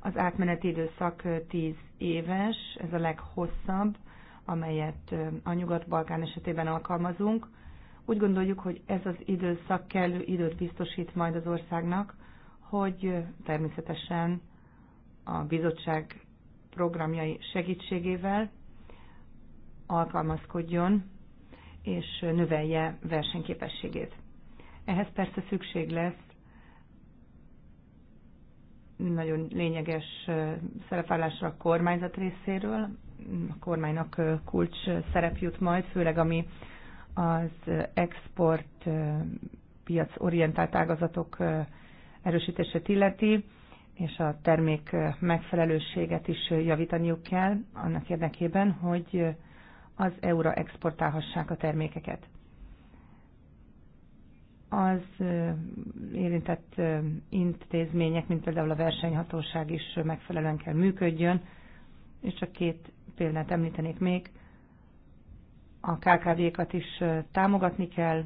Az átmeneti időszak 10 éves, ez a leghosszabb, amelyet a Nyugat-Balkán esetében alkalmazunk. Úgy gondoljuk, hogy ez az időszak kellő időt biztosít majd az országnak, hogy természetesen a bizottság programjai segítségével alkalmazkodjon és növelje versenyképességét. Ehhez persze szükség lesz nagyon lényeges szerepállásra a kormányzat részéről. A kormánynak kulcs szerep jut majd, főleg ami az export piac orientált ágazatok erősítését illeti, és a termék megfelelőséget is javítaniuk kell annak érdekében, hogy az EU-ra exportálhassák a termékeket az érintett intézmények, mint például a versenyhatóság is megfelelően kell működjön, és csak két példát említenék még. A KKV-kat is támogatni kell,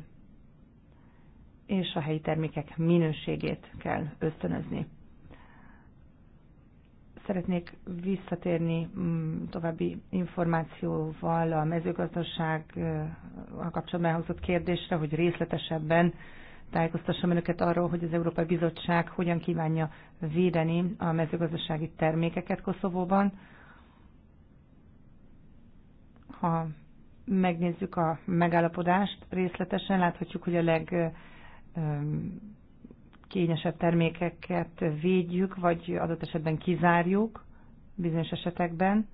és a helyi termékek minőségét kell ösztönözni. Szeretnék visszatérni mm, további információval a mezőgazdaság a kapcsolatban elhozott kérdésre, hogy részletesebben tájékoztassam önöket arról, hogy az Európai Bizottság hogyan kívánja védeni a mezőgazdasági termékeket Koszovóban. Ha megnézzük a megállapodást részletesen, láthatjuk, hogy a leg kényesebb termékeket védjük, vagy adott esetben kizárjuk bizonyos esetekben.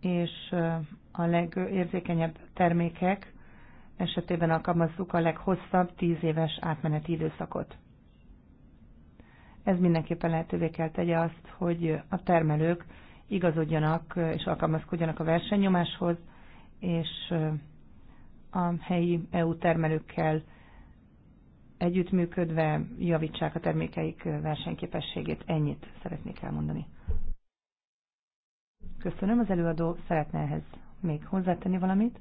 És a legérzékenyebb termékek esetében alkalmazzuk a leghosszabb 10 éves átmeneti időszakot. Ez mindenképpen lehetővé kell tegye azt, hogy a termelők igazodjanak és alkalmazkodjanak a versenynyomáshoz, és a helyi EU termelőkkel együttműködve javítsák a termékeik versenyképességét. Ennyit szeretnék elmondani. Köszönöm, az előadó szeretne ehhez még hozzátenni valamit.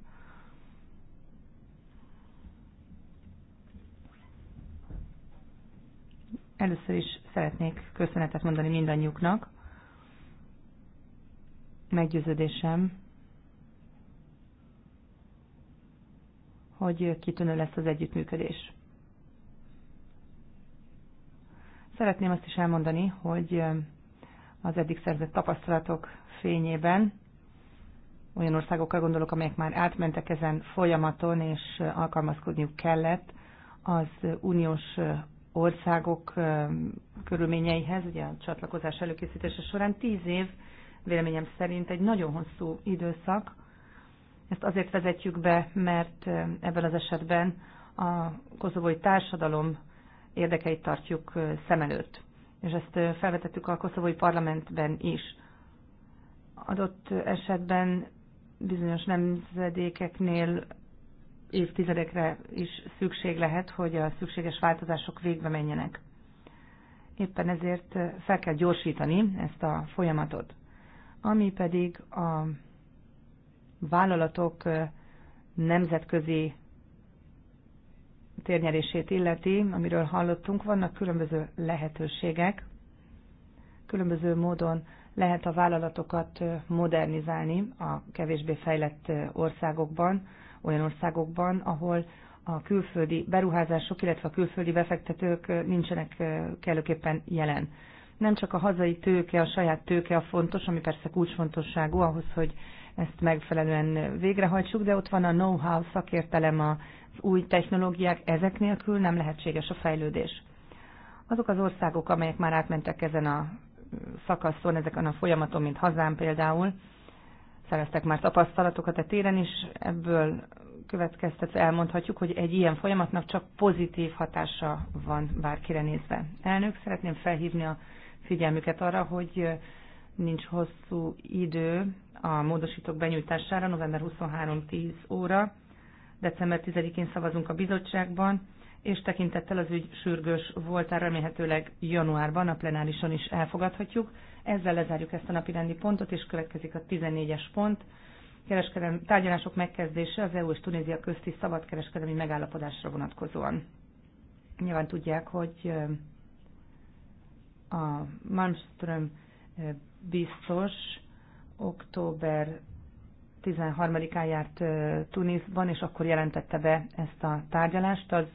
Először is szeretnék köszönetet mondani mindannyiuknak. Meggyőződésem, hogy kitűnő lesz az együttműködés. Szeretném azt is elmondani, hogy az eddig szerzett tapasztalatok fényében olyan országokkal gondolok, amelyek már átmentek ezen folyamaton, és alkalmazkodniuk kellett az uniós országok körülményeihez, ugye a csatlakozás előkészítése során tíz év véleményem szerint egy nagyon hosszú időszak, ezt azért vezetjük be, mert ebben az esetben a koszovói társadalom érdekeit tartjuk szem előtt. És ezt felvetettük a koszovói parlamentben is. Adott esetben bizonyos nemzedékeknél évtizedekre is szükség lehet, hogy a szükséges változások végbe menjenek. Éppen ezért fel kell gyorsítani ezt a folyamatot. Ami pedig a vállalatok nemzetközi térnyerését illeti, amiről hallottunk, vannak különböző lehetőségek, különböző módon lehet a vállalatokat modernizálni a kevésbé fejlett országokban, olyan országokban, ahol a külföldi beruházások, illetve a külföldi befektetők nincsenek kellőképpen jelen. Nem csak a hazai tőke, a saját tőke a fontos, ami persze kulcsfontosságú ahhoz, hogy ezt megfelelően végrehajtsuk, de ott van a know-how szakértelem, az új technológiák, ezek nélkül nem lehetséges a fejlődés. Azok az országok, amelyek már átmentek ezen a szakaszon, ezeken a folyamaton, mint hazám például, szereztek már tapasztalatokat a téren is, ebből következtetve elmondhatjuk, hogy egy ilyen folyamatnak csak pozitív hatása van bárkire nézve. Elnök, szeretném felhívni a figyelmüket arra, hogy nincs hosszú idő a módosítók benyújtására, november 23-10 óra, december 10-én szavazunk a bizottságban, és tekintettel az ügy sürgős voltára remélhetőleg januárban a plenárison is elfogadhatjuk. Ezzel lezárjuk ezt a napi rendi pontot, és következik a 14-es pont. Kereskedelmi tárgyalások megkezdése az EU és Tunézia közti szabadkereskedelmi megállapodásra vonatkozóan. Nyilván tudják, hogy a Malmström biztos október 13-án járt Tunisban, és akkor jelentette be ezt a tárgyalást. Az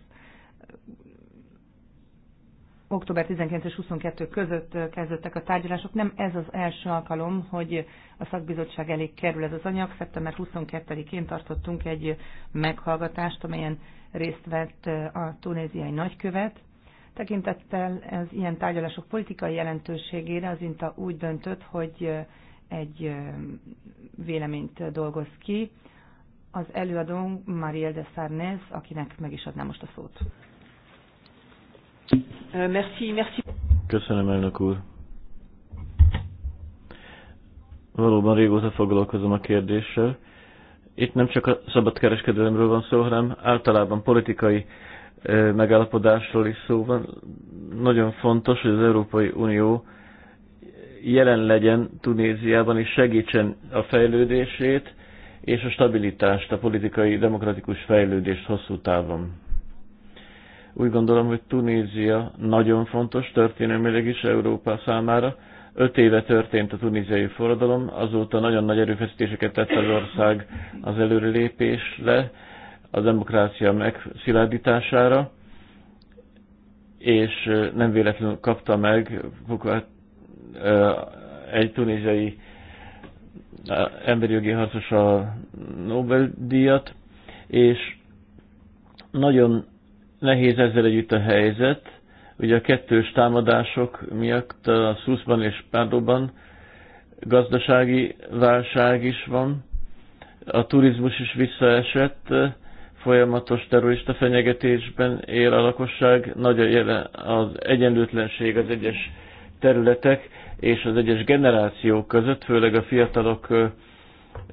október 19 és 22 között kezdődtek a tárgyalások. Nem ez az első alkalom, hogy a szakbizottság elé kerül ez az anyag. Szeptember 22-én tartottunk egy meghallgatást, amelyen részt vett a tunéziai nagykövet, Tekintettel az ilyen tárgyalások politikai jelentőségére az INTA úgy döntött, hogy egy véleményt dolgoz ki. Az előadónk Marielle de Sarnez, akinek meg is adnám most a szót. Merci, merci. Köszönöm, elnök úr. Valóban régóta foglalkozom a kérdéssel. Itt nem csak a szabadkereskedelemről van szó, hanem általában politikai megállapodásról is szó van. Nagyon fontos, hogy az Európai Unió jelen legyen Tunéziában és segítsen a fejlődését és a stabilitást, a politikai, demokratikus fejlődést hosszú távon. Úgy gondolom, hogy Tunézia nagyon fontos történelmileg is Európa számára. Öt éve történt a tunéziai forradalom, azóta nagyon nagy erőfeszítéseket tett az ország az előrelépésre, a demokrácia megszilárdítására, és nem véletlenül kapta meg egy tunéziai emberi jogi harcos a Nobel-díjat, és nagyon nehéz ezzel együtt a helyzet. Ugye a kettős támadások miatt a Szuszban és Pádóban gazdasági válság is van, a turizmus is visszaesett, folyamatos terrorista fenyegetésben él a lakosság, nagy az egyenlőtlenség az egyes területek és az egyes generációk között, főleg a fiatalok ö,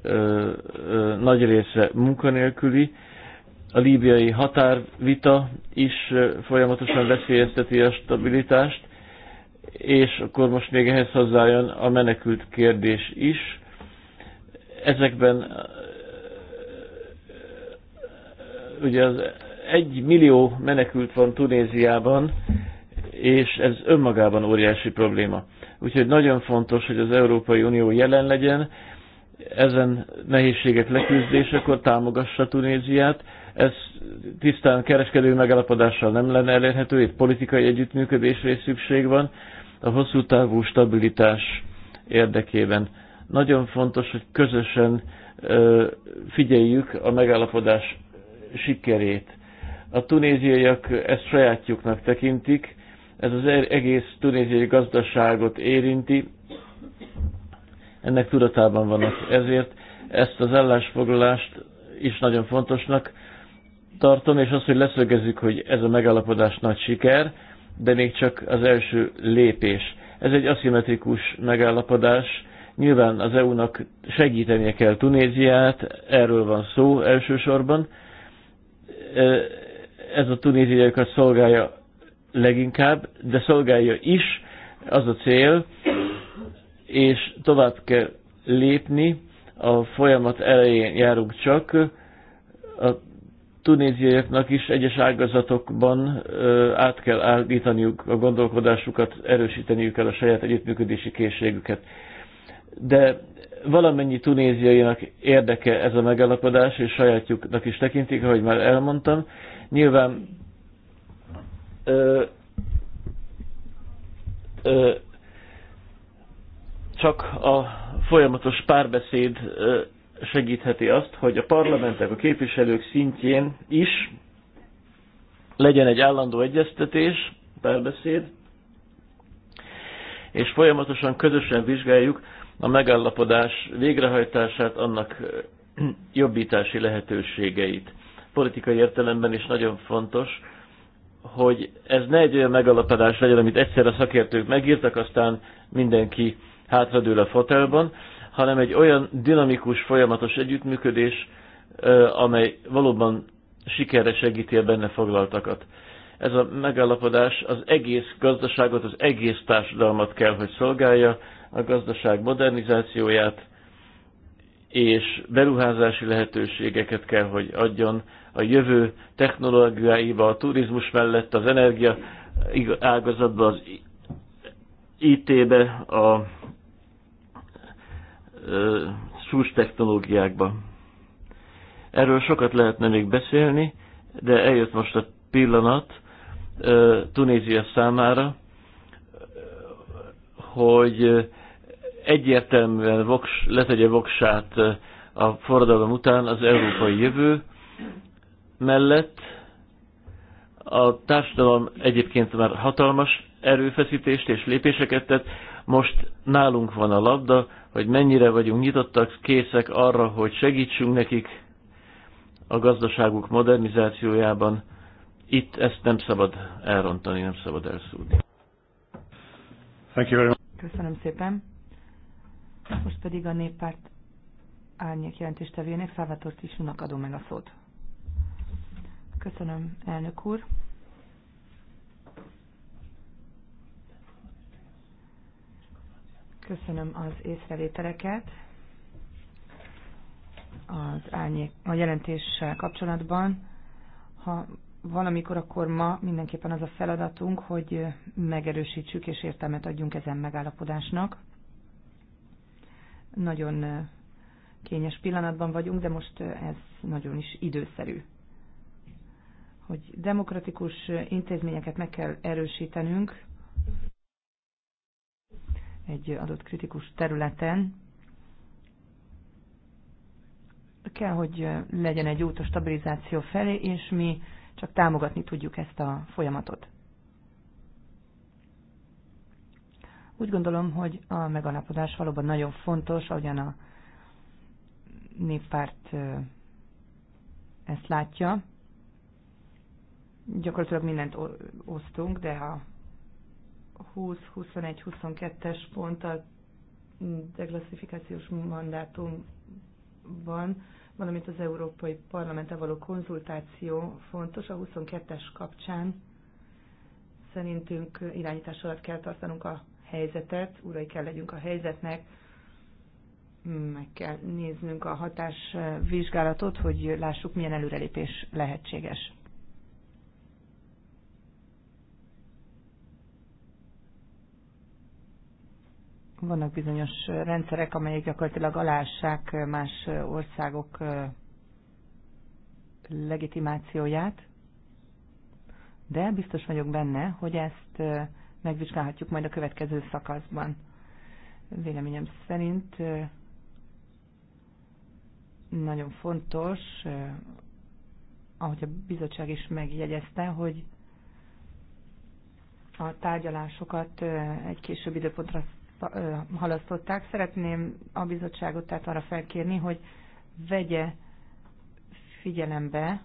ö, ö, nagy része munkanélküli. A líbiai határvita is folyamatosan veszélyezteti a stabilitást, és akkor most még ehhez hozzájön a menekült kérdés is. Ezekben ugye az egy millió menekült van Tunéziában, és ez önmagában óriási probléma. Úgyhogy nagyon fontos, hogy az Európai Unió jelen legyen, ezen nehézségek leküzdésekor támogassa Tunéziát. Ez tisztán kereskedő megállapodással nem lenne elérhető, itt politikai együttműködésre is szükség van a hosszú távú stabilitás érdekében. Nagyon fontos, hogy közösen figyeljük a megállapodás sikerét. A tunéziaiak ezt sajátjuknak tekintik, ez az e- egész tunéziai gazdaságot érinti, ennek tudatában vannak. Ezért ezt az állásfoglalást is nagyon fontosnak tartom, és azt, hogy leszögezzük, hogy ez a megállapodás nagy siker, de még csak az első lépés. Ez egy aszimmetrikus megállapodás. Nyilván az EU-nak segítenie kell Tunéziát, erről van szó elsősorban, ez a tunéziaiakat szolgálja leginkább, de szolgálja is az a cél, és tovább kell lépni, a folyamat elején járunk csak, a tunéziaiaknak is egyes ágazatokban át kell állítaniuk a gondolkodásukat, erősíteniük kell a saját együttműködési készségüket. De valamennyi tunéziainak érdeke ez a megalapodás, és sajátjuknak is tekintik, ahogy már elmondtam. Nyilván ö, ö, csak a folyamatos párbeszéd ö, segítheti azt, hogy a parlamentek, a képviselők szintjén is legyen egy állandó egyeztetés, párbeszéd, és folyamatosan közösen vizsgáljuk, a megállapodás végrehajtását, annak jobbítási lehetőségeit. Politikai értelemben is nagyon fontos, hogy ez ne egy olyan megalapodás legyen, amit egyszer a szakértők megírtak, aztán mindenki hátradől a fotelban, hanem egy olyan dinamikus, folyamatos együttműködés, amely valóban sikerre segíti a benne foglaltakat. Ez a megállapodás az egész gazdaságot, az egész társadalmat kell, hogy szolgálja, a gazdaság modernizációját, és beruházási lehetőségeket kell, hogy adjon a jövő technológiáiba, a turizmus mellett, az energia ágazatba, az IT-be, a csúcs technológiákba. Erről sokat lehetne még beszélni, de eljött most a pillanat Tunézia számára, hogy egyértelműen voks, letegye voksát a forradalom után az európai jövő mellett. A társadalom egyébként már hatalmas erőfeszítést és lépéseket tett, most nálunk van a labda, hogy mennyire vagyunk nyitottak, készek arra, hogy segítsünk nekik a gazdaságuk modernizációjában. Itt ezt nem szabad elrontani, nem szabad elszúrni. Köszönöm szépen. Most pedig a néppárt árnyék jelentéstevőjének, Szávátor Tisúnak adom meg a szót. Köszönöm, elnök úr. Köszönöm az észrevételeket az árnyék, a jelentéssel kapcsolatban. Ha valamikor, akkor ma mindenképpen az a feladatunk, hogy megerősítsük és értelmet adjunk ezen megállapodásnak. Nagyon kényes pillanatban vagyunk, de most ez nagyon is időszerű. Hogy demokratikus intézményeket meg kell erősítenünk egy adott kritikus területen, kell, hogy legyen egy út a stabilizáció felé, és mi csak támogatni tudjuk ezt a folyamatot. Úgy gondolom, hogy a megalapodás valóban nagyon fontos, ahogyan a néppárt ezt látja. Gyakorlatilag mindent osztunk, de a 20-21-22-es pont a deklasszifikációs mandátumban, valamint az Európai Parlamenttel való konzultáció fontos. A 22-es kapcsán szerintünk irányítás alatt kell tartanunk a helyzetet, urai kell legyünk a helyzetnek, meg kell néznünk a hatás vizsgálatot, hogy lássuk, milyen előrelépés lehetséges. Vannak bizonyos rendszerek, amelyek gyakorlatilag alássák más országok legitimációját, de biztos vagyok benne, hogy ezt megvizsgálhatjuk majd a következő szakaszban. Véleményem szerint nagyon fontos, ahogy a bizottság is megjegyezte, hogy a tárgyalásokat egy később időpontra halasztották. Szeretném a bizottságot tehát arra felkérni, hogy vegye figyelembe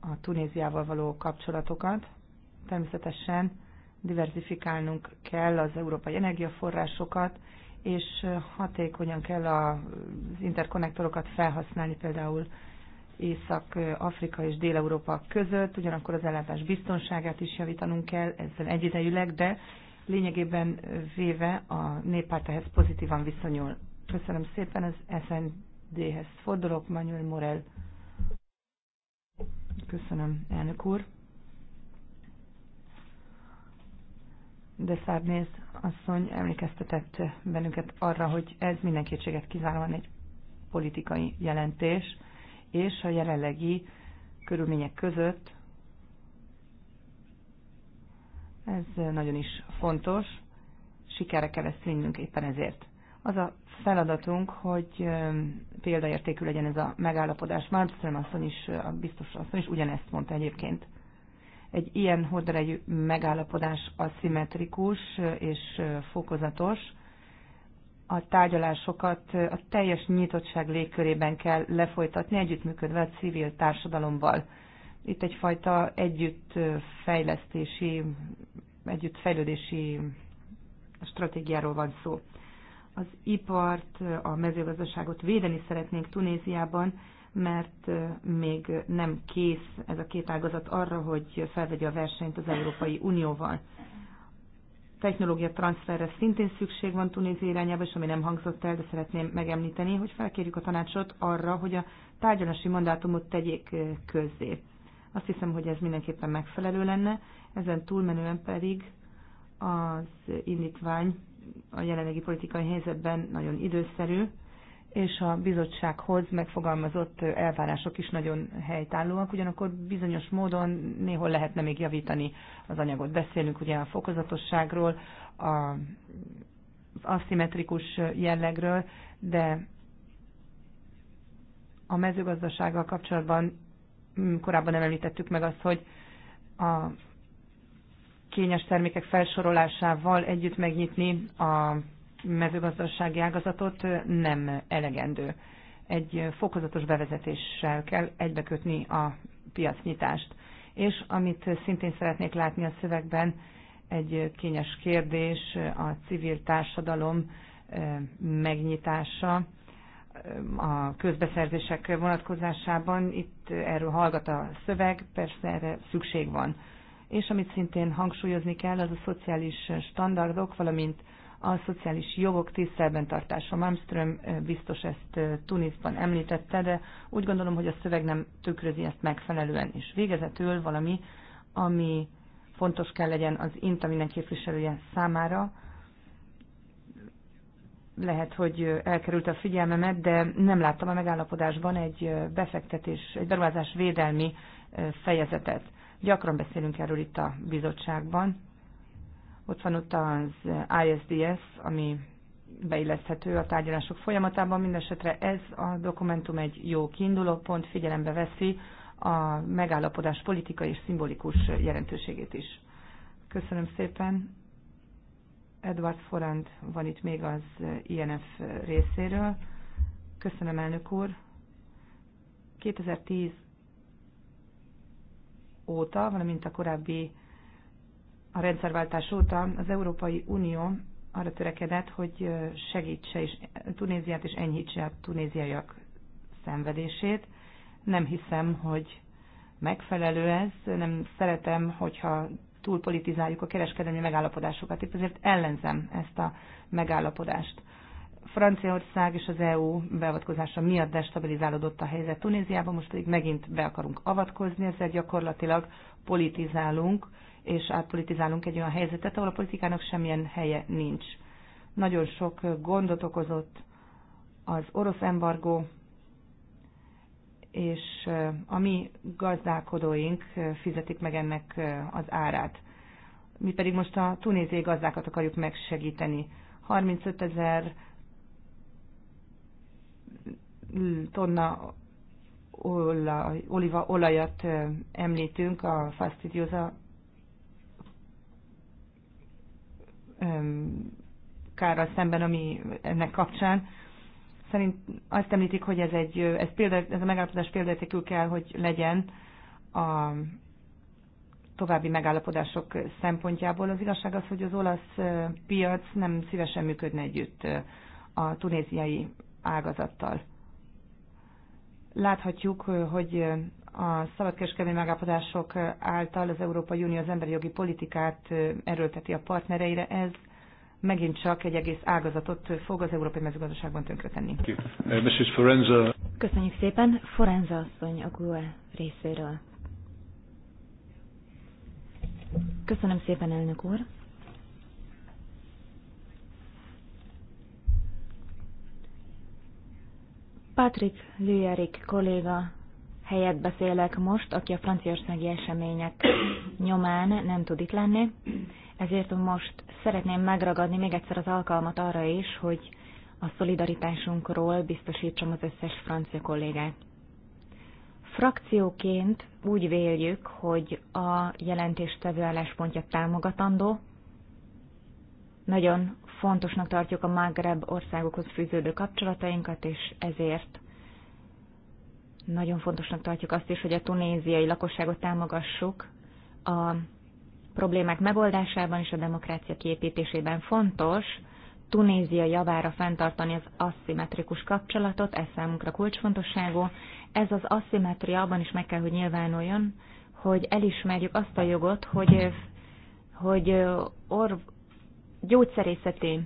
a Tunéziával való kapcsolatokat. Természetesen diversifikálnunk kell az európai energiaforrásokat, és hatékonyan kell az interkonnektorokat felhasználni például Észak-Afrika és Dél-Európa között, ugyanakkor az ellátás biztonságát is javítanunk kell, ezzel egyidejűleg, de lényegében véve a néppárt ehhez pozitívan viszonyul. Köszönöm szépen, az SND-hez fordulok, Manuel Morel. Köszönöm, elnök úr. de Szárnéz asszony emlékeztetett bennünket arra, hogy ez minden kétséget kizáróan egy politikai jelentés, és a jelenlegi körülmények között ez nagyon is fontos, sikerre kell ezt vinnünk éppen ezért. Az a feladatunk, hogy példaértékű legyen ez a megállapodás. Már asszony is, a biztos asszony is ugyanezt mondta egyébként. Egy ilyen horderejű megállapodás aszimmetrikus és fokozatos. A tárgyalásokat a teljes nyitottság légkörében kell lefolytatni, együttműködve a civil társadalommal. Itt egyfajta együttfejlesztési, együttfejlődési stratégiáról van szó. Az ipart, a mezőgazdaságot védeni szeretnénk Tunéziában, mert még nem kész ez a két ágazat arra, hogy felvegye a versenyt az Európai Unióval. Technológia transferre szintén szükség van Tunézia irányába, és ami nem hangzott el, de szeretném megemlíteni, hogy felkérjük a tanácsot arra, hogy a tárgyalási mandátumot tegyék közzé. Azt hiszem, hogy ez mindenképpen megfelelő lenne, ezen túlmenően pedig az indítvány a jelenlegi politikai helyzetben nagyon időszerű, és a bizottsághoz megfogalmazott elvárások is nagyon helytállóak, ugyanakkor bizonyos módon néhol lehetne még javítani az anyagot. Beszélünk ugye a fokozatosságról, a, az aszimmetrikus jellegről, de a mezőgazdasággal kapcsolatban mm, korábban nem említettük meg azt, hogy a kényes termékek felsorolásával együtt megnyitni a mezőgazdasági ágazatot nem elegendő. Egy fokozatos bevezetéssel kell egybekötni a piacnyitást. És amit szintén szeretnék látni a szövegben, egy kényes kérdés, a civil társadalom megnyitása a közbeszerzések vonatkozásában. Itt erről hallgat a szöveg, persze erre szükség van. És amit szintén hangsúlyozni kell, az a szociális standardok, valamint a szociális jogok tisztelben tartása. Malmström biztos ezt Tunisban említette, de úgy gondolom, hogy a szöveg nem tükrözi ezt megfelelően. És végezetül valami, ami fontos kell legyen az INTA minden képviselője számára, lehet, hogy elkerült a figyelmemet, de nem láttam a megállapodásban egy befektetés, egy beruházás védelmi fejezetet. Gyakran beszélünk erről itt a bizottságban, ott van ott az ISDS, ami beilleszthető a tárgyalások folyamatában. Mindenesetre ez a dokumentum egy jó kiinduló pont, figyelembe veszi a megállapodás politikai és szimbolikus jelentőségét is. Köszönöm szépen. Edward Forand van itt még az INF részéről. Köszönöm, elnök úr. 2010 óta, valamint a korábbi a rendszerváltás óta az Európai Unió arra törekedett, hogy segítse is Tunéziát és enyhítse a tunéziaiak szenvedését. Nem hiszem, hogy megfelelő ez, nem szeretem, hogyha túlpolitizáljuk a kereskedelmi megállapodásokat. Épp ezért ellenzem ezt a megállapodást. Franciaország és az EU beavatkozása miatt destabilizálódott a helyzet Tunéziában, most pedig megint be akarunk avatkozni, ezzel gyakorlatilag politizálunk, és átpolitizálunk egy olyan helyzetet, ahol a politikának semmilyen helye nincs. Nagyon sok gondot okozott az orosz embargó, és a mi gazdálkodóink fizetik meg ennek az árát. Mi pedig most a tunéziai gazdákat akarjuk megsegíteni. 35 ezer tonna olaj, olajat említünk a fastidiosa kárral szemben, ami ennek kapcsán. Szerint azt említik, hogy ez, egy, ez, példa, ez a megállapodás példaértékű kell, hogy legyen a további megállapodások szempontjából. Az igazság az, hogy az olasz piac nem szívesen működne együtt a tunéziai ágazattal. Láthatjuk, hogy a szabadkereskedelmi megállapodások által az Európai Unió az emberi jogi politikát erőlteti a partnereire, ez megint csak egy egész ágazatot fog az európai mezőgazdaságban tönkretenni. Uh, Köszönjük szépen. Forenza asszony a GUE részéről. Köszönöm szépen, elnök úr. Patrick Lüjerik kolléga helyett beszélek most, aki a franciaországi események nyomán nem tud itt lenni. Ezért most szeretném megragadni még egyszer az alkalmat arra is, hogy a szolidaritásunkról biztosítsam az összes francia kollégát. Frakcióként úgy véljük, hogy a jelentéstevő álláspontja támogatandó. Nagyon fontosnak tartjuk a Magreb országokhoz fűződő kapcsolatainkat, és ezért nagyon fontosnak tartjuk azt is, hogy a tunéziai lakosságot támogassuk a problémák megoldásában és a demokrácia kiépítésében fontos Tunézia javára fenntartani az aszimmetrikus kapcsolatot, ez számunkra kulcsfontosságú. Ez az aszimmetria abban is meg kell, hogy nyilvánuljon, hogy elismerjük azt a jogot, hogy, hogy orv, gyógyszerészeti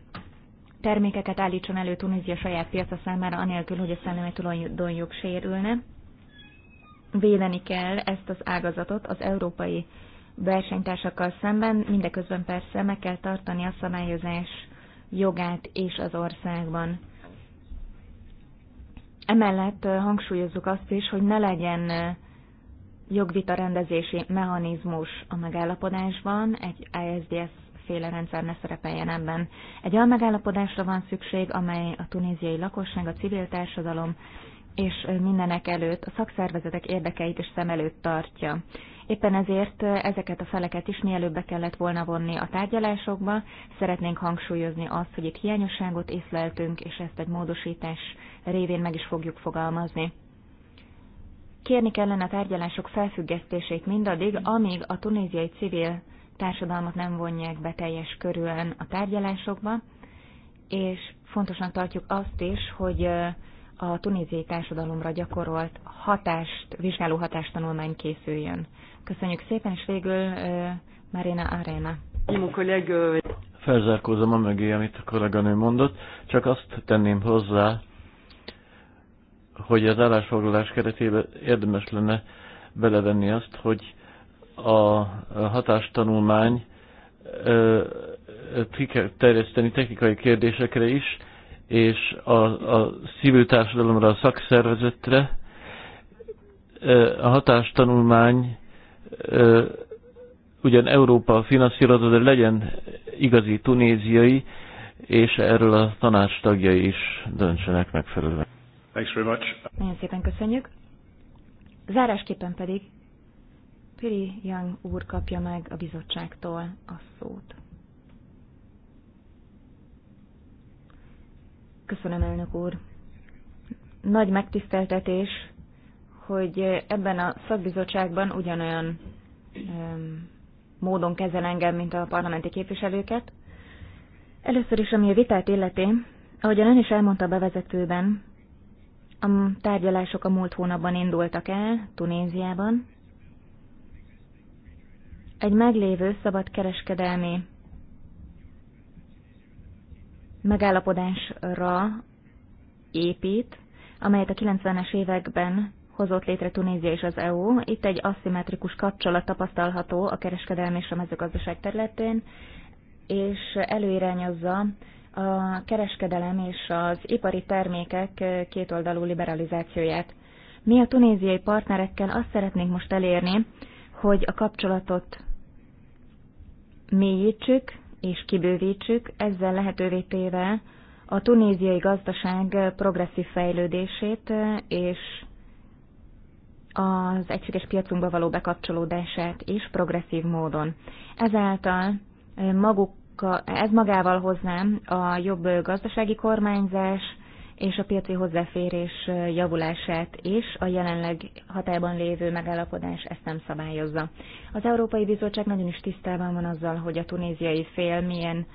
termékeket állítson elő Tunézia saját piaca számára, anélkül, hogy a szellemi tulajdonjog sérülne. Védeni kell ezt az ágazatot az európai versenytársakkal szemben, mindeközben persze meg kell tartani a szabályozás jogát és az országban. Emellett hangsúlyozzuk azt is, hogy ne legyen jogvita rendezési mechanizmus a megállapodásban, egy ISDS semmiféle rendszer ne szerepeljen ebben. Egy almegállapodásra van szükség, amely a tunéziai lakosság, a civil társadalom és mindenek előtt a szakszervezetek érdekeit is szem előtt tartja. Éppen ezért ezeket a feleket is mielőbb be kellett volna vonni a tárgyalásokba. Szeretnénk hangsúlyozni azt, hogy itt hiányosságot észleltünk, és ezt egy módosítás révén meg is fogjuk fogalmazni. Kérni kellene a tárgyalások felfüggesztését mindaddig, amíg a tunéziai civil társadalmat nem vonják be teljes körülön a tárgyalásokba, és fontosnak tartjuk azt is, hogy a tunéziai társadalomra gyakorolt hatást, vizsgáló hatástanulmány készüljön. Köszönjük szépen, és végül Marina Arena. Felzárkózom a mögé, amit a kolléganő mondott, csak azt tenném hozzá, hogy az állásfoglalás keretében érdemes lenne belevenni azt, hogy a hatástanulmány terjeszteni technikai kérdésekre is, és a, a civil társadalomra, a szakszervezetre. A hatástanulmány ugyan Európa finanszírozó, de legyen igazi tunéziai, és erről a tanács tagjai is döntsenek megfelelően. Thanks very much. Nagyon szépen köszönjük. Zárásképpen pedig Piri Young úr kapja meg a bizottságtól a szót. Köszönöm, elnök úr. Nagy megtiszteltetés, hogy ebben a szakbizottságban ugyanolyan módon kezel engem, mint a parlamenti képviselőket. Először is, ami a vitát illeti, ahogyan ön is elmondta a bevezetőben, a tárgyalások a múlt hónapban indultak el, Tunéziában, egy meglévő szabadkereskedelmi megállapodásra épít, amelyet a 90-es években hozott létre Tunézia és az EU. Itt egy aszimmetrikus kapcsolat tapasztalható a kereskedelmi és a mezőgazdaság területén, és előirányozza a kereskedelem és az ipari termékek kétoldalú liberalizációját. Mi a tunéziai partnerekkel azt szeretnénk most elérni, hogy a kapcsolatot mélyítsük és kibővítsük, ezzel lehetővé téve a tunéziai gazdaság progresszív fejlődését és az egységes piacunkba való bekapcsolódását is progresszív módon. Ezáltal maguk, ez magával hoznám a jobb gazdasági kormányzás, és a piaci hozzáférés javulását is a jelenleg hatályban lévő megállapodás ezt nem szabályozza. Az Európai Bizottság nagyon is tisztában van azzal, hogy a tunéziai fél milyen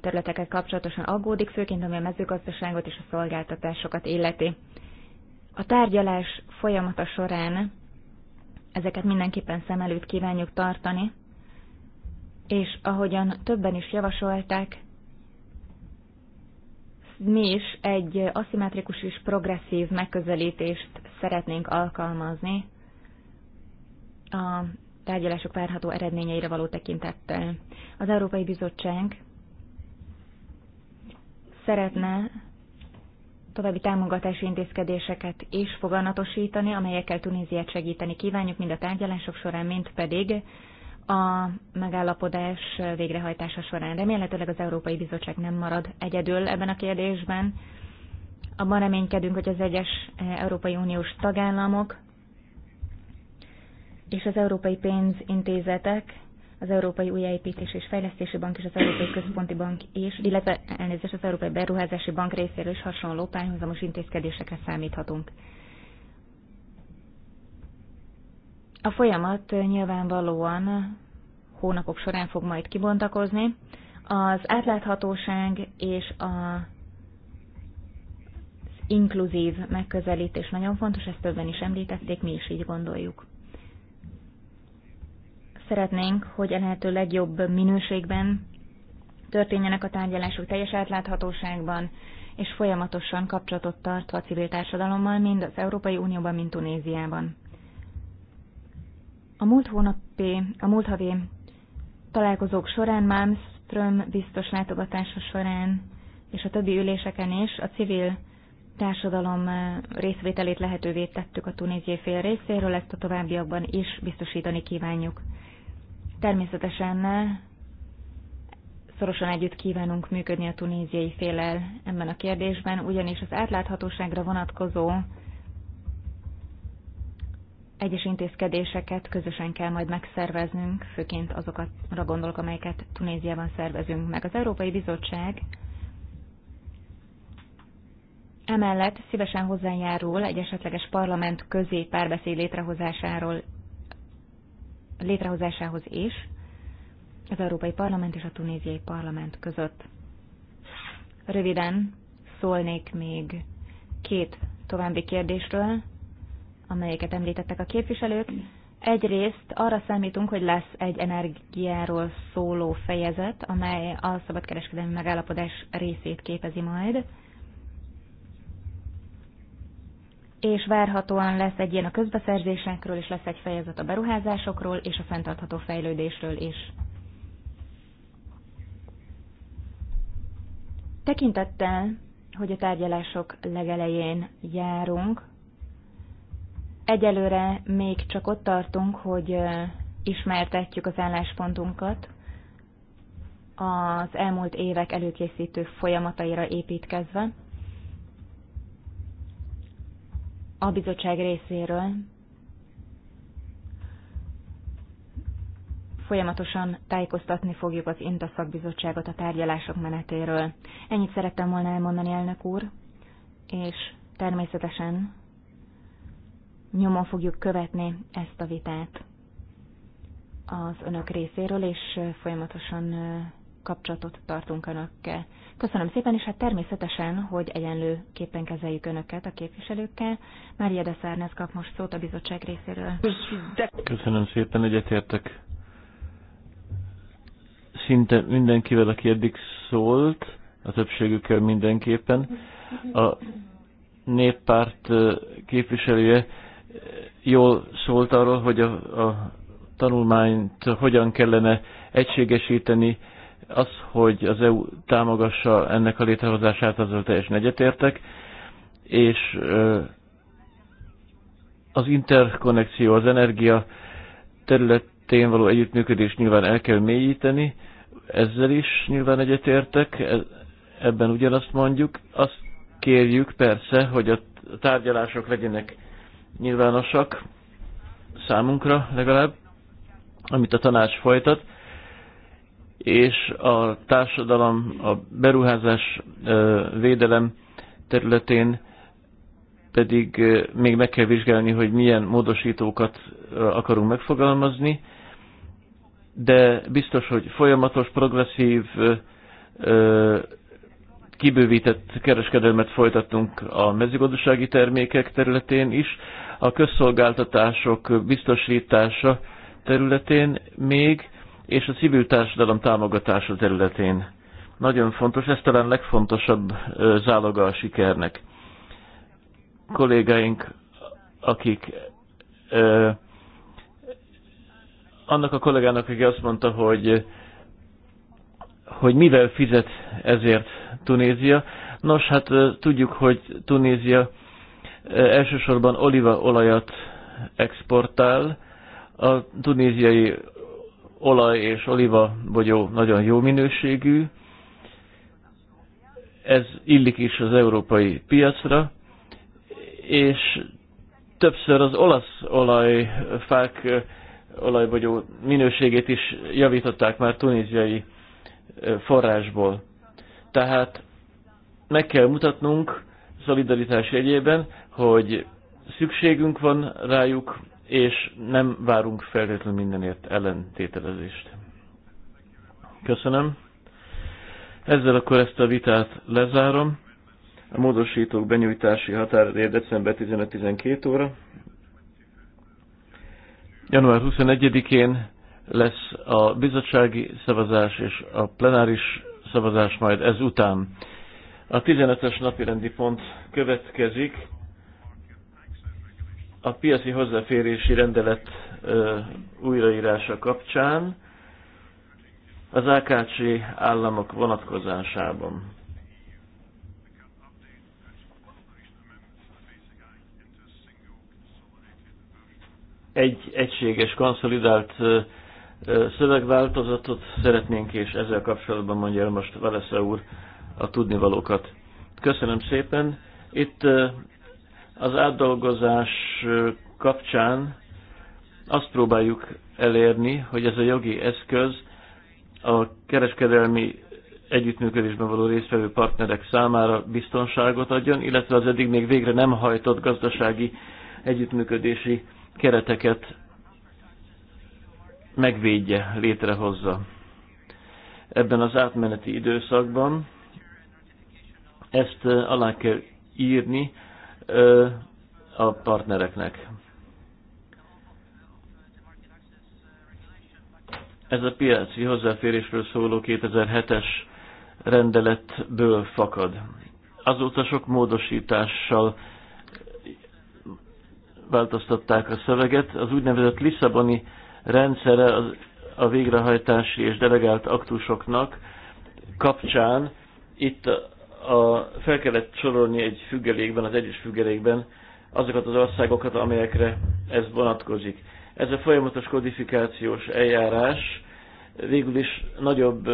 területekkel kapcsolatosan aggódik, főként ami a mezőgazdaságot és a szolgáltatásokat illeti. A tárgyalás folyamata során ezeket mindenképpen szem előtt kívánjuk tartani, és ahogyan többen is javasolták, mi is egy aszimmetrikus és progresszív megközelítést szeretnénk alkalmazni a tárgyalások várható eredményeire való tekintettel. Az Európai Bizottság szeretne további támogatási intézkedéseket is foganatosítani, amelyekkel Tunéziát segíteni kívánjuk, mind a tárgyalások során, mint pedig a megállapodás végrehajtása során. Remélhetőleg az Európai Bizottság nem marad egyedül ebben a kérdésben. Abban reménykedünk, hogy az egyes Európai Uniós tagállamok és az Európai Pénzintézetek, az Európai Újjáépítés és Fejlesztési Bank és az Európai Központi Bank is, illetve elnézést az Európai Beruházási Bank részéről is hasonló párhuzamos intézkedésekre számíthatunk. A folyamat nyilvánvalóan hónapok során fog majd kibontakozni. Az átláthatóság és a inkluzív megközelítés nagyon fontos, ezt többen is említették, mi is így gondoljuk. Szeretnénk, hogy a lehető legjobb minőségben történjenek a tárgyalások teljes átláthatóságban, és folyamatosan kapcsolatot tartva a civil társadalommal, mind az Európai Unióban, mind Tunéziában. A múlt hónapi, a múlt havi találkozók során, Malmström biztos látogatása során és a többi üléseken is a civil társadalom eh, részvételét lehetővé tettük a tunéziai fél részéről, ezt a továbbiakban is biztosítani kívánjuk. Természetesen eh, szorosan együtt kívánunk működni a tunéziai félel ebben a kérdésben, ugyanis az átláthatóságra vonatkozó egyes intézkedéseket közösen kell majd megszerveznünk, főként azokat, azokra gondolok, amelyeket Tunéziában szervezünk meg. Az Európai Bizottság emellett szívesen hozzájárul egy esetleges parlament közé párbeszéd létrehozásáról, létrehozásához is, az Európai Parlament és a Tunéziai Parlament között. Röviden szólnék még két további kérdésről, amelyeket említettek a képviselők. Egyrészt arra számítunk, hogy lesz egy energiáról szóló fejezet, amely a szabadkereskedelmi megállapodás részét képezi majd, és várhatóan lesz egy ilyen a közbeszerzésekről, és lesz egy fejezet a beruházásokról, és a fenntartható fejlődésről is. Tekintettel, hogy a tárgyalások legelején járunk, Egyelőre még csak ott tartunk, hogy ismertetjük az álláspontunkat az elmúlt évek előkészítő folyamataira építkezve. A bizottság részéről folyamatosan tájékoztatni fogjuk az INTA szakbizottságot a tárgyalások menetéről. Ennyit szerettem volna elmondani, elnök úr, és természetesen nyomon fogjuk követni ezt a vitát az önök részéről, és folyamatosan kapcsolatot tartunk önökkel. Köszönöm szépen, és hát természetesen, hogy egyenlőképpen kezeljük önöket a képviselőkkel. Mária de Szárnez kap most szót a bizottság részéről. Köszönöm szépen, egyetértek szinte mindenkivel, aki eddig szólt, a többségükkel mindenképpen. A néppárt képviselője jól szólt arról, hogy a, a tanulmányt hogyan kellene egységesíteni, az, hogy az EU támogassa ennek a létrehozását, azzal teljesen egyetértek, és az interkonnekció, az energia területén való együttműködést nyilván el kell mélyíteni, ezzel is nyilván egyetértek, e, ebben ugyanazt mondjuk. Azt kérjük persze, hogy a tárgyalások legyenek nyilvánosak számunkra legalább, amit a tanács folytat, és a társadalom, a beruházás védelem területén pedig még meg kell vizsgálni, hogy milyen módosítókat akarunk megfogalmazni, de biztos, hogy folyamatos, progresszív kibővített kereskedelmet folytattunk a mezőgazdasági termékek területén is, a közszolgáltatások biztosítása területén még, és a civil társadalom támogatása területén. Nagyon fontos, ez talán legfontosabb záloga a sikernek. Kollégáink, akik ö, annak a kollégának, aki azt mondta, hogy hogy mivel fizet ezért Tunézia. Nos, hát tudjuk, hogy Tunézia elsősorban olívaolajat exportál. A tunéziai olaj és oliva bogyó nagyon jó minőségű. Ez illik is az európai piacra, és többször az olasz olajfák olajbogyó minőségét is javították már tunéziai forrásból. Tehát meg kell mutatnunk szolidaritás jegyében, hogy szükségünk van rájuk, és nem várunk feltétlenül mindenért ellentételezést. Köszönöm. Ezzel akkor ezt a vitát lezárom. A módosítók benyújtási határideje december 15-12 óra. Január 21-én lesz a bizottsági szavazás és a plenáris szavazás majd ez után. A 15 es napi rendi pont következik. A piaci hozzáférési rendelet ö, újraírása kapcsán az AKC államok vonatkozásában. Egy egységes, konszolidált szövegváltozatot szeretnénk, és ezzel kapcsolatban mondja el most Velesze úr a tudnivalókat. Köszönöm szépen. Itt az átdolgozás kapcsán azt próbáljuk elérni, hogy ez a jogi eszköz a kereskedelmi együttműködésben való résztvevő partnerek számára biztonságot adjon, illetve az eddig még végre nem hajtott gazdasági együttműködési kereteket megvédje, létrehozza. Ebben az átmeneti időszakban ezt eh, alá kell írni eh, a partnereknek. Ez a piaci hozzáférésről szóló 2007-es rendeletből fakad. Azóta sok módosítással változtatták a szöveget. Az úgynevezett Lisszaboni rendszere az, a végrehajtási és delegált aktusoknak kapcsán itt a, fel kellett sorolni egy függelékben, az egyes függelékben azokat az országokat, amelyekre ez vonatkozik. Ez a folyamatos kodifikációs eljárás végül is nagyobb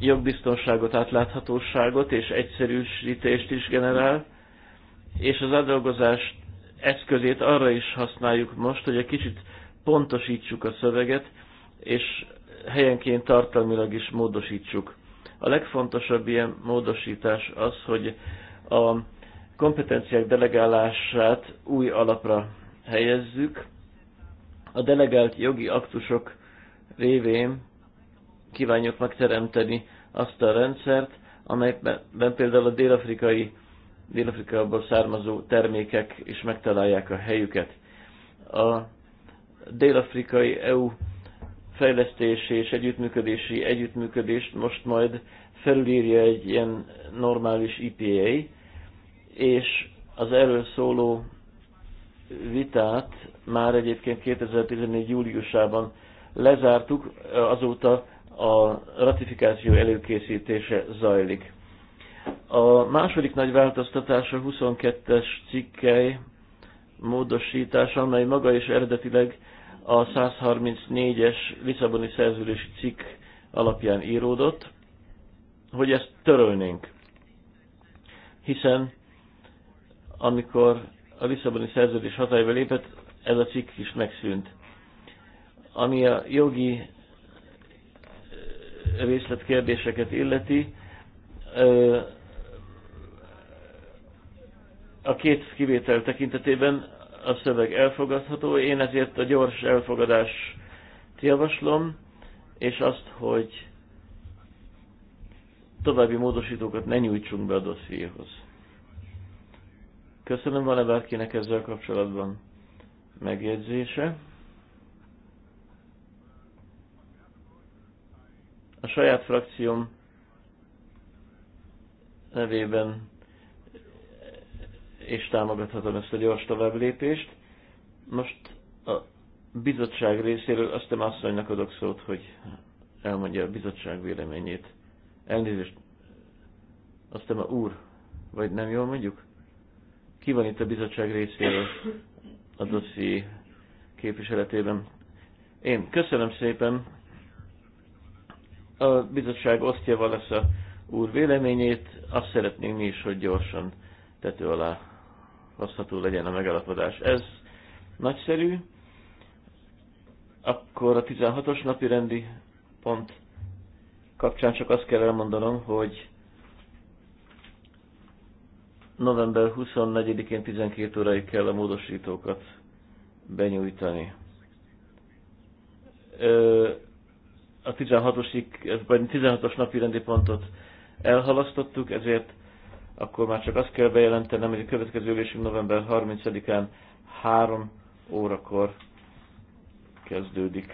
jogbiztonságot, átláthatóságot és egyszerűsítést is generál, és az átdolgozás eszközét arra is használjuk most, hogy egy kicsit pontosítsuk a szöveget, és helyenként tartalmilag is módosítsuk. A legfontosabb ilyen módosítás az, hogy a kompetenciák delegálását új alapra helyezzük. A delegált jogi aktusok révén kívánjuk megteremteni azt a rendszert, amelyben például a dél-afrikai, dél-afrikából származó termékek is megtalálják a helyüket. A dél-afrikai EU fejlesztési és együttműködési együttműködést most majd felülírja egy ilyen normális IPA, e és az erről szóló vitát már egyébként 2014. júliusában lezártuk, azóta a ratifikáció előkészítése zajlik. A második nagy változtatás a 22-es cikkely módosítása, amely maga is eredetileg a 134-es Lisszaboni szerződési cikk alapján íródott, hogy ezt törölnénk. Hiszen amikor a Lisszaboni szerződés hatályba lépett, ez a cikk is megszűnt. Ami a jogi részletkérdéseket illeti, a két kivétel tekintetében a szöveg elfogadható, én ezért a gyors elfogadást javaslom, és azt, hogy további módosítókat ne nyújtsunk be a dossziéhoz. Köszönöm, van-e bárkinek ezzel kapcsolatban megjegyzése? A saját frakcióm nevében és támogathatom ezt a gyors továbblépést. Most a bizottság részéről azt nem asszonynak adok szót, hogy elmondja a bizottság véleményét. Elnézést, azt a úr, vagy nem jól mondjuk? Ki van itt a bizottság részéről a doszi képviseletében? Én köszönöm szépen. A bizottság osztja a úr véleményét, azt szeretnénk mi is, hogy gyorsan tető alá hozható legyen a megállapodás. Ez nagyszerű. Akkor a 16-os napi rendi pont kapcsán csak azt kell elmondanom, hogy november 24-én 12 óráig kell a módosítókat benyújtani. A 16-os 16 napi rendi pontot elhalasztottuk, ezért akkor már csak azt kell bejelentenem, hogy a következő ülésünk november 30-án 3 órakor kezdődik.